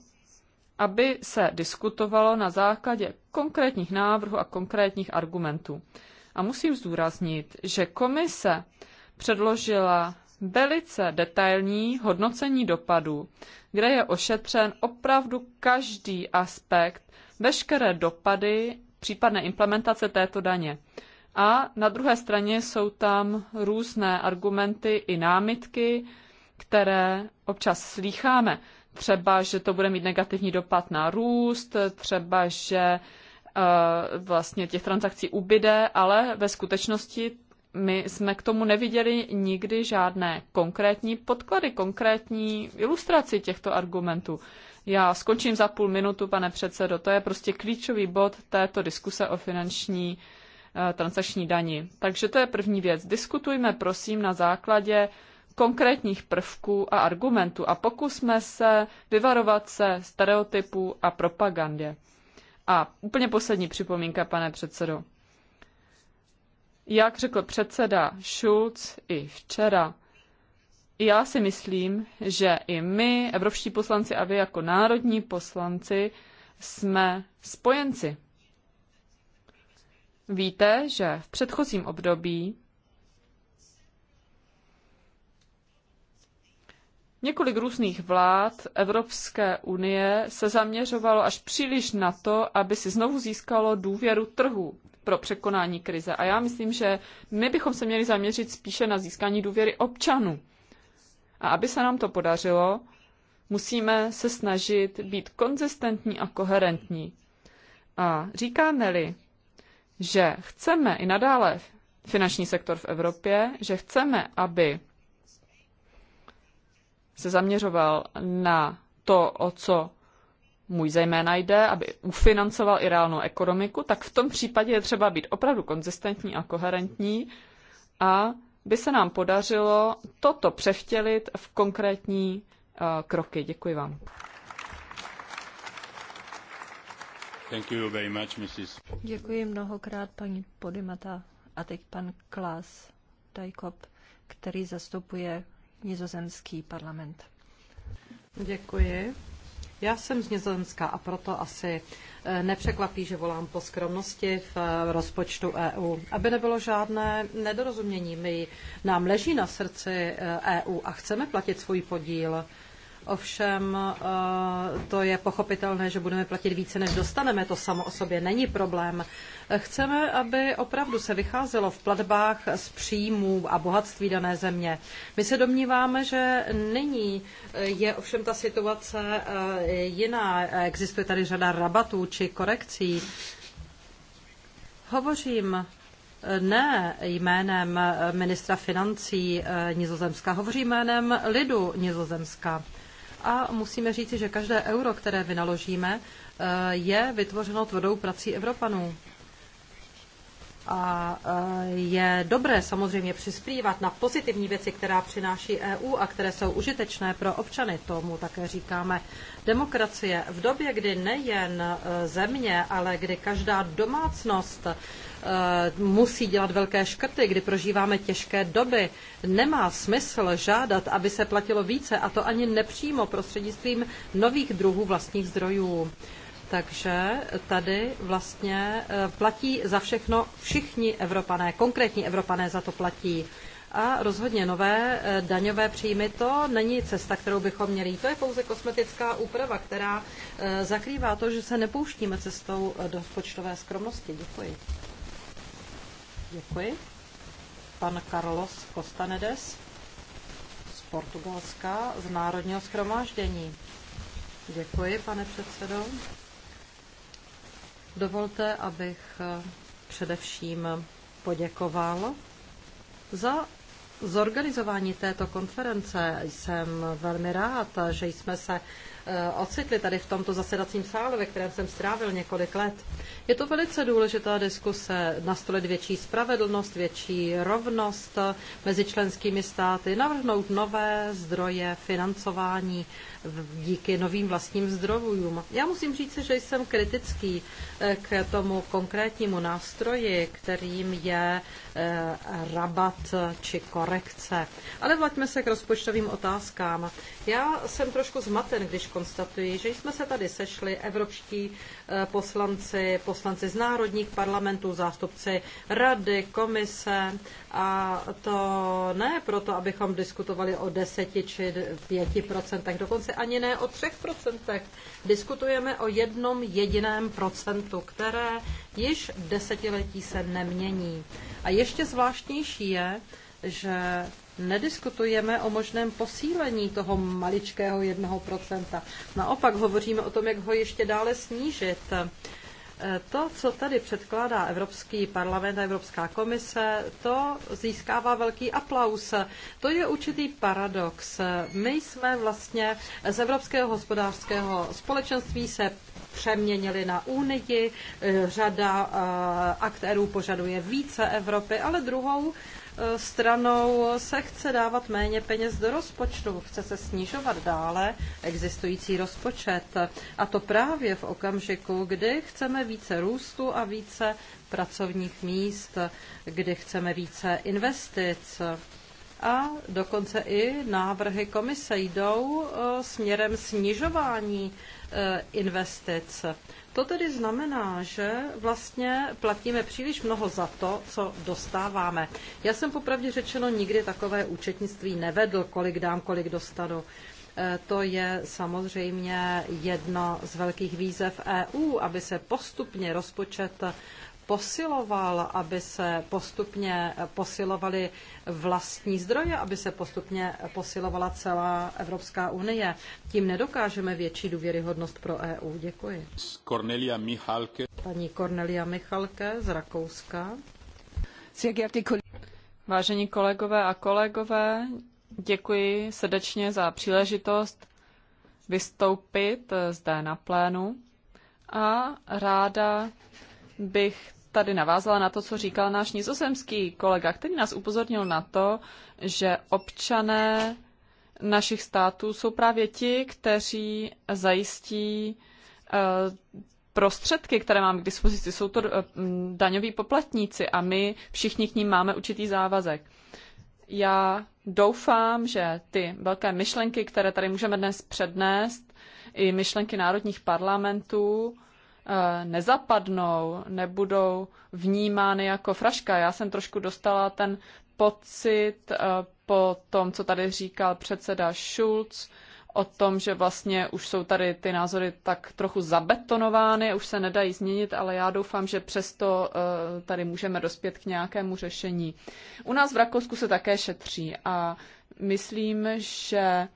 aby se diskutovalo na základě konkrétních návrhů a konkrétních argumentů. A musím zdůraznit, že komise předložila velice detailní hodnocení dopadů, kde je ošetřen opravdu každý aspekt, veškeré dopady případné implementace této daně. A na druhé straně jsou tam různé argumenty i námitky, které občas slýcháme třeba, že to bude mít negativní dopad na růst, třeba, že eh, vlastně těch transakcí ubyde, ale ve skutečnosti my jsme k tomu neviděli nikdy žádné konkrétní podklady, konkrétní ilustraci těchto argumentů. Já skončím za půl minutu, pane předsedo. To je prostě klíčový bod této diskuse o finanční eh, transakční dani. Takže to je první věc. Diskutujme prosím na základě konkrétních prvků a argumentů a pokusme se vyvarovat se stereotypů a propagandě. A úplně poslední připomínka, pane předsedo. Jak řekl předseda Schulz i včera, já si myslím, že i my, evropští poslanci a vy jako národní poslanci, jsme spojenci. Víte, že v předchozím období Několik různých vlád Evropské unie se zaměřovalo až příliš na to, aby si znovu získalo důvěru trhu pro překonání krize. A já myslím, že my bychom se měli zaměřit spíše na získání důvěry občanů. A aby se nám to podařilo, musíme se snažit být konzistentní a koherentní. A říkáme-li, že chceme i nadále finanční sektor v Evropě, že chceme, aby se zaměřoval na to, o co můj zejména jde, aby ufinancoval i reálnou ekonomiku, tak v tom případě je třeba být opravdu konzistentní a koherentní a by se nám podařilo toto převtělit v konkrétní uh, kroky. Děkuji vám. Thank you very much, Mrs. Děkuji mnohokrát, paní Podimata. A teď pan Klas Dajkop, který zastupuje nizozemský parlament. Děkuji. Já jsem z Nizozemska a proto asi eh, nepřekvapí, že volám po skromnosti v eh, rozpočtu EU. Aby nebylo žádné nedorozumění, my nám leží na srdci EU eh, e a chceme platit svůj podíl Ovšem eh, to je pochopitelné, že budeme platit více, než dostaneme. To samo o sobě není problém. Chceme, aby opravdu se vycházelo v platbách z příjmů a bohatství dané země. My se domníváme, že nyní eh, je ovšem ta situace eh, jiná. Existuje tady řada rabatů či korekcí. Hovořím ne jménem ministra financí Nizozemska, hovořím jménem lidu Nizozemska a musíme říci, že každé euro, které vynaložíme, eh, je vytvořeno tvrdou prací Evropanů. A eh, je dobré samozřejmě přispívat na pozitivní věci, která přináší EU a které jsou užitečné pro občany. Tomu také říkáme demokracie. V době, kdy nejen eh, země, ale kdy každá domácnost Eh, musí dělat velké škrty, kdy prožíváme těžké doby. Nemá smysl žádat, aby se platilo více, a to ani nepřímo prostřednictvím nových druhů vlastních zdrojů. Takže tady vlastně eh, platí za všechno všichni Evropané, konkrétní Evropané za to platí. A rozhodně nové eh, daňové příjmy to není cesta, kterou bychom měli. To je pouze kosmetická úprava, která zakrývá to, že se nepouštíme cestou do rozpočtové skromnosti. Děkuji. Děkuji. Pan Carlos Costanedes z Portugalska z Národního schromáždění. Děkuji, pane předsedo. Dovolte, abych eh, především poděkoval za zorganizování této konference. Jsem velmi rád, že jsme se Eh, ocitli tady v tomto zasedacím sále, ve kterém jsem strávil několik let. Je to velice důležitá diskuse nastolit větší spravedlnost, větší rovnost eh, mezi členskými státy, navrhnout nové zdroje financování díky novým vlastním zdrojům. Já musím říct, že jsem kritický eh, k tomu konkrétnímu nástroji, kterým je rabat či korekce. Ale vlaďme se k rozpočtovým otázkám. Já jsem trošku zmaten, když konstatuji, že jsme se tady sešli evropští eh, poslanci, poslanci z národních parlamentů, zástupci rady, komise a to ne proto, abychom diskutovali o deseti či pěti procentech, dokonce ani ne o třech procentech. Diskutujeme o jednom jediném procentu, které již desetiletí se nemění. A ještě zvláštnější je, že Nediskutujeme o možném posílení toho maličkého jednoho procenta. Naopak hovoříme o tom, jak ho ještě dále snížit. To, co tady předkládá Evropský parlament a Evropská komise, to získává velký aplaus. To je určitý paradox. My jsme vlastně z Evropského hospodářského společenství se přeměnili na Unii. Řada eh, aktérů požaduje více Evropy, ale druhou Eh, stranou se chce dávat méně peněz do rozpočtu, chce se snižovat dále existující rozpočet. A to právě v okamžiku, kdy chceme více růstu a více pracovních míst, kdy chceme více investic. A dokonce i návrhy komise jdou eh, směrem snižování eh, investic. To tedy znamená, že vlastně platíme příliš mnoho za to, co dostáváme. Já jsem popravdě řečeno nikdy takové účetnictví nevedl, kolik dám, kolik dostanu. E, to je samozřejmě jedna z velkých výzev EU, aby se postupně rozpočet posiloval, aby se postupně posilovaly vlastní zdroje, aby se postupně posilovala celá Evropská unie. Tím nedokážeme větší důvěryhodnost pro EU. Děkuji. Cornelia Michalke. Paní Cornelia Michalke z Rakouska. Vážení kolegové a kolegové, děkuji srdečně za příležitost vystoupit zde na plénu a ráda bych tady navázala na to, co říkal náš nizozemský kolega, který nás upozornil na to, že občané našich států jsou právě ti, kteří zajistí eh, prostředky, které máme k dispozici. Jsou to eh, daňoví poplatníci a my všichni k ním máme určitý závazek. Já doufám, že ty velké myšlenky, které tady můžeme dnes přednést, i myšlenky národních parlamentů, Eh, nezapadnou, nebudou vnímány jako fraška. Já jsem trošku dostala ten pocit eh, po tom, co tady říkal předseda Schulz, o tom, že vlastně už jsou tady ty názory tak trochu zabetonovány, už se nedají změnit, ale já doufám, že přesto eh, tady můžeme dospět k nějakému řešení. U nás v Rakousku se také šetří a myslím, že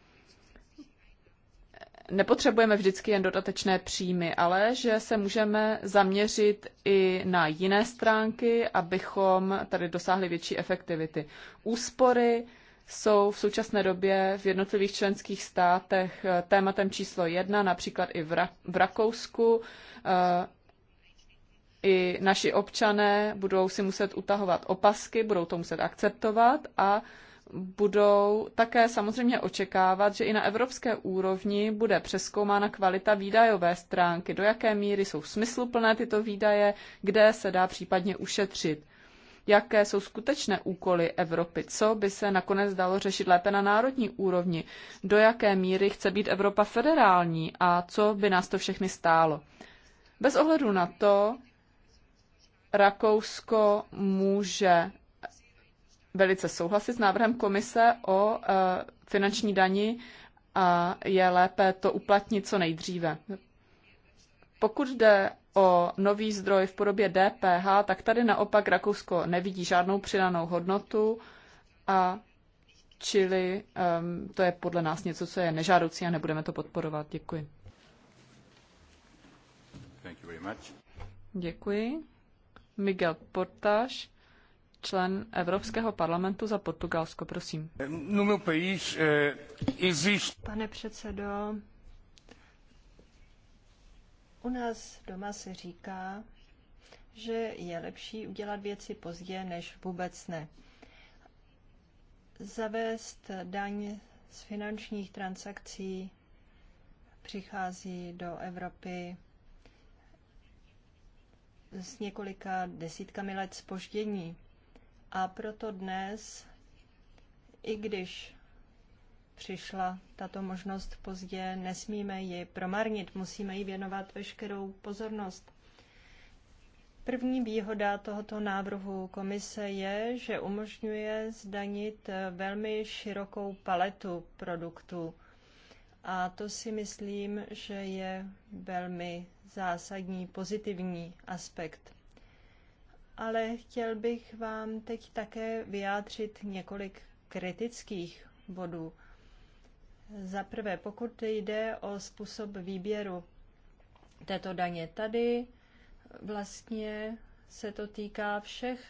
nepotřebujeme vždycky jen dodatečné příjmy, ale že se můžeme zaměřit i na jiné stránky, abychom tady dosáhli větší efektivity. Úspory jsou v současné době v jednotlivých členských státech eh, tématem číslo jedna, například i v, Rakousku. Eh, I naši občané budou si muset utahovat opasky, budou to muset akceptovat a budou také samozřejmě očekávat, že i na evropské úrovni bude přeskoumána kvalita výdajové stránky, do jaké míry jsou smysluplné tyto výdaje, kde se dá případně ušetřit jaké jsou skutečné úkoly Evropy, co by se nakonec dalo řešit lépe na národní úrovni, do jaké míry chce být Evropa federální a co by nás to všechny stálo. Bez ohledu na to, Rakousko může velice souhlasit s návrhem komise o e, finanční dani a je lépe to uplatnit co nejdříve. Pokud jde o nový zdroj v podobě DPH, tak tady naopak Rakousko nevidí žádnou přidanou hodnotu a čili um, to je podle nás něco, co je nežádoucí a nebudeme to podporovat. Děkuji. Thank you very much. Děkuji. Miguel Portáš člen Evropského parlamentu za Portugalsko, prosím. No, eh, Pane předsedo, u nás doma se říká, že je lepší udělat věci pozdě, než vůbec ne. Zavést daň z finančních transakcí přichází do Evropy s několika desítkami let spoždění. A proto dnes, i když přišla tato možnost pozdě, nesmíme ji promarnit, musíme jí věnovat veškerou pozornost. První výhoda tohoto návrhu komise je, že umožňuje zdanit velmi širokou paletu produktů. A to si myslím, že je velmi zásadní pozitivní aspekt ale chtěl bych vám teď také vyjádřit několik kritických bodů. Za prvé, pokud jde o způsob výběru této daně, tady vlastně se to týká všech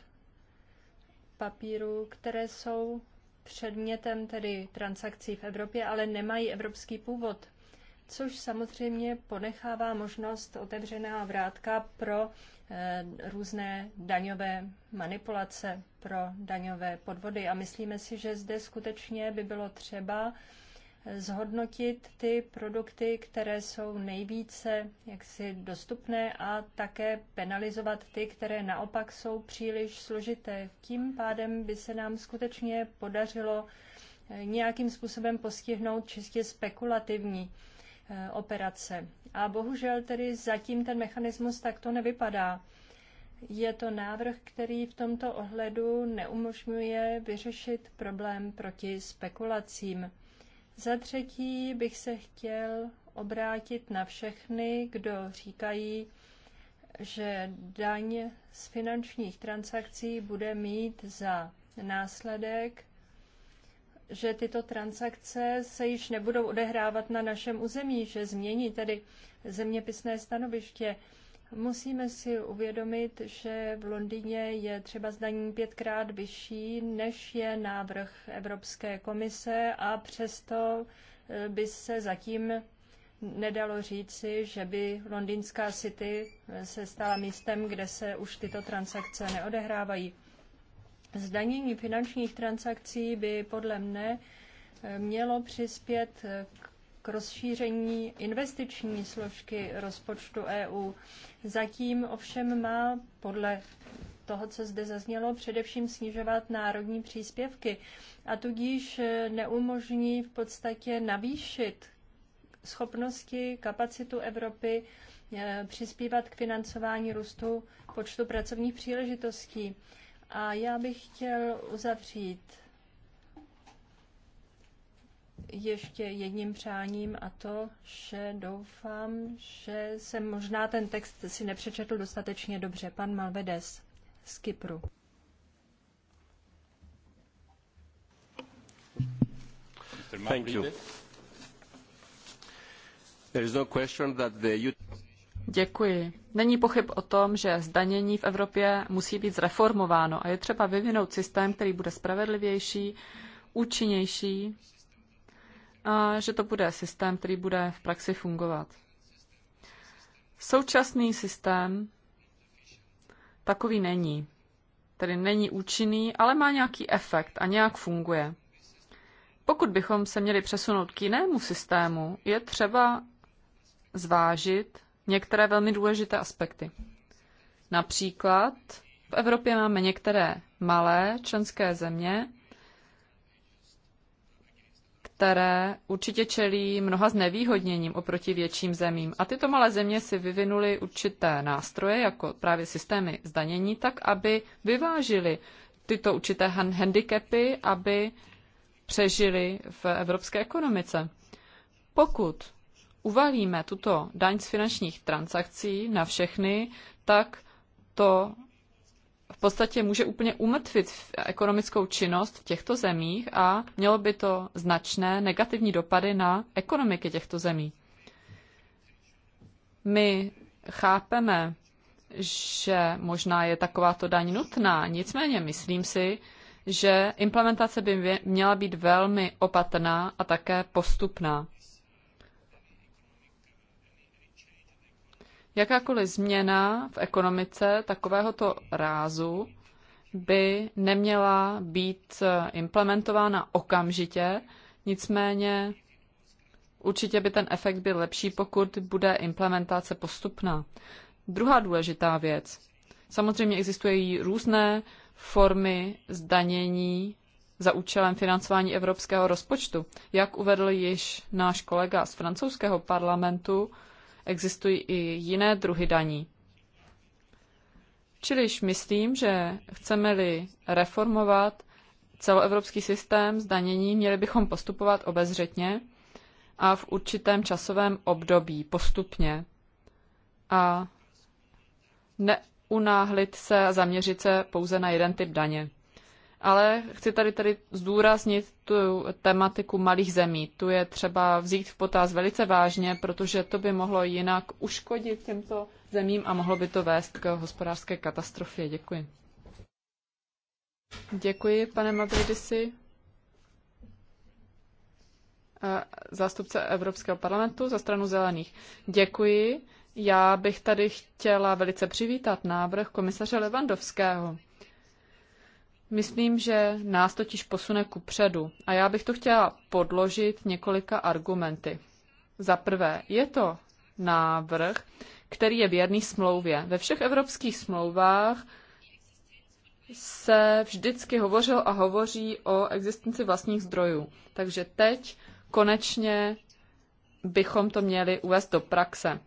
papírů, které jsou předmětem tedy transakcí v Evropě, ale nemají evropský původ což samozřejmě ponechává možnost otevřená vrátka pro eh, různé daňové manipulace, pro daňové podvody. A myslíme si, že zde skutečně by bylo třeba eh, zhodnotit ty produkty, které jsou nejvíce jaksi dostupné a také penalizovat ty, které naopak jsou příliš složité. Tím pádem by se nám skutečně podařilo eh, nějakým způsobem postihnout čistě spekulativní Eh, operace. A bohužel tedy zatím ten mechanismus takto nevypadá. Je to návrh, který v tomto ohledu neumožňuje vyřešit problém proti spekulacím. Za třetí bych se chtěl obrátit na všechny, kdo říkají, že daň z finančních transakcí bude mít za následek že tyto transakce se již nebudou odehrávat na našem území, že změní tedy zeměpisné stanoviště. Musíme si uvědomit, že v Londýně je třeba zdanění pětkrát vyšší, než je návrh Evropské komise a přesto eh, by se zatím nedalo říci, že by londýnská city eh, se stala místem, kde se už tyto transakce neodehrávají. Zdanění finančních transakcí by podle mne eh, mělo přispět eh, k rozšíření investiční složky rozpočtu EU. Zatím ovšem má podle toho, co zde zaznělo, především snižovat národní příspěvky a tudíž eh, neumožní v podstatě navýšit schopnosti, kapacitu Evropy přispívat k financování růstu počtu pracovních příležitostí. A já bych chtěl uzavřít ještě jedním přáním a to, že doufám, že jsem možná ten text si nepřečetl dostatečně dobře. Pan Malvedes z Kypru. Thank you. There is no question that the Děkuji. Není pochyb o tom, že zdanění v Evropě musí být zreformováno a je třeba vyvinout systém, který bude spravedlivější, účinnější a že to bude systém, který bude v praxi fungovat. Současný systém takový není. Tedy není účinný, ale má nějaký efekt a nějak funguje. Pokud bychom se měli přesunout k jinému systému, je třeba zvážit, některé velmi důležité aspekty. Například v Evropě máme některé malé členské země, které určitě čelí mnoha znevýhodněním oproti větším zemím. A tyto malé země si vyvinuly určité nástroje, jako právě systémy zdanění, tak aby vyvážily tyto určité handicapy, aby přežili v evropské ekonomice. Pokud uvalíme tuto daň z finančních transakcí na všechny, tak to v podstatě může úplně umrtvit ekonomickou činnost v těchto zemích a mělo by to značné negativní dopady na ekonomiky těchto zemí. My chápeme, že možná je takováto daň nutná, nicméně myslím si, že implementace by měla být velmi opatrná a také postupná. Jakákoliv změna v ekonomice takovéhoto rázu by neměla být implementována okamžitě, nicméně určitě by ten efekt byl lepší, pokud bude implementace postupná. Druhá důležitá věc. Samozřejmě existují různé formy zdanění za účelem financování evropského rozpočtu. Jak uvedl již náš kolega z francouzského parlamentu, existují i jiné druhy daní. Čiliž myslím, že chceme-li reformovat celoevropský systém zdanění, měli bychom postupovat obezřetně a v určitém časovém období postupně a neunáhlit se a zaměřit se pouze na jeden typ daně. Ale chci tady tady zdůraznit tu tematiku malých zemí. Tu je třeba vzít v potaz velice vážně, protože to by mohlo jinak uškodit těmto zemím a mohlo by to vést k hospodářské katastrofě. Děkuji. Děkuji, pane Mavridisi. Zástupce Evropského parlamentu za stranu zelených. Děkuji. Já bych tady chtěla velice přivítat návrh komisaře Levandovského Myslím, že nás totiž posune ku předu a já bych to chtěla podložit několika argumenty. Za prvé, je to návrh, který je věrný smlouvě. Ve všech evropských smlouvách se vždycky hovořil a hovoří o existenci vlastních zdrojů. Takže teď konečně bychom to měli uvést do praxe.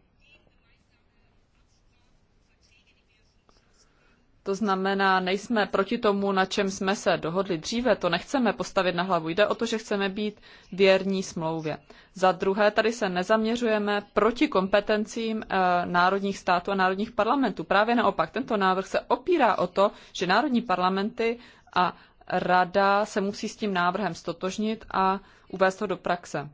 To znamená, nejsme proti tomu, na čem jsme se dohodli dříve, to nechceme postavit na hlavu. Jde o to, že chceme být věrní smlouvě. Za druhé, tady se nezaměřujeme proti kompetencím e, národních států a národních parlamentů. Právě naopak, tento návrh se opírá o to, že národní parlamenty a rada se musí s tím návrhem stotožnit a uvést ho do praxe.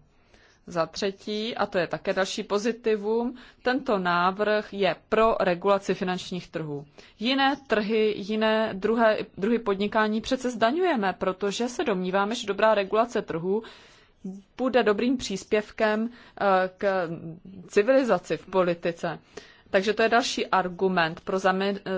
Za třetí, a to je také další pozitivum, tento návrh je pro regulaci finančních trhů. Jiné trhy, jiné druhé, druhy podnikání přece zdaňujeme, protože se domníváme, že dobrá regulace trhů bude dobrým příspěvkem eh, k civilizaci v politice. Takže to je další argument pro,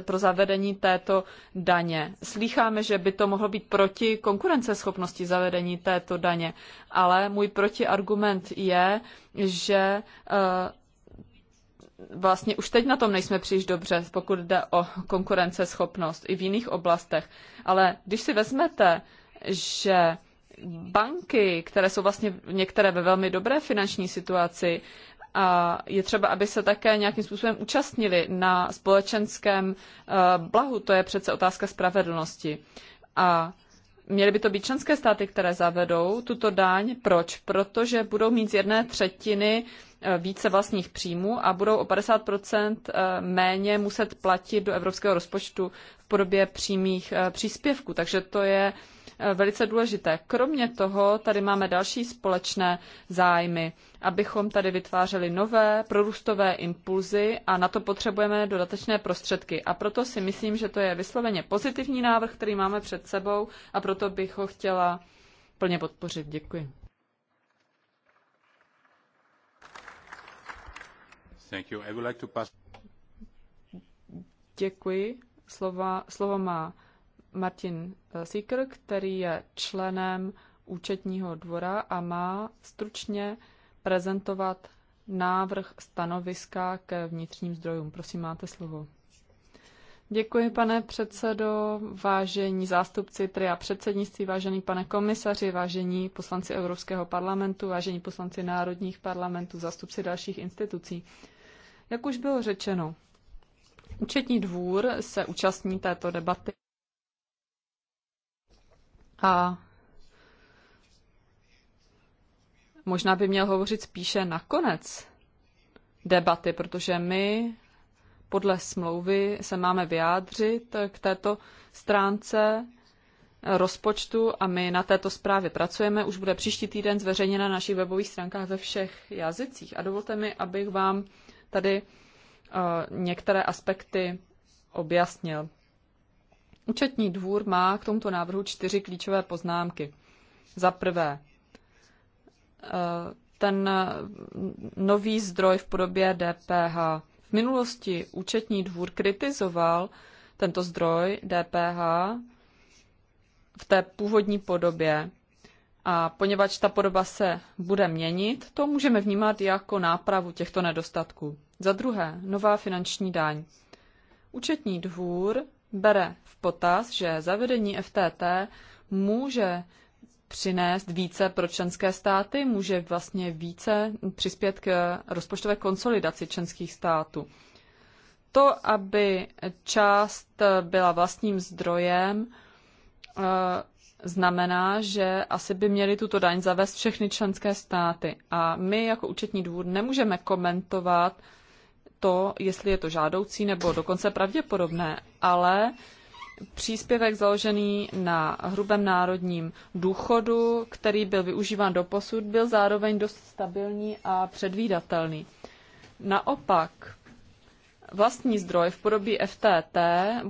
pro zavedení této daně. Slýcháme, že by to mohlo být proti konkurenceschopnosti zavedení této daně, ale můj protiargument je, že eh, vlastně už teď na tom nejsme příliš dobře, pokud jde o konkurenceschopnost i v jiných oblastech. Ale když si vezmete, že banky, které jsou vlastně některé ve velmi dobré finanční situaci, a je třeba, aby se také nějakým způsobem účastnili na společenském eh, blahu. To je přece otázka spravedlnosti. A měly by to být členské státy, které zavedou tuto daň. Proč? Protože budou mít z jedné třetiny eh, více vlastních příjmů a budou o 50 eh, méně muset platit do evropského rozpočtu v podobě přímých příspěvků. Takže to je Eh, velice důležité. Kromě toho tady máme další společné zájmy, abychom tady vytvářeli nové prorůstové impulzy a na to potřebujeme dodatečné prostředky. A proto si myslím, že to je vysloveně pozitivní návrh, který máme před sebou a proto bych ho chtěla plně podpořit. Děkuji. Like pass... Děkuji. Slova, slovo má Martin eh, Sikr, který je členem účetního dvora a má stručně prezentovat návrh stanoviska ke vnitřním zdrojům. Prosím, máte slovo. Děkuji, pane předsedo, vážení zástupci TRIA předsednictví, vážený pane komisaři, vážení poslanci Evropského parlamentu, vážení poslanci národních parlamentů, zástupci dalších institucí. Jak už bylo řečeno, Účetní dvůr se účastní této debaty. A možná by měl hovořit spíše na konec debaty, protože my podle smlouvy se máme vyjádřit k této stránce rozpočtu a my na této zprávě pracujeme. Už bude příští týden zveřejněna na našich webových stránkách ve všech jazycích. A dovolte mi, abych vám tady eh, některé aspekty objasnil. Účetní dvůr má k tomuto návrhu čtyři klíčové poznámky. Za prvé, eh, ten nový zdroj v podobě DPH. V minulosti účetní dvůr kritizoval tento zdroj DPH v té původní podobě. A poněvadž ta podoba se bude měnit, to můžeme vnímat jako nápravu těchto nedostatků. Za druhé, nová finanční daň. Účetní dvůr bere v potaz, že zavedení FTT může přinést více pro členské státy, může vlastně více přispět k rozpočtové konsolidaci členských států. To, aby část byla vlastním zdrojem, eh, znamená, že asi by měly tuto daň zavést všechny členské státy. A my jako účetní dvůr nemůžeme komentovat to, jestli je to žádoucí nebo dokonce pravděpodobné, ale příspěvek založený na hrubém národním důchodu, který byl využíván do posud, byl zároveň dost stabilní a předvídatelný. Naopak, vlastní zdroj v podobě FTT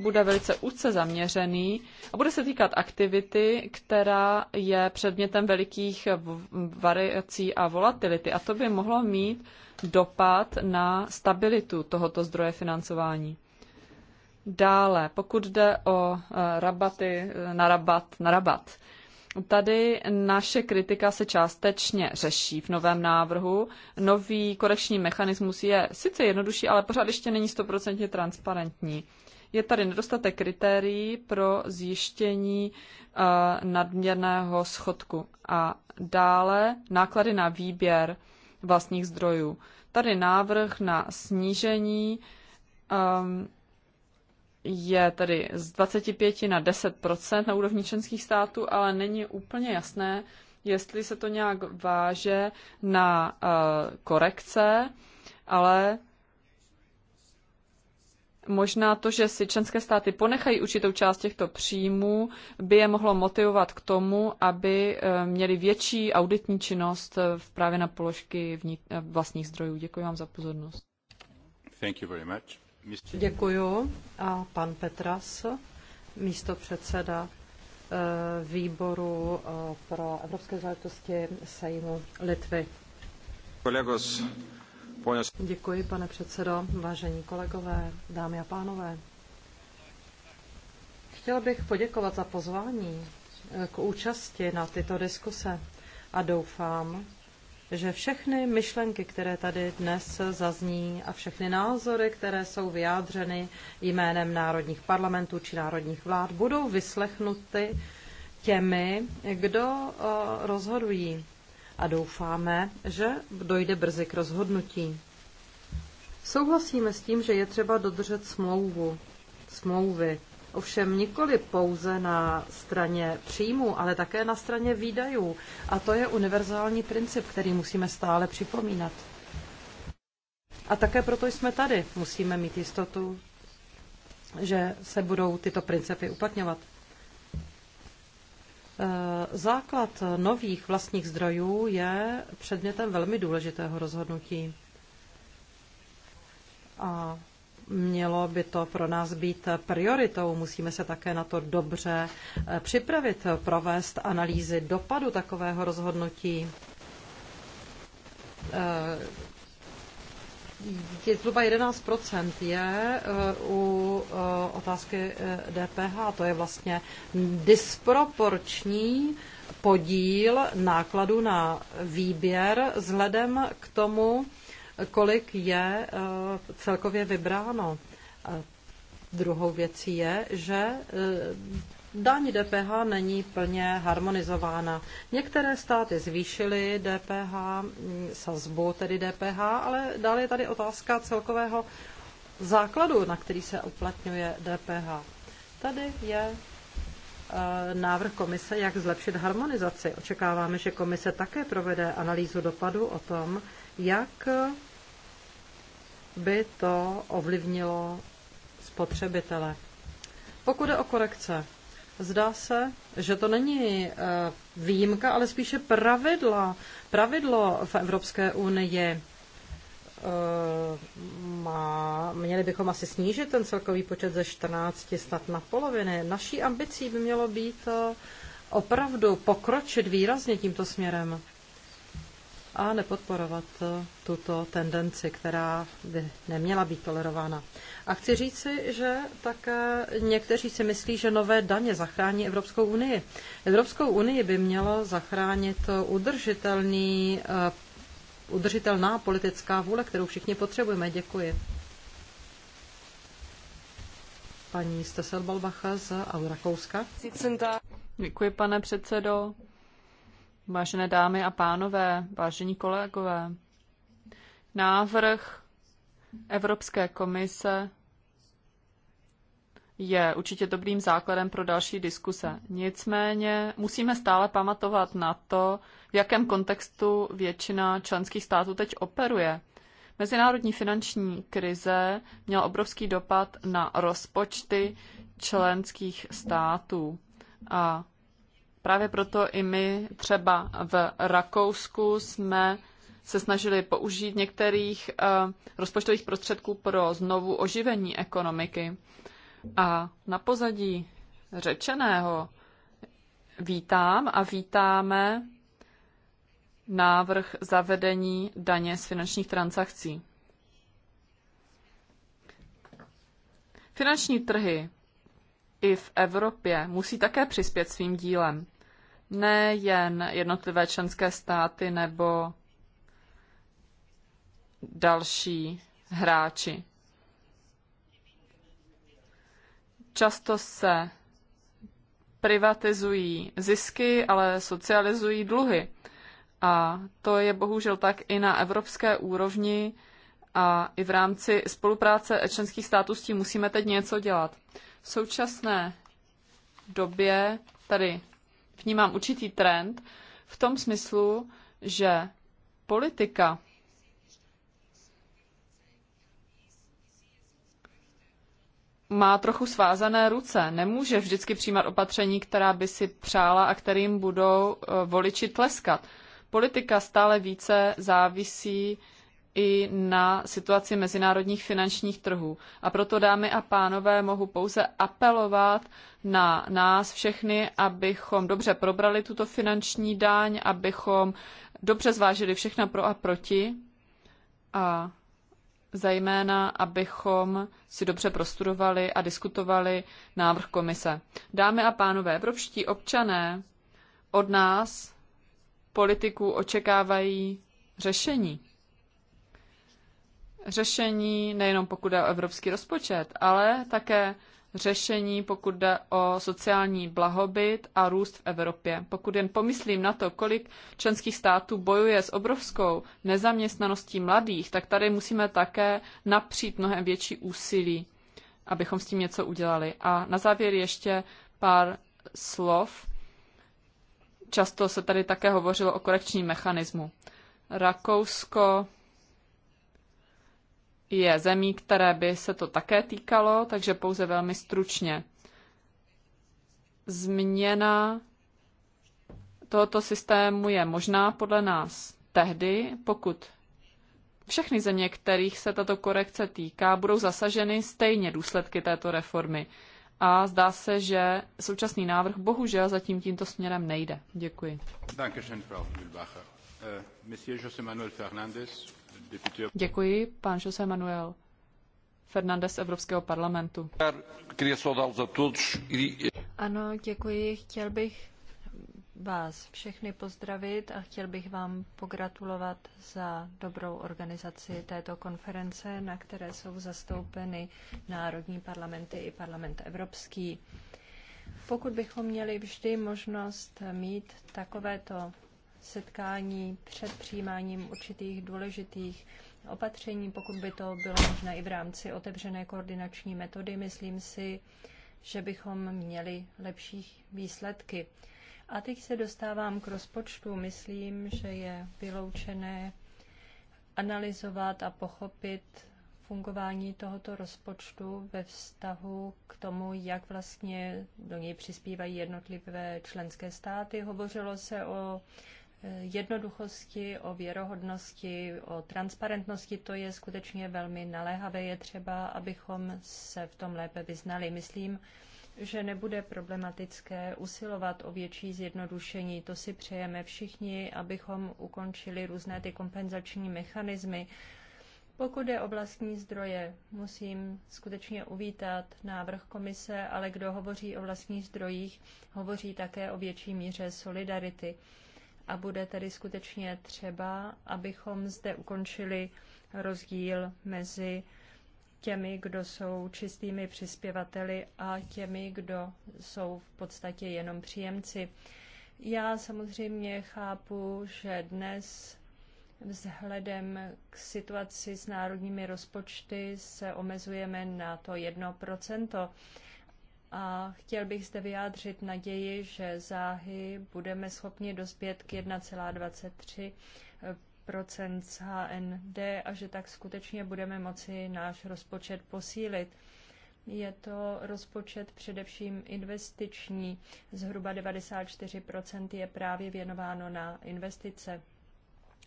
bude velice úzce zaměřený a bude se týkat aktivity, která je předmětem velikých variací a volatility. A to by mohlo mít dopad na stabilitu tohoto zdroje financování. Dále, pokud jde o eh, rabaty eh, na rabat, na rabat. Tady naše kritika se částečně řeší v novém návrhu. Nový korekční mechanismus je sice jednodušší, ale pořád ještě není stoprocentně transparentní. Je tady nedostatek kritérií pro zjištění uh, nadměrného schodku a dále náklady na výběr vlastních zdrojů. Tady návrh na snížení um, je tedy z 25 na 10 na úrovni členských států, ale není úplně jasné, jestli se to nějak váže na uh, korekce, ale možná to, že si členské státy ponechají určitou část těchto příjmů, by je mohlo motivovat k tomu, aby eh, měli větší auditní činnost eh, právě na položky vlastních zdrojů. Děkuji vám za pozornost. Thank you very much. Děkuju. A pan Petras, místo předseda eh, výboru eh, pro evropské záležitosti Sejmu Litvy. Kolegos, poněs... Děkuji, pane předsedo, vážení kolegové, dámy a pánové. Chtěl bych poděkovat za pozvání eh, k účasti na tyto diskuse a doufám, že všechny myšlenky, které tady dnes zazní a všechny názory, které jsou vyjádřeny jménem národních parlamentů či národních vlád, budou vyslechnuty těmi, kdo eh, rozhodují. A doufáme, že dojde brzy k rozhodnutí. Souhlasíme s tím, že je třeba dodržet smlouvu, smlouvy ovšem nikoli pouze na straně příjmů, ale také na straně výdajů. A to je univerzální princip, který musíme stále připomínat. A také proto jsme tady. Musíme mít jistotu, že se budou tyto principy uplatňovat. E, základ nových vlastních zdrojů je předmětem velmi důležitého rozhodnutí. A Mělo by to pro nás být prioritou. Musíme se také na to dobře eh, připravit, provést analýzy dopadu takového rozhodnutí. Eh, je zhruba 11 je eh, u otázky DPH. To je vlastně disproporční podíl nákladu na výběr vzhledem k tomu, kolik je eh, celkově vybráno. druhou věcí je, že eh, Daň DPH není plně harmonizována. Některé státy zvýšily DPH, mm, sazbu tedy DPH, ale dále je tady otázka celkového základu, na který se uplatňuje DPH. Tady je eh, návrh komise, jak zlepšit harmonizaci. Očekáváme, že komise také provede analýzu dopadu o tom, jak by to ovlivnilo spotřebitele. Pokud je o korekce, zdá se, že to není eh, výjimka, ale spíše pravidla. Pravidlo v Evropské unii eh, má, měli bychom asi snížit ten celkový počet ze 14 snad na poloviny. Naší ambicí by mělo být eh, opravdu pokročit výrazně tímto směrem a nepodporovat tuto tendenci, která by neměla být tolerována. A chci říci, že tak někteří si myslí, že nové daně zachrání Evropskou unii. Evropskou unii by mělo zachránit udržitelný, eh, udržitelná politická vůle, kterou všichni potřebujeme. Děkuji. Paní Stesel Balbacha z Aurakouska. Děkuji, pane předsedo. Vážené dámy a pánové, vážení kolegové, návrh Evropské komise je určitě dobrým základem pro další diskuse. Nicméně musíme stále pamatovat na to, v jakém kontextu většina členských států teď operuje. Mezinárodní finanční krize měla obrovský dopad na rozpočty členských států a právě proto i my třeba v Rakousku jsme se snažili použít některých eh, rozpočtových prostředků pro znovu oživení ekonomiky. A na pozadí řečeného vítám a vítáme návrh zavedení daně z finančních transakcí. Finanční trhy i v Evropě musí také přispět svým dílem nejen jednotlivé členské státy nebo další hráči. Často se privatizují zisky, ale socializují dluhy. A to je bohužel tak i na evropské úrovni a i v rámci spolupráce členských států s tím musíme teď něco dělat. V současné době tady vnímám určitý trend v tom smyslu, že politika má trochu svázané ruce. Nemůže vždycky přijímat opatření, která by si přála a kterým budou eh, voliči tleskat. Politika stále více závisí i na situaci mezinárodních finančních trhů. A proto, dámy a pánové, mohu pouze apelovat na nás všechny, abychom dobře probrali tuto finanční daň, abychom dobře zvážili všechna pro a proti a zejména, abychom si dobře prostudovali a diskutovali návrh komise. Dámy a pánové, evropští občané od nás, politiků, očekávají řešení řešení nejenom pokud jde o evropský rozpočet, ale také řešení, pokud jde o sociální blahobyt a růst v Evropě. Pokud jen pomyslím na to, kolik členských států bojuje s obrovskou nezaměstnaností mladých, tak tady musíme také napřít mnohem větší úsilí, abychom s tím něco udělali. A na závěr ještě pár slov. Často se tady také hovořilo o korekčním mechanismu. Rakousko je zemí, které by se to také týkalo, takže pouze velmi stručně. Změna tohoto systému je možná podle nás tehdy, pokud všechny země, kterých se tato korekce týká, budou zasaženy stejně důsledky této reformy. A zdá se, že současný návrh bohužel zatím tímto směrem nejde. Děkuji. Dankeschön, Frau Mühlbacher. Uh, Monsieur José Manuel Fernández, Děkuji, pan José Manuel Fernández z Evropského parlamentu. E- ano, děkuji. Chtěl bych vás všechny pozdravit a chtěl bych vám pogratulovat za dobrou organizaci této konference, na které jsou zastoupeny národní parlamenty i parlament evropský. Pokud bychom měli vždy možnost mít takovéto setkání před přijímáním určitých důležitých opatření, pokud by to bylo možné i v rámci otevřené koordinační metody. Myslím si, že bychom měli lepší výsledky. A teď se dostávám k rozpočtu. Myslím, že je vyloučené analyzovat a pochopit fungování tohoto rozpočtu ve vztahu k tomu, jak vlastně do něj přispívají jednotlivé členské státy. Hovořilo se o jednoduchosti, o věrohodnosti, o transparentnosti, to je skutečně velmi naléhavé. Je třeba, abychom se v tom lépe vyznali. Myslím, že nebude problematické usilovat o větší zjednodušení. To si přejeme všichni, abychom ukončili různé ty kompenzační mechanismy. Pokud je o vlastní zdroje, musím skutečně uvítat návrh komise, ale kdo hovoří o vlastních zdrojích, hovoří také o větší míře solidarity a bude tedy skutečně třeba, abychom zde ukončili rozdíl mezi těmi, kdo jsou čistými přispěvateli a těmi, kdo jsou v podstatě jenom příjemci. Já samozřejmě chápu, že dnes vzhledem k situaci s národními rozpočty se omezujeme na to procento a chtěl bych zde vyjádřit naději, že záhy budeme schopni dospět k 1,23 z HND a že tak skutečně budeme moci náš rozpočet posílit. Je to rozpočet především investiční. Zhruba 94 je právě věnováno na investice.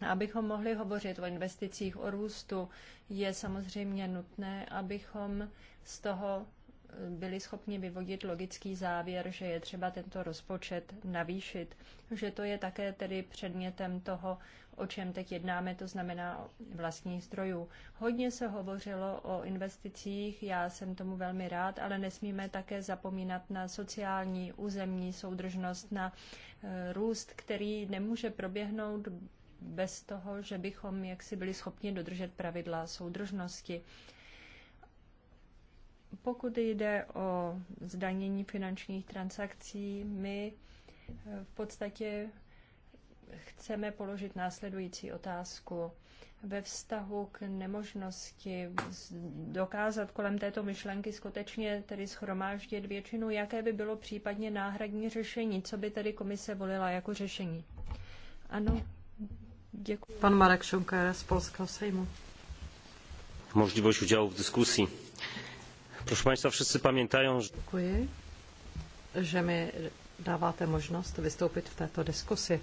Abychom mohli hovořit o investicích, o růstu, je samozřejmě nutné, abychom z toho byli schopni vyvodit logický závěr, že je třeba tento rozpočet navýšit. Že to je také tedy předmětem toho, o čem teď jednáme, to znamená vlastních zdrojů. Hodně se hovořilo o investicích, já jsem tomu velmi rád, ale nesmíme také zapomínat na sociální, územní soudržnost, na eh, růst, který nemůže proběhnout bez toho, že bychom jaksi byli schopni dodržet pravidla soudržnosti. Pokud jde o zdanění finančních transakcí, my eh, v podstatě chceme položit následující otázku. Ve vztahu k nemožnosti dokázat kolem této myšlenky skutečně tedy schromáždit většinu, jaké by bylo případně náhradní řešení, co by tedy komise volila jako řešení? Ano, děkuji. Pan Marek Šunker z Polského sejmu. Možnost udělat v diskusi. Proszę Państwa, wszyscy pamiętają, że... Dziękuję, že mi dáváte možnost vystoupit v této diskusi.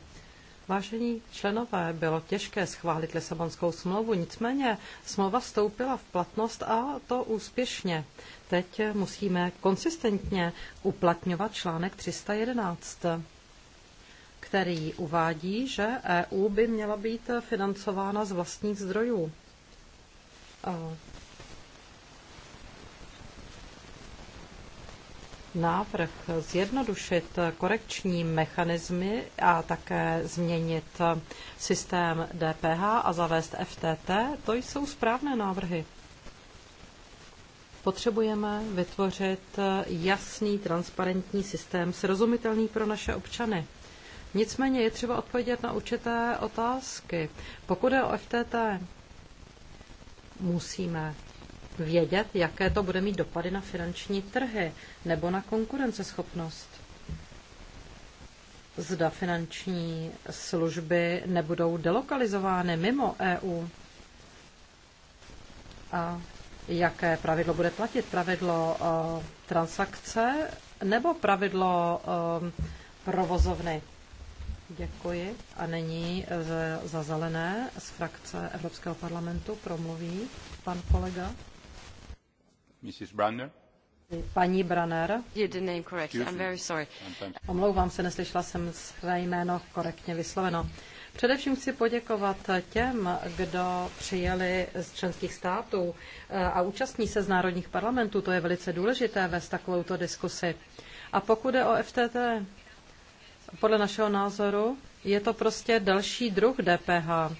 Vážení členové, bylo těžké schválit Lisabonskou smlouvu, nicméně smlouva vstoupila v platnost a to úspěšně. Teď musíme konsistentně uplatňovat článek 311, který uvádí, že EU by měla být financována z vlastních zdrojů. návrh zjednodušit korekční mechanismy a také změnit systém DPH a zavést FTT, to jsou správné návrhy. Potřebujeme vytvořit jasný, transparentní systém, srozumitelný pro naše občany. Nicméně je třeba odpovědět na určité otázky. Pokud je o FTT, musíme vědět, jaké to bude mít dopady na finanční trhy nebo na konkurenceschopnost. Zda finanční služby nebudou delokalizovány mimo EU. A jaké pravidlo bude platit? Pravidlo uh, transakce nebo pravidlo uh, provozovny? Děkuji. A nyní za zelené z frakce Evropského parlamentu promluví pan kolega. Paní Branner. You did name correctly. I'm very sorry. Omlouvám se, neslyšela jsem své jméno korektně vysloveno. Především chci poděkovat těm, kdo přijeli z členských států eh, a účastní se z národních parlamentů. To je velice důležité vést takovouto diskusi. A pokud je o FTT, podle našeho názoru je to prostě další druh DPH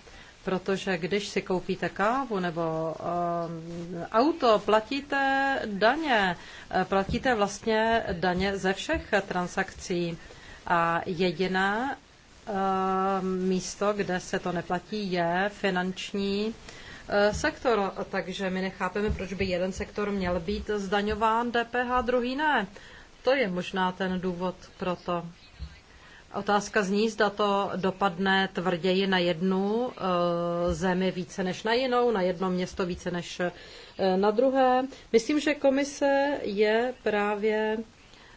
protože když si koupíte kávu nebo ehm, auto, platíte daně, eh, platíte vlastně daně ze všech transakcí a jediné ehm, místo, kde se to neplatí, je finanční eh, sektor, takže my nechápeme, proč by jeden sektor měl být zdaňován DPH, druhý ne. To je možná ten důvod pro to. Otázka zní, zda to dopadne tvrději na jednu eh, zemi více než na jinou, na jedno město více než eh, na druhé. Myslím, že komise je právě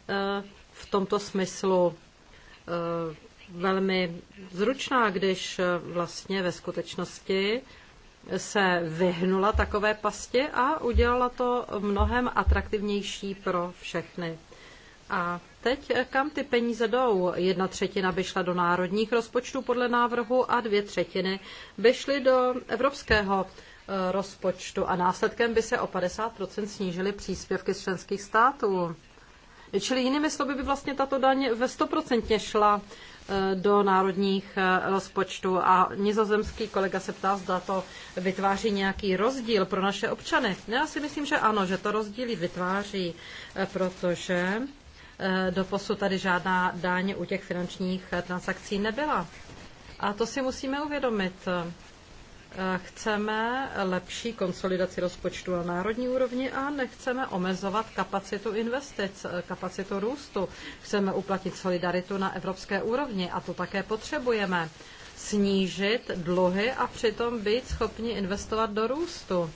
eh, v tomto smyslu velmi zručná, když vlastně ve skutečnosti se vyhnula takové pasti a udělala to mnohem atraktivnější pro všechny. A teď eh, kam ty peníze jdou? Jedna třetina by šla do národních rozpočtů podle návrhu a dvě třetiny by šly do evropského eh, rozpočtu a následkem by se o 50% snížily příspěvky z členských států. Čili jinými slovy by vlastně tato daň ve 100% šla eh, do národních rozpočtů a nizozemský kolega se ptá, zda to vytváří nějaký rozdíl pro naše občany. Já si myslím, že ano, že to rozdíly vytváří, protože Eh, doposud tady žádná daň u těch finančních eh, transakcí nebyla. A to si musíme uvědomit. Eh, chceme lepší konsolidaci rozpočtu na národní úrovni a nechceme omezovat kapacitu investic, kapacitu růstu. Chceme uplatit solidaritu na evropské úrovni a to také potřebujeme. Snížit dluhy a přitom být schopni investovat do růstu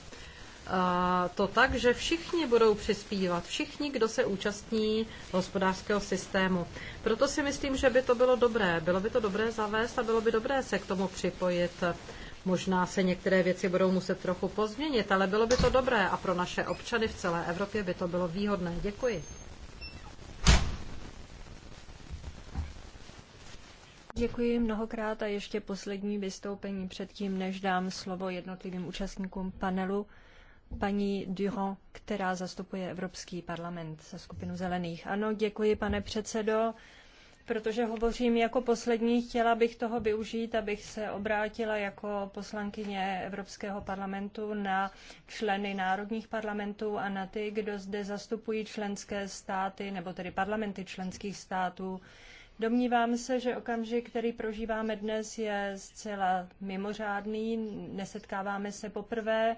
to tak, že všichni budou přispívat, všichni, kdo se účastní hospodářského systému. Proto si myslím, že by to bylo dobré. Bylo by to dobré zavést a bylo by dobré se k tomu připojit. Možná se některé věci budou muset trochu pozměnit, ale bylo by to dobré a pro naše občany v celé Evropě by to bylo výhodné. Děkuji. Děkuji mnohokrát a ještě poslední vystoupení předtím, než dám slovo jednotlivým účastníkům panelu paní Durand, která zastupuje Evropský parlament za skupinu zelených. Ano, děkuji, pane předsedo. Protože hovořím jako poslední, chtěla bych toho využít, abych se obrátila jako poslankyně Evropského parlamentu na členy národních parlamentů a na ty, kdo zde zastupují členské státy, nebo tedy parlamenty členských států. Domnívám se, že okamžik, který prožíváme dnes, je zcela mimořádný. Nesetkáváme se poprvé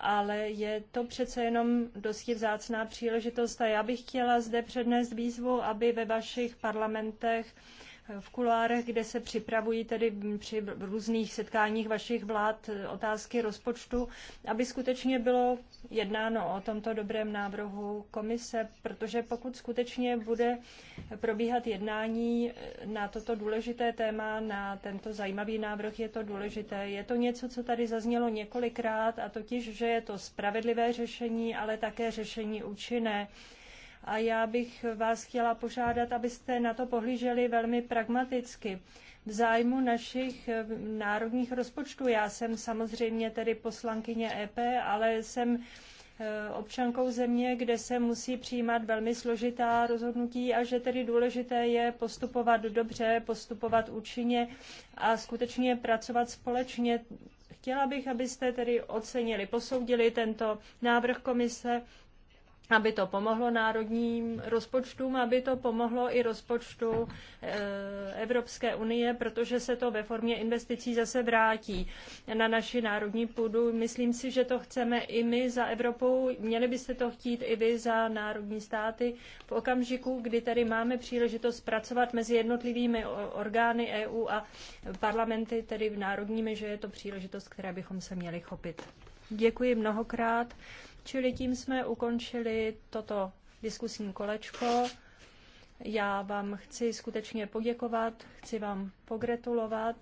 ale je to přece jenom dosti vzácná příležitost a já bych chtěla zde přednést výzvu, aby ve vašich parlamentech v kulárech, kde se připravují tedy při různých setkáních vašich vlád otázky rozpočtu, aby skutečně bylo jednáno o tomto dobrém návrhu komise, protože pokud skutečně bude probíhat jednání na toto důležité téma, na tento zajímavý návrh, je to důležité. Je to něco, co tady zaznělo několikrát, a totiž, že je to spravedlivé řešení, ale také řešení účinné a já bych vás chtěla požádat, abyste na to pohlíželi velmi pragmaticky v zájmu našich eh, národních rozpočtů. Já jsem samozřejmě tedy poslankyně EP, ale jsem eh, občankou země, kde se musí přijímat velmi složitá rozhodnutí a že tedy důležité je postupovat dobře, postupovat účinně a skutečně pracovat společně. Chtěla bych, abyste tedy ocenili, posoudili tento návrh komise aby to pomohlo národním rozpočtům, aby to pomohlo i rozpočtu eh, Evropské unie, protože se to ve formě investicí zase vrátí na naši národní půdu. Myslím si, že to chceme i my za Evropou, měli byste to chtít i vy za národní státy. V okamžiku, kdy tady máme příležitost pracovat mezi jednotlivými orgány EU a parlamenty, tedy národními, že je to příležitost, které bychom se měli chopit. Děkuji mnohokrát. Čili tím jsme ukončili toto diskusní kolečko. Já vám chci skutečně poděkovat, chci vám pogratulovat.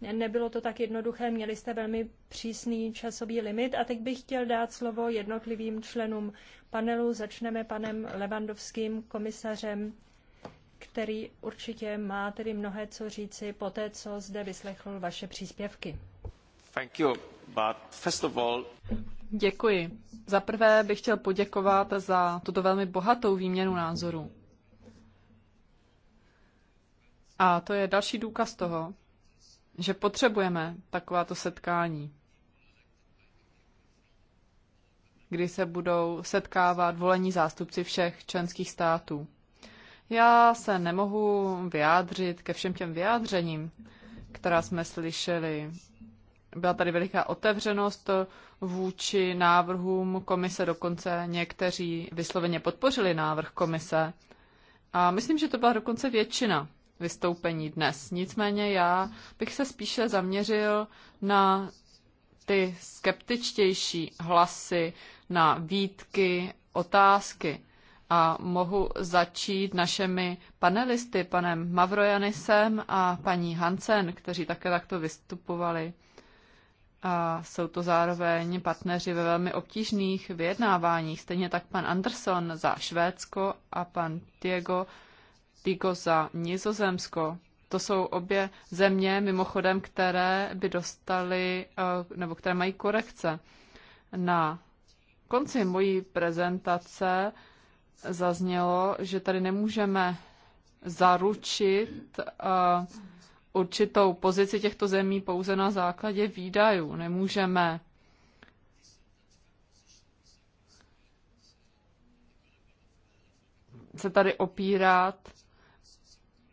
Nebylo to tak jednoduché, měli jste velmi přísný časový limit a teď bych chtěl dát slovo jednotlivým členům panelu. Začneme panem Levandovským, komisařem, který určitě má tedy mnohé co říci po té, co zde vyslechl vaše příspěvky. Thank you, but first of all... Děkuji. Za prvé bych chtěl poděkovat za tuto velmi bohatou výměnu názorů. A to je další důkaz toho, že potřebujeme takováto setkání, kdy se budou setkávat volení zástupci všech členských států. Já se nemohu vyjádřit ke všem těm vyjádřením, která jsme slyšeli. Byla tady veliká otevřenost, vůči návrhům komise, dokonce někteří vysloveně podpořili návrh komise. A myslím, že to byla dokonce většina vystoupení dnes. Nicméně já bych se spíše zaměřil na ty skeptičtější hlasy, na výtky, otázky. A mohu začít našemi panelisty, panem Mavrojanisem a paní Hansen, kteří také takto vystupovali a jsou to zároveň partneři ve velmi obtížných vyjednáváních. Stejně tak pan Anderson za Švédsko a pan Diego Digo za Nizozemsko. To jsou obě země, mimochodem, které by dostaly, eh, nebo které mají korekce. Na konci mojí prezentace zaznělo, že tady nemůžeme zaručit uh, určitou pozici těchto zemí pouze na základě výdajů. Nemůžeme se tady opírat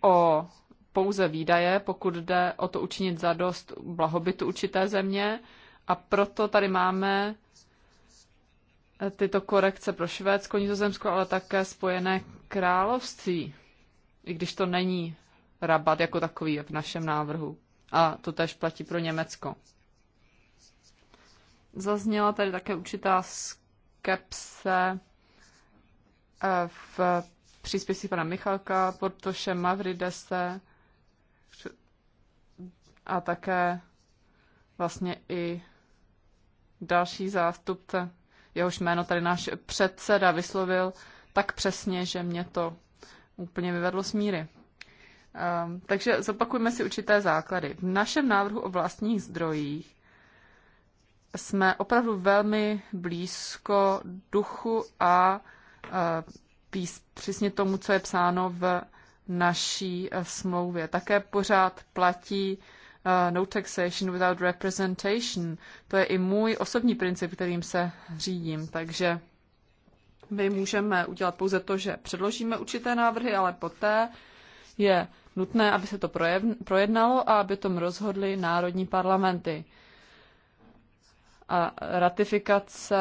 o pouze výdaje, pokud jde o to učinit za dost blahobytu určité země. A proto tady máme tyto korekce pro Švédsko, Nizozemsko, ale také Spojené království, i když to není rabat jako takový v našem návrhu. A to tež platí pro Německo. Zazněla tady také určitá skepse eh, v příspěvcích pana Michalka, Portoše, Mavridese a také vlastně i další zástupce, jehož jméno tady náš předseda vyslovil tak přesně, že mě to úplně vyvedlo z míry. Ehm, takže zopakujme si určité základy. V našem návrhu o vlastních zdrojích jsme opravdu velmi blízko duchu a eh, pís, přesně tomu, co je psáno v naší eh, smlouvě. Také pořád platí eh, no taxation without representation. To je i můj osobní princip, kterým se řídím. Takže my můžeme udělat pouze to, že předložíme určité návrhy, ale poté je nutné, aby se to projednalo a aby tom rozhodly národní parlamenty a ratifikace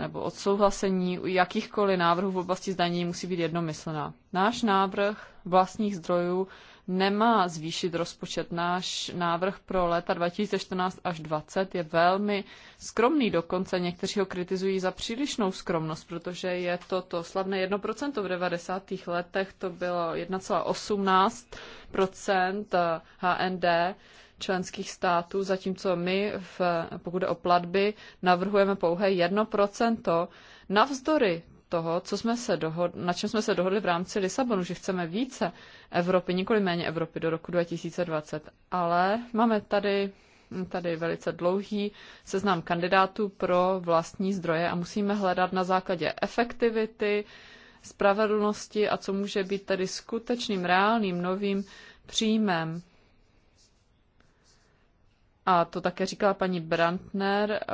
nebo odsouhlasení jakýchkoliv návrhů v oblasti zdanění musí být jednomyslná. Náš návrh vlastních zdrojů nemá zvýšit rozpočet. Náš návrh pro léta 2014 až 2020 je velmi skromný, dokonce někteří ho kritizují za přílišnou skromnost, protože je to to slavné 1% v 90. letech, to bylo 1,18% HND, členských států, zatímco my, v, pokud jde o platby, navrhujeme pouhé 1%. Navzdory toho, co jsme se dohod, na čem jsme se dohodli v rámci Lisabonu, že chceme více Evropy, nikoli méně Evropy do roku 2020, ale máme tady tady velice dlouhý seznam kandidátů pro vlastní zdroje a musíme hledat na základě efektivity, spravedlnosti a co může být tedy skutečným, reálným, novým příjmem a to také říkala paní Brandner, eh,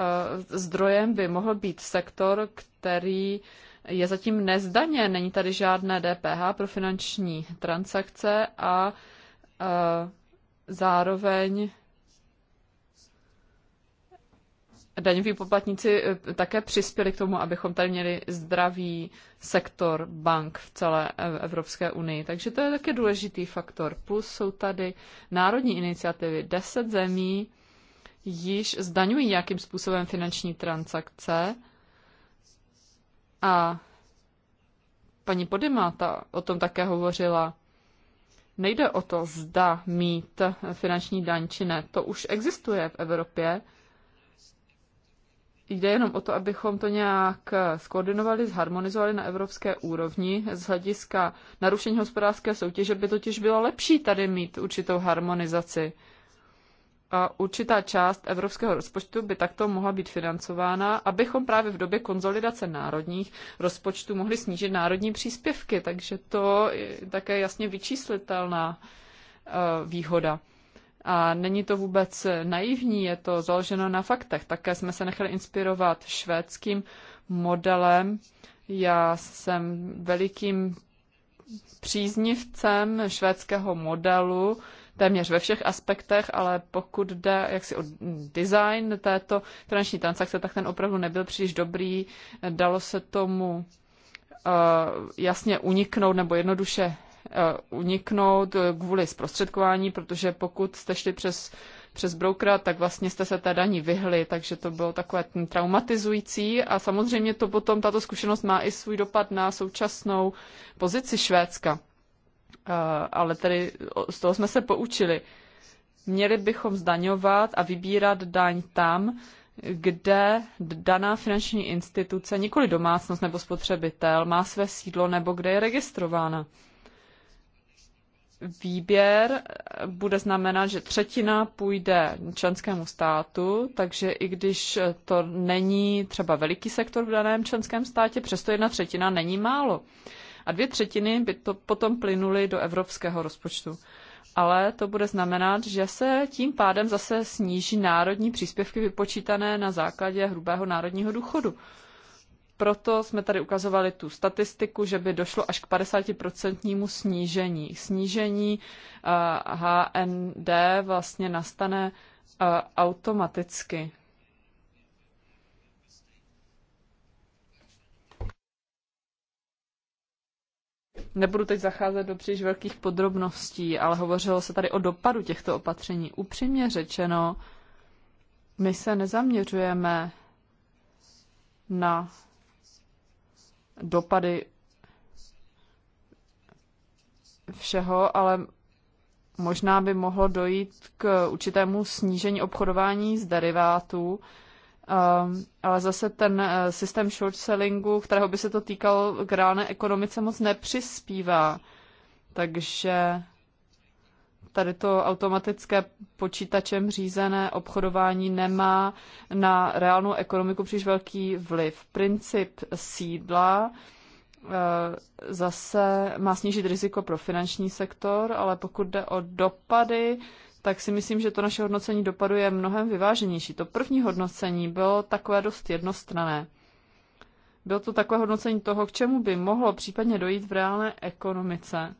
zdrojem by mohl být sektor, který je zatím nezdaněn, není tady žádné DPH pro finanční transakce a eh, zároveň daňoví poplatníci eh, také přispěli k tomu, abychom tady měli zdravý sektor bank v celé Evropské unii. Takže to je také důležitý faktor. Plus jsou tady národní iniciativy. Deset zemí již zdaňují nějakým způsobem finanční transakce. A paní Podimáta o tom také hovořila. Nejde o to, zda mít finanční daň či ne. To už existuje v Evropě. Jde jenom o to, abychom to nějak skoordinovali, zharmonizovali na evropské úrovni. Z hlediska narušení hospodářské soutěže by totiž bylo lepší tady mít určitou harmonizaci a určitá část evropského rozpočtu by takto mohla být financována, abychom právě v době konzolidace národních rozpočtů mohli snížit národní příspěvky. Takže to je také jasně vyčíslitelná e, výhoda. A není to vůbec naivní, je to založeno na faktech. Také jsme se nechali inspirovat švédským modelem. Já jsem velikým příznivcem švédského modelu, téměř ve všech aspektech, ale pokud jde jaksi o design této finanční transakce, tak ten opravdu nebyl příliš dobrý. Dalo se tomu eh, jasně uniknout nebo jednoduše eh, uniknout eh, kvůli zprostředkování, protože pokud jste šli přes přes broukra, tak vlastně jste se té daní vyhli, takže to bylo takové traumatizující a samozřejmě to potom, tato zkušenost má i svůj dopad na současnou pozici Švédska ale tedy z toho jsme se poučili. Měli bychom zdaňovat a vybírat daň tam, kde daná finanční instituce, nikoli domácnost nebo spotřebitel, má své sídlo nebo kde je registrována. Výběr e, bude znamenat, že třetina půjde členskému státu, takže i když to není třeba veliký sektor v daném členském státě, přesto jedna třetina není málo. Uh, a dvě třetiny by to potom plynuly do evropského rozpočtu. Ale to bude znamenat, že se tím pádem zase sníží národní příspěvky vypočítané na základě hrubého národního důchodu. Proto jsme tady ukazovali tu statistiku, že by došlo až k 50% snížení. Snížení HND eh, vlastně nastane eh, automaticky Nebudu teď zacházet do příliš velkých podrobností, ale hovořilo se tady o dopadu těchto opatření. Upřímně řečeno, my se nezaměřujeme na dopady všeho, ale možná by mohlo dojít k určitému snížení obchodování s derivátů, Ehm, ale zase ten eh, systém short sellingu, kterého by se to týkal k reálné ekonomice, moc nepřispívá. Takže tady to automatické počítačem řízené obchodování nemá na reálnou ekonomiku příliš velký vliv. Princip sídla eh, zase má snížit riziko pro finanční sektor, ale pokud jde o dopady, tak si myslím, že to naše hodnocení dopadu je mnohem vyváženější. To první hodnocení bylo takové dost jednostrané. Bylo to takové hodnocení toho, k čemu by mohlo případně dojít v reálné ekonomice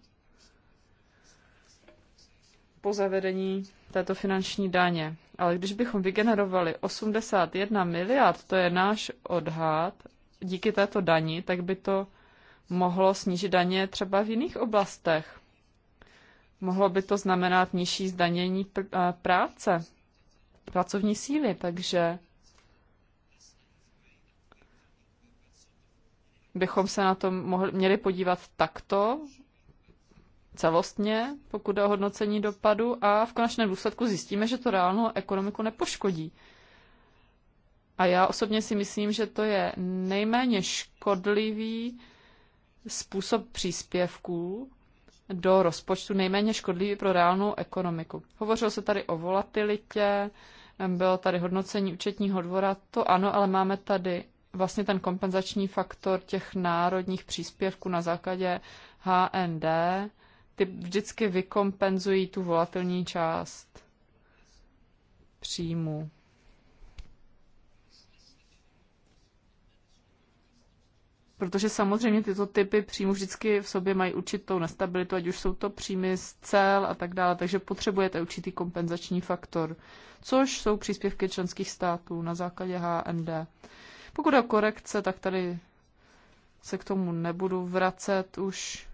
po zavedení této finanční daně. Ale když bychom vygenerovali 81 miliard, to je náš odhad, díky této dani, tak by to mohlo snížit daně třeba v jiných oblastech. Mohlo by to znamenat nižší zdanění pr- práce, pracovní síly, takže bychom se na to mohli, měli podívat takto, celostně, pokud je o hodnocení dopadu a v konečném důsledku zjistíme, že to reálnou ekonomiku nepoškodí. A já osobně si myslím, že to je nejméně škodlivý způsob příspěvků do rozpočtu nejméně škodlivý pro reálnou ekonomiku. Hovořilo se tady o volatilitě, bylo tady hodnocení účetního dvora, to ano, ale máme tady vlastně ten kompenzační faktor těch národních příspěvků na základě HND, ty vždycky vykompenzují tu volatilní část příjmu. Protože samozřejmě tyto typy příjmu vždycky v sobě mají určitou nestabilitu, ať už jsou to příjmy z cel a tak dále, takže potřebujete určitý kompenzační faktor, což jsou příspěvky členských států na základě HND. Pokud je o korekce, tak tady se k tomu nebudu vracet už.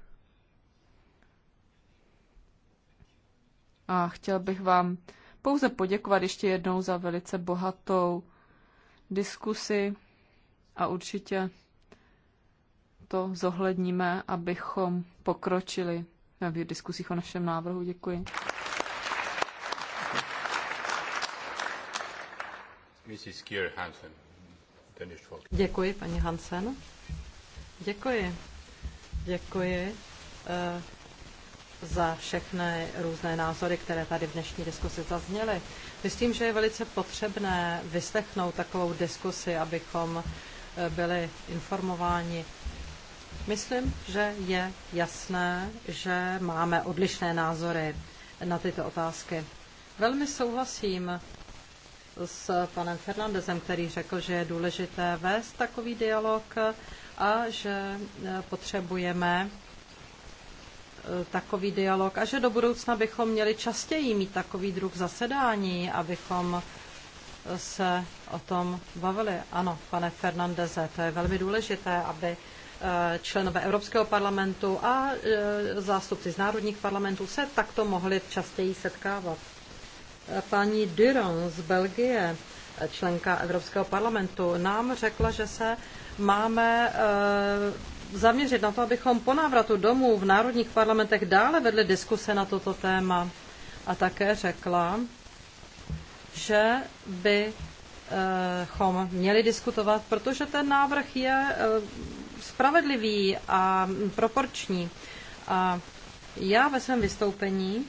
A chtěl bych vám pouze poděkovat ještě jednou za velice bohatou diskusi a určitě to zohledníme, abychom pokročili v diskusích o našem návrhu. Děkuji. Děkuji, paní Hansen. Děkuji. Děkuji eh, za všechny různé názory, které tady v dnešní diskusi zazněly. Myslím, že je velice potřebné vyslechnout takovou diskusi, abychom eh, byli informováni Myslím, že je jasné, že máme odlišné názory na tyto otázky. Velmi souhlasím s panem Fernandezem, který řekl, že je důležité vést takový dialog a že eh, potřebujeme eh, takový dialog a že do budoucna bychom měli častěji mít takový druh zasedání, abychom eh, se o tom bavili. Ano, pane Fernandeze, to je velmi důležité, aby Eh, členové Evropského parlamentu a eh, zástupci z národních parlamentů se takto mohli častěji setkávat. Eh, paní Duron z Belgie, členka Evropského parlamentu, nám řekla, že se máme zaměřit na to, abychom po návratu domů v národních parlamentech dále vedli diskuse na toto téma. A také řekla, že bychom měli diskutovat, protože ten návrh je spravedlivý a proporční. A já ve svém vystoupení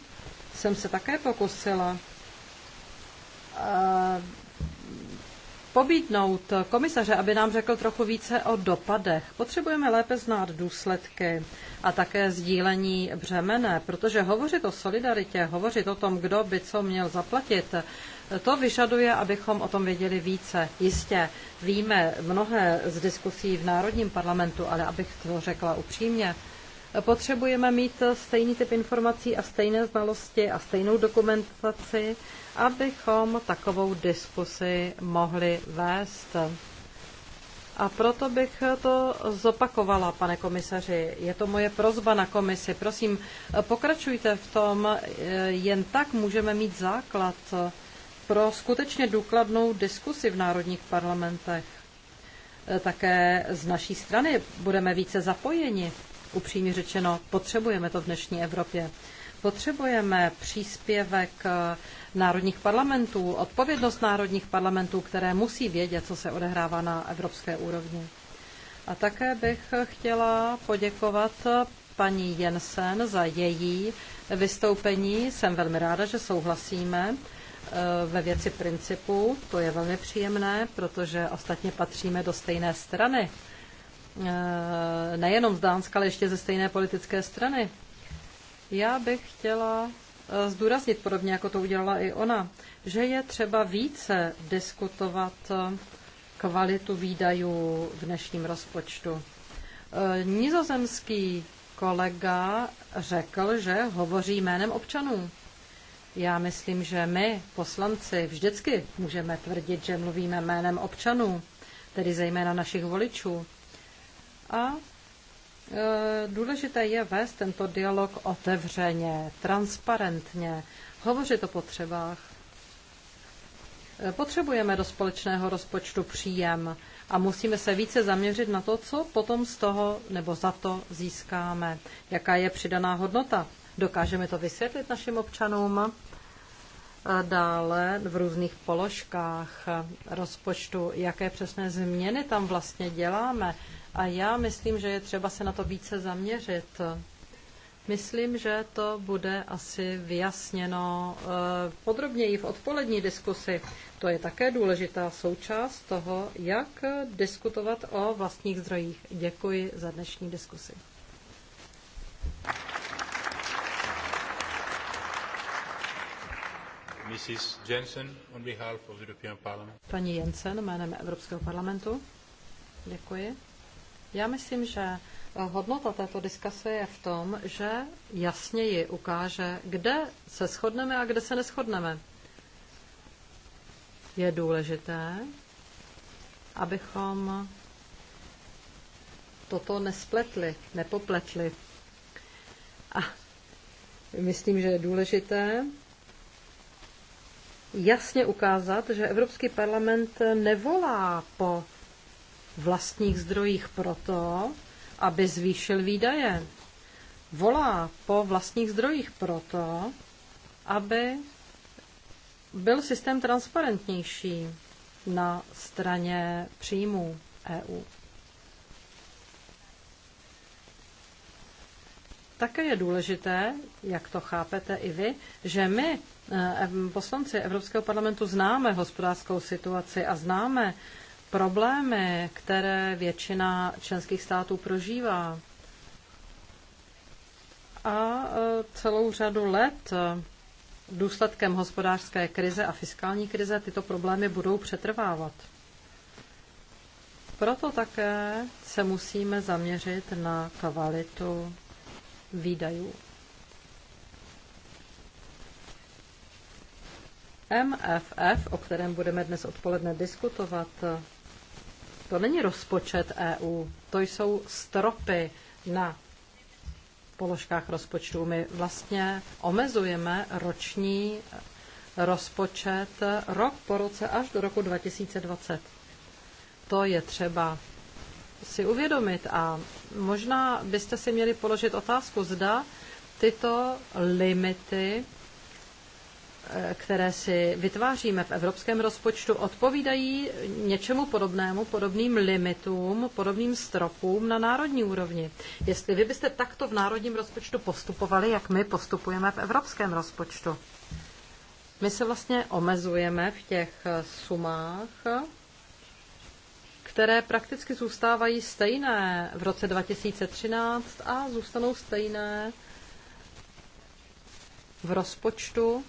jsem se také pokusila eh, pobídnout komisaře, aby nám řekl trochu více o dopadech. Potřebujeme lépe znát důsledky a také sdílení břemene, protože hovořit o solidaritě, hovořit o tom, kdo by co měl zaplatit, to vyžaduje, abychom o tom věděli více. Jistě víme mnohé z diskusí v Národním parlamentu, ale abych to řekla upřímně, Potřebujeme mít eh, stejný typ informací a stejné znalosti a stejnou dokumentaci, abychom takovou diskusi mohli vést. A proto bych to zopakovala, pane komisaři. Je to moje prozba na komisi. Prosím, pokračujte v tom. Eh, jen tak můžeme mít základ pro skutečně důkladnou diskusi v národních parlamentech. Eh, také z naší strany budeme více zapojeni upřímně řečeno, potřebujeme to v dnešní Evropě. Potřebujeme příspěvek eh, národních parlamentů, odpovědnost národních parlamentů, které musí vědět, co se odehrává na evropské úrovni. A také bych chtěla poděkovat eh, paní Jensen za její vystoupení. Jsem velmi ráda, že souhlasíme eh, ve věci principu. To je velmi příjemné, protože ostatně patříme do stejné strany Eh, nejenom z Dánska, ale ještě ze stejné politické strany. Já bych chtěla eh, zdůraznit, podobně jako to udělala i ona, že je třeba více diskutovat eh, kvalitu výdajů v dnešním rozpočtu. Nizozemský kolega řekl, že hovoří jménem občanů. Já myslím, že my, poslanci, vždycky můžeme tvrdit, že mluvíme jménem občanů, tedy zejména našich voličů a e, důležité je vést tento dialog otevřeně, transparentně, hovořit o potřebách. E, potřebujeme do společného rozpočtu příjem a musíme se více zaměřit na to, co potom z toho nebo za to získáme. Jaká je přidaná hodnota? Dokážeme to vysvětlit našim občanům? dále v různých položkách rozpočtu, jaké přesné změny tam vlastně děláme, a já myslím, že je třeba se na to více zaměřit. Myslím, že to bude asi vyjasněno eh, podrobněji v odpolední diskusi. To je také důležitá součást toho, jak diskutovat o vlastních zdrojích. Děkuji za dnešní diskusi. Mrs. Jensen, on behalf of the European Parliament. Paní Jensen jménem Evropského parlamentu. Děkuji. Já myslím, že eh, hodnota této diskuse je v tom, že ji ukáže, kde se shodneme a kde se neschodneme. Je důležité, abychom toto nespletli, nepopletli. A myslím, že je důležité jasně ukázat, že Evropský parlament nevolá po vlastních zdrojích proto, aby zvýšil výdaje. Volá po vlastních zdrojích proto, aby byl systém transparentnější na straně příjmů EU. Také je důležité, jak to chápete i vy, že my, eh, poslanci Evropského parlamentu, známe hospodářskou situaci a známe problémy, které většina členských států prožívá a e, celou řadu let důsledkem hospodářské krize a fiskální krize tyto problémy budou přetrvávat. Proto také se musíme zaměřit na kvalitu výdajů. MFF, o kterém budeme dnes odpoledne diskutovat, to není rozpočet EU, to jsou stropy na položkách rozpočtu. My vlastně omezujeme roční rozpočet rok po roce až do roku 2020. To je třeba si uvědomit a možná byste si měli položit otázku, zda tyto limity Eh, které si vytváříme v evropském rozpočtu, odpovídají něčemu podobnému, podobným limitům, podobným stropům na národní úrovni. Jestli vy byste takto v národním rozpočtu postupovali, jak my postupujeme v evropském rozpočtu. My se vlastně omezujeme v těch eh, sumách, které prakticky zůstávají stejné v roce 2013 a zůstanou stejné v rozpočtu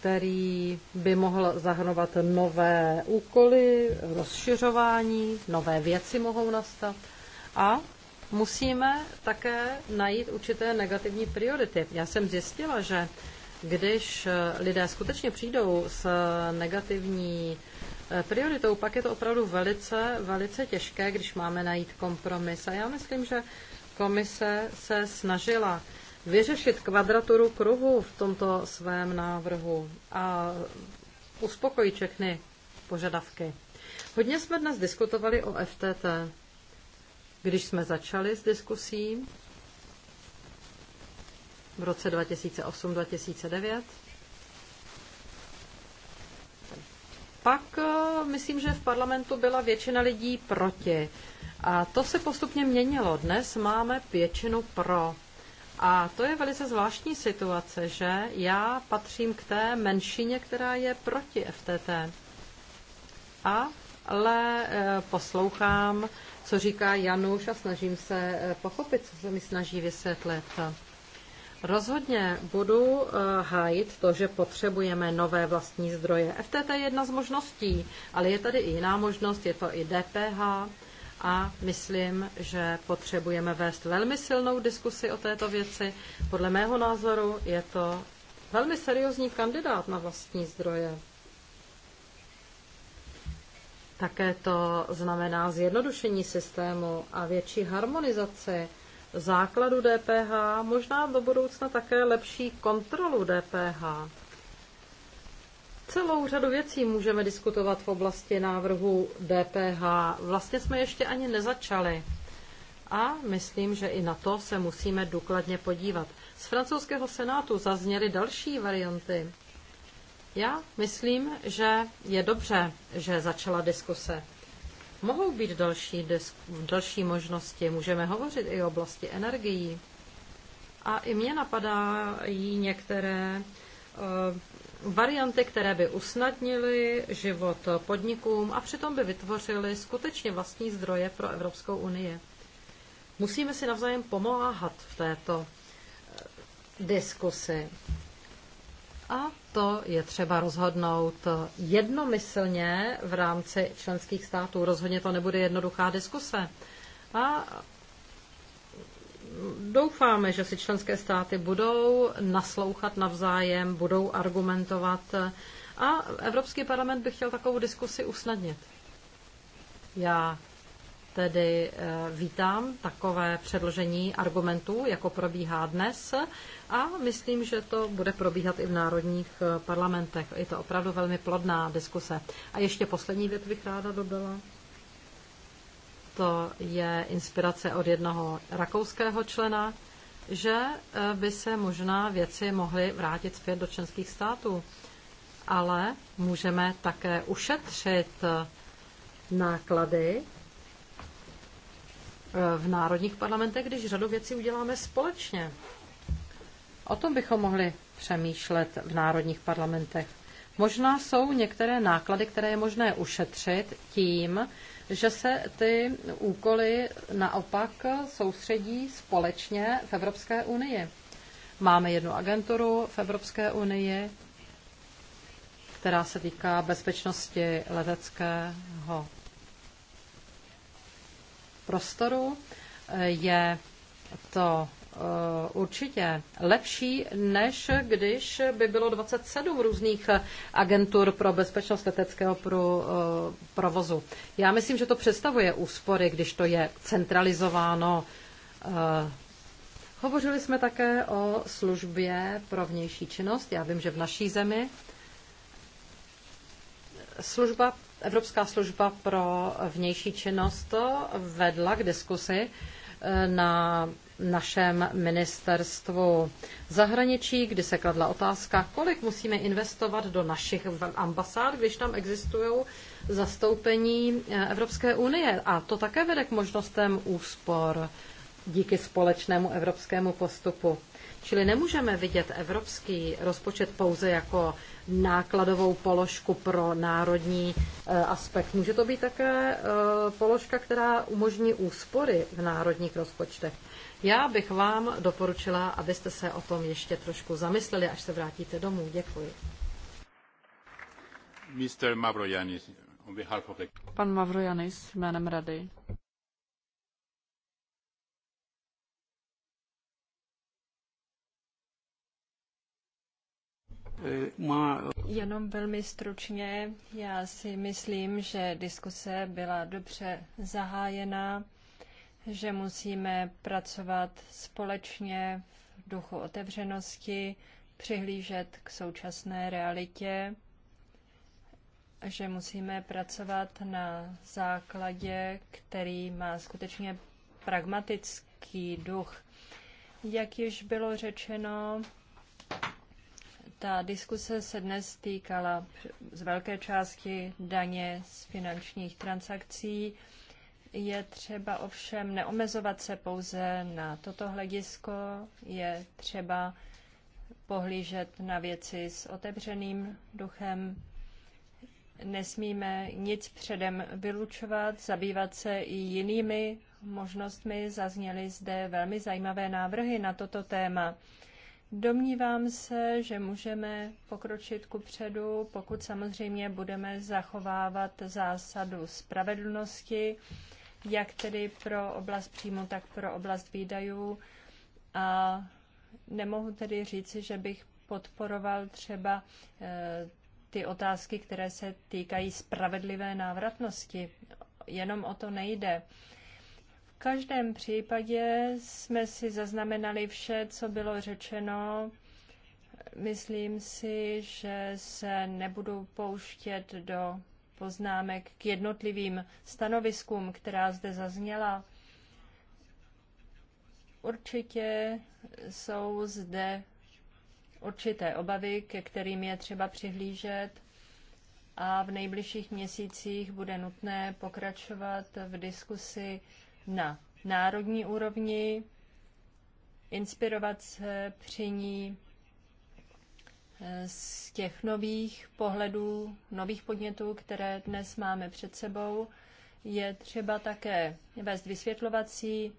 který by mohl zahrnovat nové úkoly, rozšiřování, nové věci mohou nastat a musíme také najít určité negativní priority. Já jsem zjistila, že když lidé skutečně přijdou s negativní eh, prioritou, pak je to opravdu velice, velice těžké, když máme najít kompromis. A já myslím, že komise se snažila vyřešit kvadraturu kruhu v tomto svém návrhu a uspokojit všechny požadavky. Hodně jsme dnes diskutovali o FTT. Když jsme začali s diskusí v roce 2008-2009, pak eh, myslím, že v parlamentu byla většina lidí proti. A to se postupně měnilo. Dnes máme většinu pro. A to je velice zvláštní situace, že já patřím k té menšině, která je proti FTT. a Ale eh, poslouchám, co říká Januš a snažím se eh, pochopit, co se mi snaží vysvětlit. Rozhodně budu eh, hájit to, že potřebujeme nové vlastní zdroje. FTT je jedna z možností, ale je tady i jiná možnost, je to i DPH, a myslím, že potřebujeme vést velmi silnou diskusi o této věci. Podle mého názoru je to velmi seriózní kandidát na vlastní zdroje. Také to znamená zjednodušení systému a větší harmonizaci základu DPH, možná do budoucna také lepší kontrolu DPH. Celou řadu věcí můžeme diskutovat v oblasti návrhu DPH. Vlastně jsme ještě ani nezačali. A myslím, že i na to se musíme důkladně podívat. Z francouzského senátu zazněly další varianty. Já myslím, že je dobře, že začala diskuse. Mohou být další, disk, další možnosti. Můžeme hovořit i o oblasti energií. A i mě napadají některé eh, varianty, které by usnadnily život podnikům a přitom by vytvořily skutečně vlastní zdroje pro Evropskou unii. Musíme si navzájem pomáhat v této eh, diskusi. A to je třeba rozhodnout jednomyslně v rámci členských států. Rozhodně to nebude jednoduchá diskuse. A doufáme, že si členské státy budou naslouchat navzájem, budou argumentovat a Evropský parlament by chtěl takovou diskusi usnadnit. Já tedy eh, vítám takové předložení argumentů, jako probíhá dnes a myslím, že to bude probíhat i v národních eh, parlamentech. Je to opravdu velmi plodná diskuse. A ještě poslední věc bych ráda dodala to je inspirace od jednoho rakouského člena, že eh, by se možná věci mohly vrátit zpět do členských států. Ale můžeme také ušetřit eh, náklady eh, v národních parlamentech, když řadu věcí uděláme společně. O tom bychom mohli přemýšlet v národních parlamentech. Možná jsou některé náklady, které je možné ušetřit tím, že se ty úkoly naopak soustředí společně v Evropské unii. Máme jednu agenturu v Evropské unii, která se týká bezpečnosti leteckého prostoru. Je to Eh, určitě lepší, než když by bylo 27 různých agentur pro bezpečnost leteckého pro, eh, provozu. Já myslím, že to představuje úspory, když to je centralizováno. Eh, hovořili jsme také o službě pro vnější činnost. Já vím, že v naší zemi služba, Evropská služba pro vnější činnost vedla k diskusi na našem ministerstvu zahraničí, kdy se kladla otázka, kolik musíme investovat do našich ambasád, když tam existují zastoupení eh, Evropské unie. A to také vede k možnostem úspor díky společnému evropskému postupu. Čili nemůžeme vidět evropský rozpočet pouze jako nákladovou položku pro národní eh, aspekt. Může to být také eh, položka, která umožní úspory v národních rozpočtech. Já bych vám doporučila, abyste se o tom ještě trošku zamysleli, až se vrátíte domů. Děkuji. Mr. Mavrojanis, on behalf of the... Pan Mavrojanis jménem Rady. Eh, Jenom velmi stručně, já si myslím, že diskuse byla dobře zahájena že musíme pracovat společně v duchu otevřenosti, přihlížet k současné realitě, že musíme pracovat na základě, který má skutečně pragmatický duch. Jak již bylo řečeno, ta diskuse se dnes týkala z velké části daně z finančních transakcí. Je třeba ovšem neomezovat se pouze na toto hledisko, je třeba pohlížet na věci s otevřeným duchem. Nesmíme nic předem vylučovat, zabývat se i jinými možnostmi. Zazněly zde velmi zajímavé návrhy na toto téma. Domnívám se, že můžeme pokročit ku předu, pokud samozřejmě budeme zachovávat zásadu spravedlnosti jak tedy pro oblast příjmu, tak pro oblast výdajů. A nemohu tedy říci, že bych podporoval třeba eh, ty otázky, které se týkají spravedlivé návratnosti. Jenom o to nejde. V každém případě jsme si zaznamenali vše, co bylo řečeno. Myslím si, že se nebudu pouštět do poznámek k jednotlivým stanoviskům, která zde zazněla. Určitě jsou zde určité obavy, ke kterým je třeba přihlížet a v nejbližších měsících bude nutné pokračovat v diskusi na národní úrovni, inspirovat se při ní z těch nových pohledů, nových podnětů, které dnes máme před sebou, je třeba také vést vysvětlovací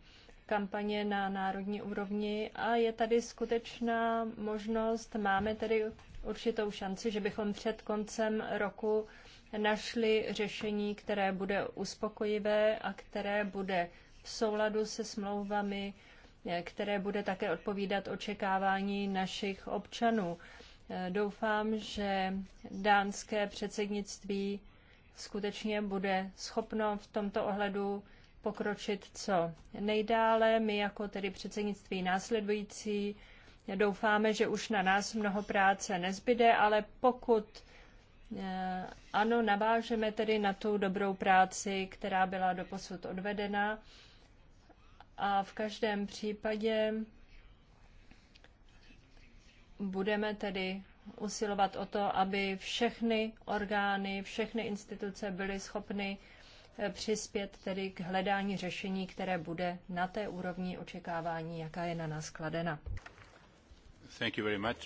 kampaně na národní úrovni a je tady skutečná možnost, máme tedy určitou šanci, že bychom před koncem roku našli řešení, které bude uspokojivé a které bude v souladu se smlouvami, které bude také odpovídat očekávání našich občanů. Doufám, že dánské předsednictví skutečně bude schopno v tomto ohledu pokročit co nejdále. My jako tedy předsednictví následující doufáme, že už na nás mnoho práce nezbyde, ale pokud eh, ano, navážeme tedy na tu dobrou práci, která byla doposud odvedena a v každém případě Budeme tedy usilovat o to, aby všechny orgány, všechny instituce byly schopny eh, přispět tedy k hledání řešení, které bude na té úrovni očekávání, jaká je na nás kladena. Thank you very much.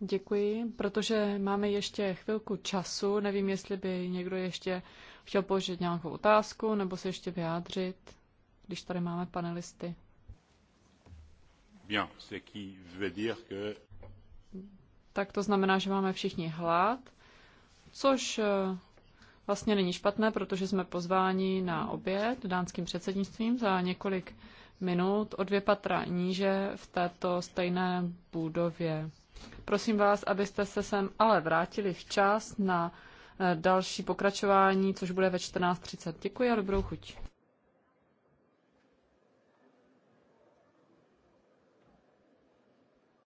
Děkuji, protože máme ještě chvilku času. Nevím, jestli by někdo ještě chtěl položit nějakou otázku nebo se ještě vyjádřit, když tady máme panelisty. Tak to znamená, že máme všichni hlad, což eh, vlastně není špatné, protože jsme pozváni na oběd dánským předsednictvím za několik minut o dvě patra níže v této stejné budově. Prosím vás, abyste se sem ale vrátili včas na eh, další pokračování, což bude ve 14.30. Děkuji a dobrou chuť.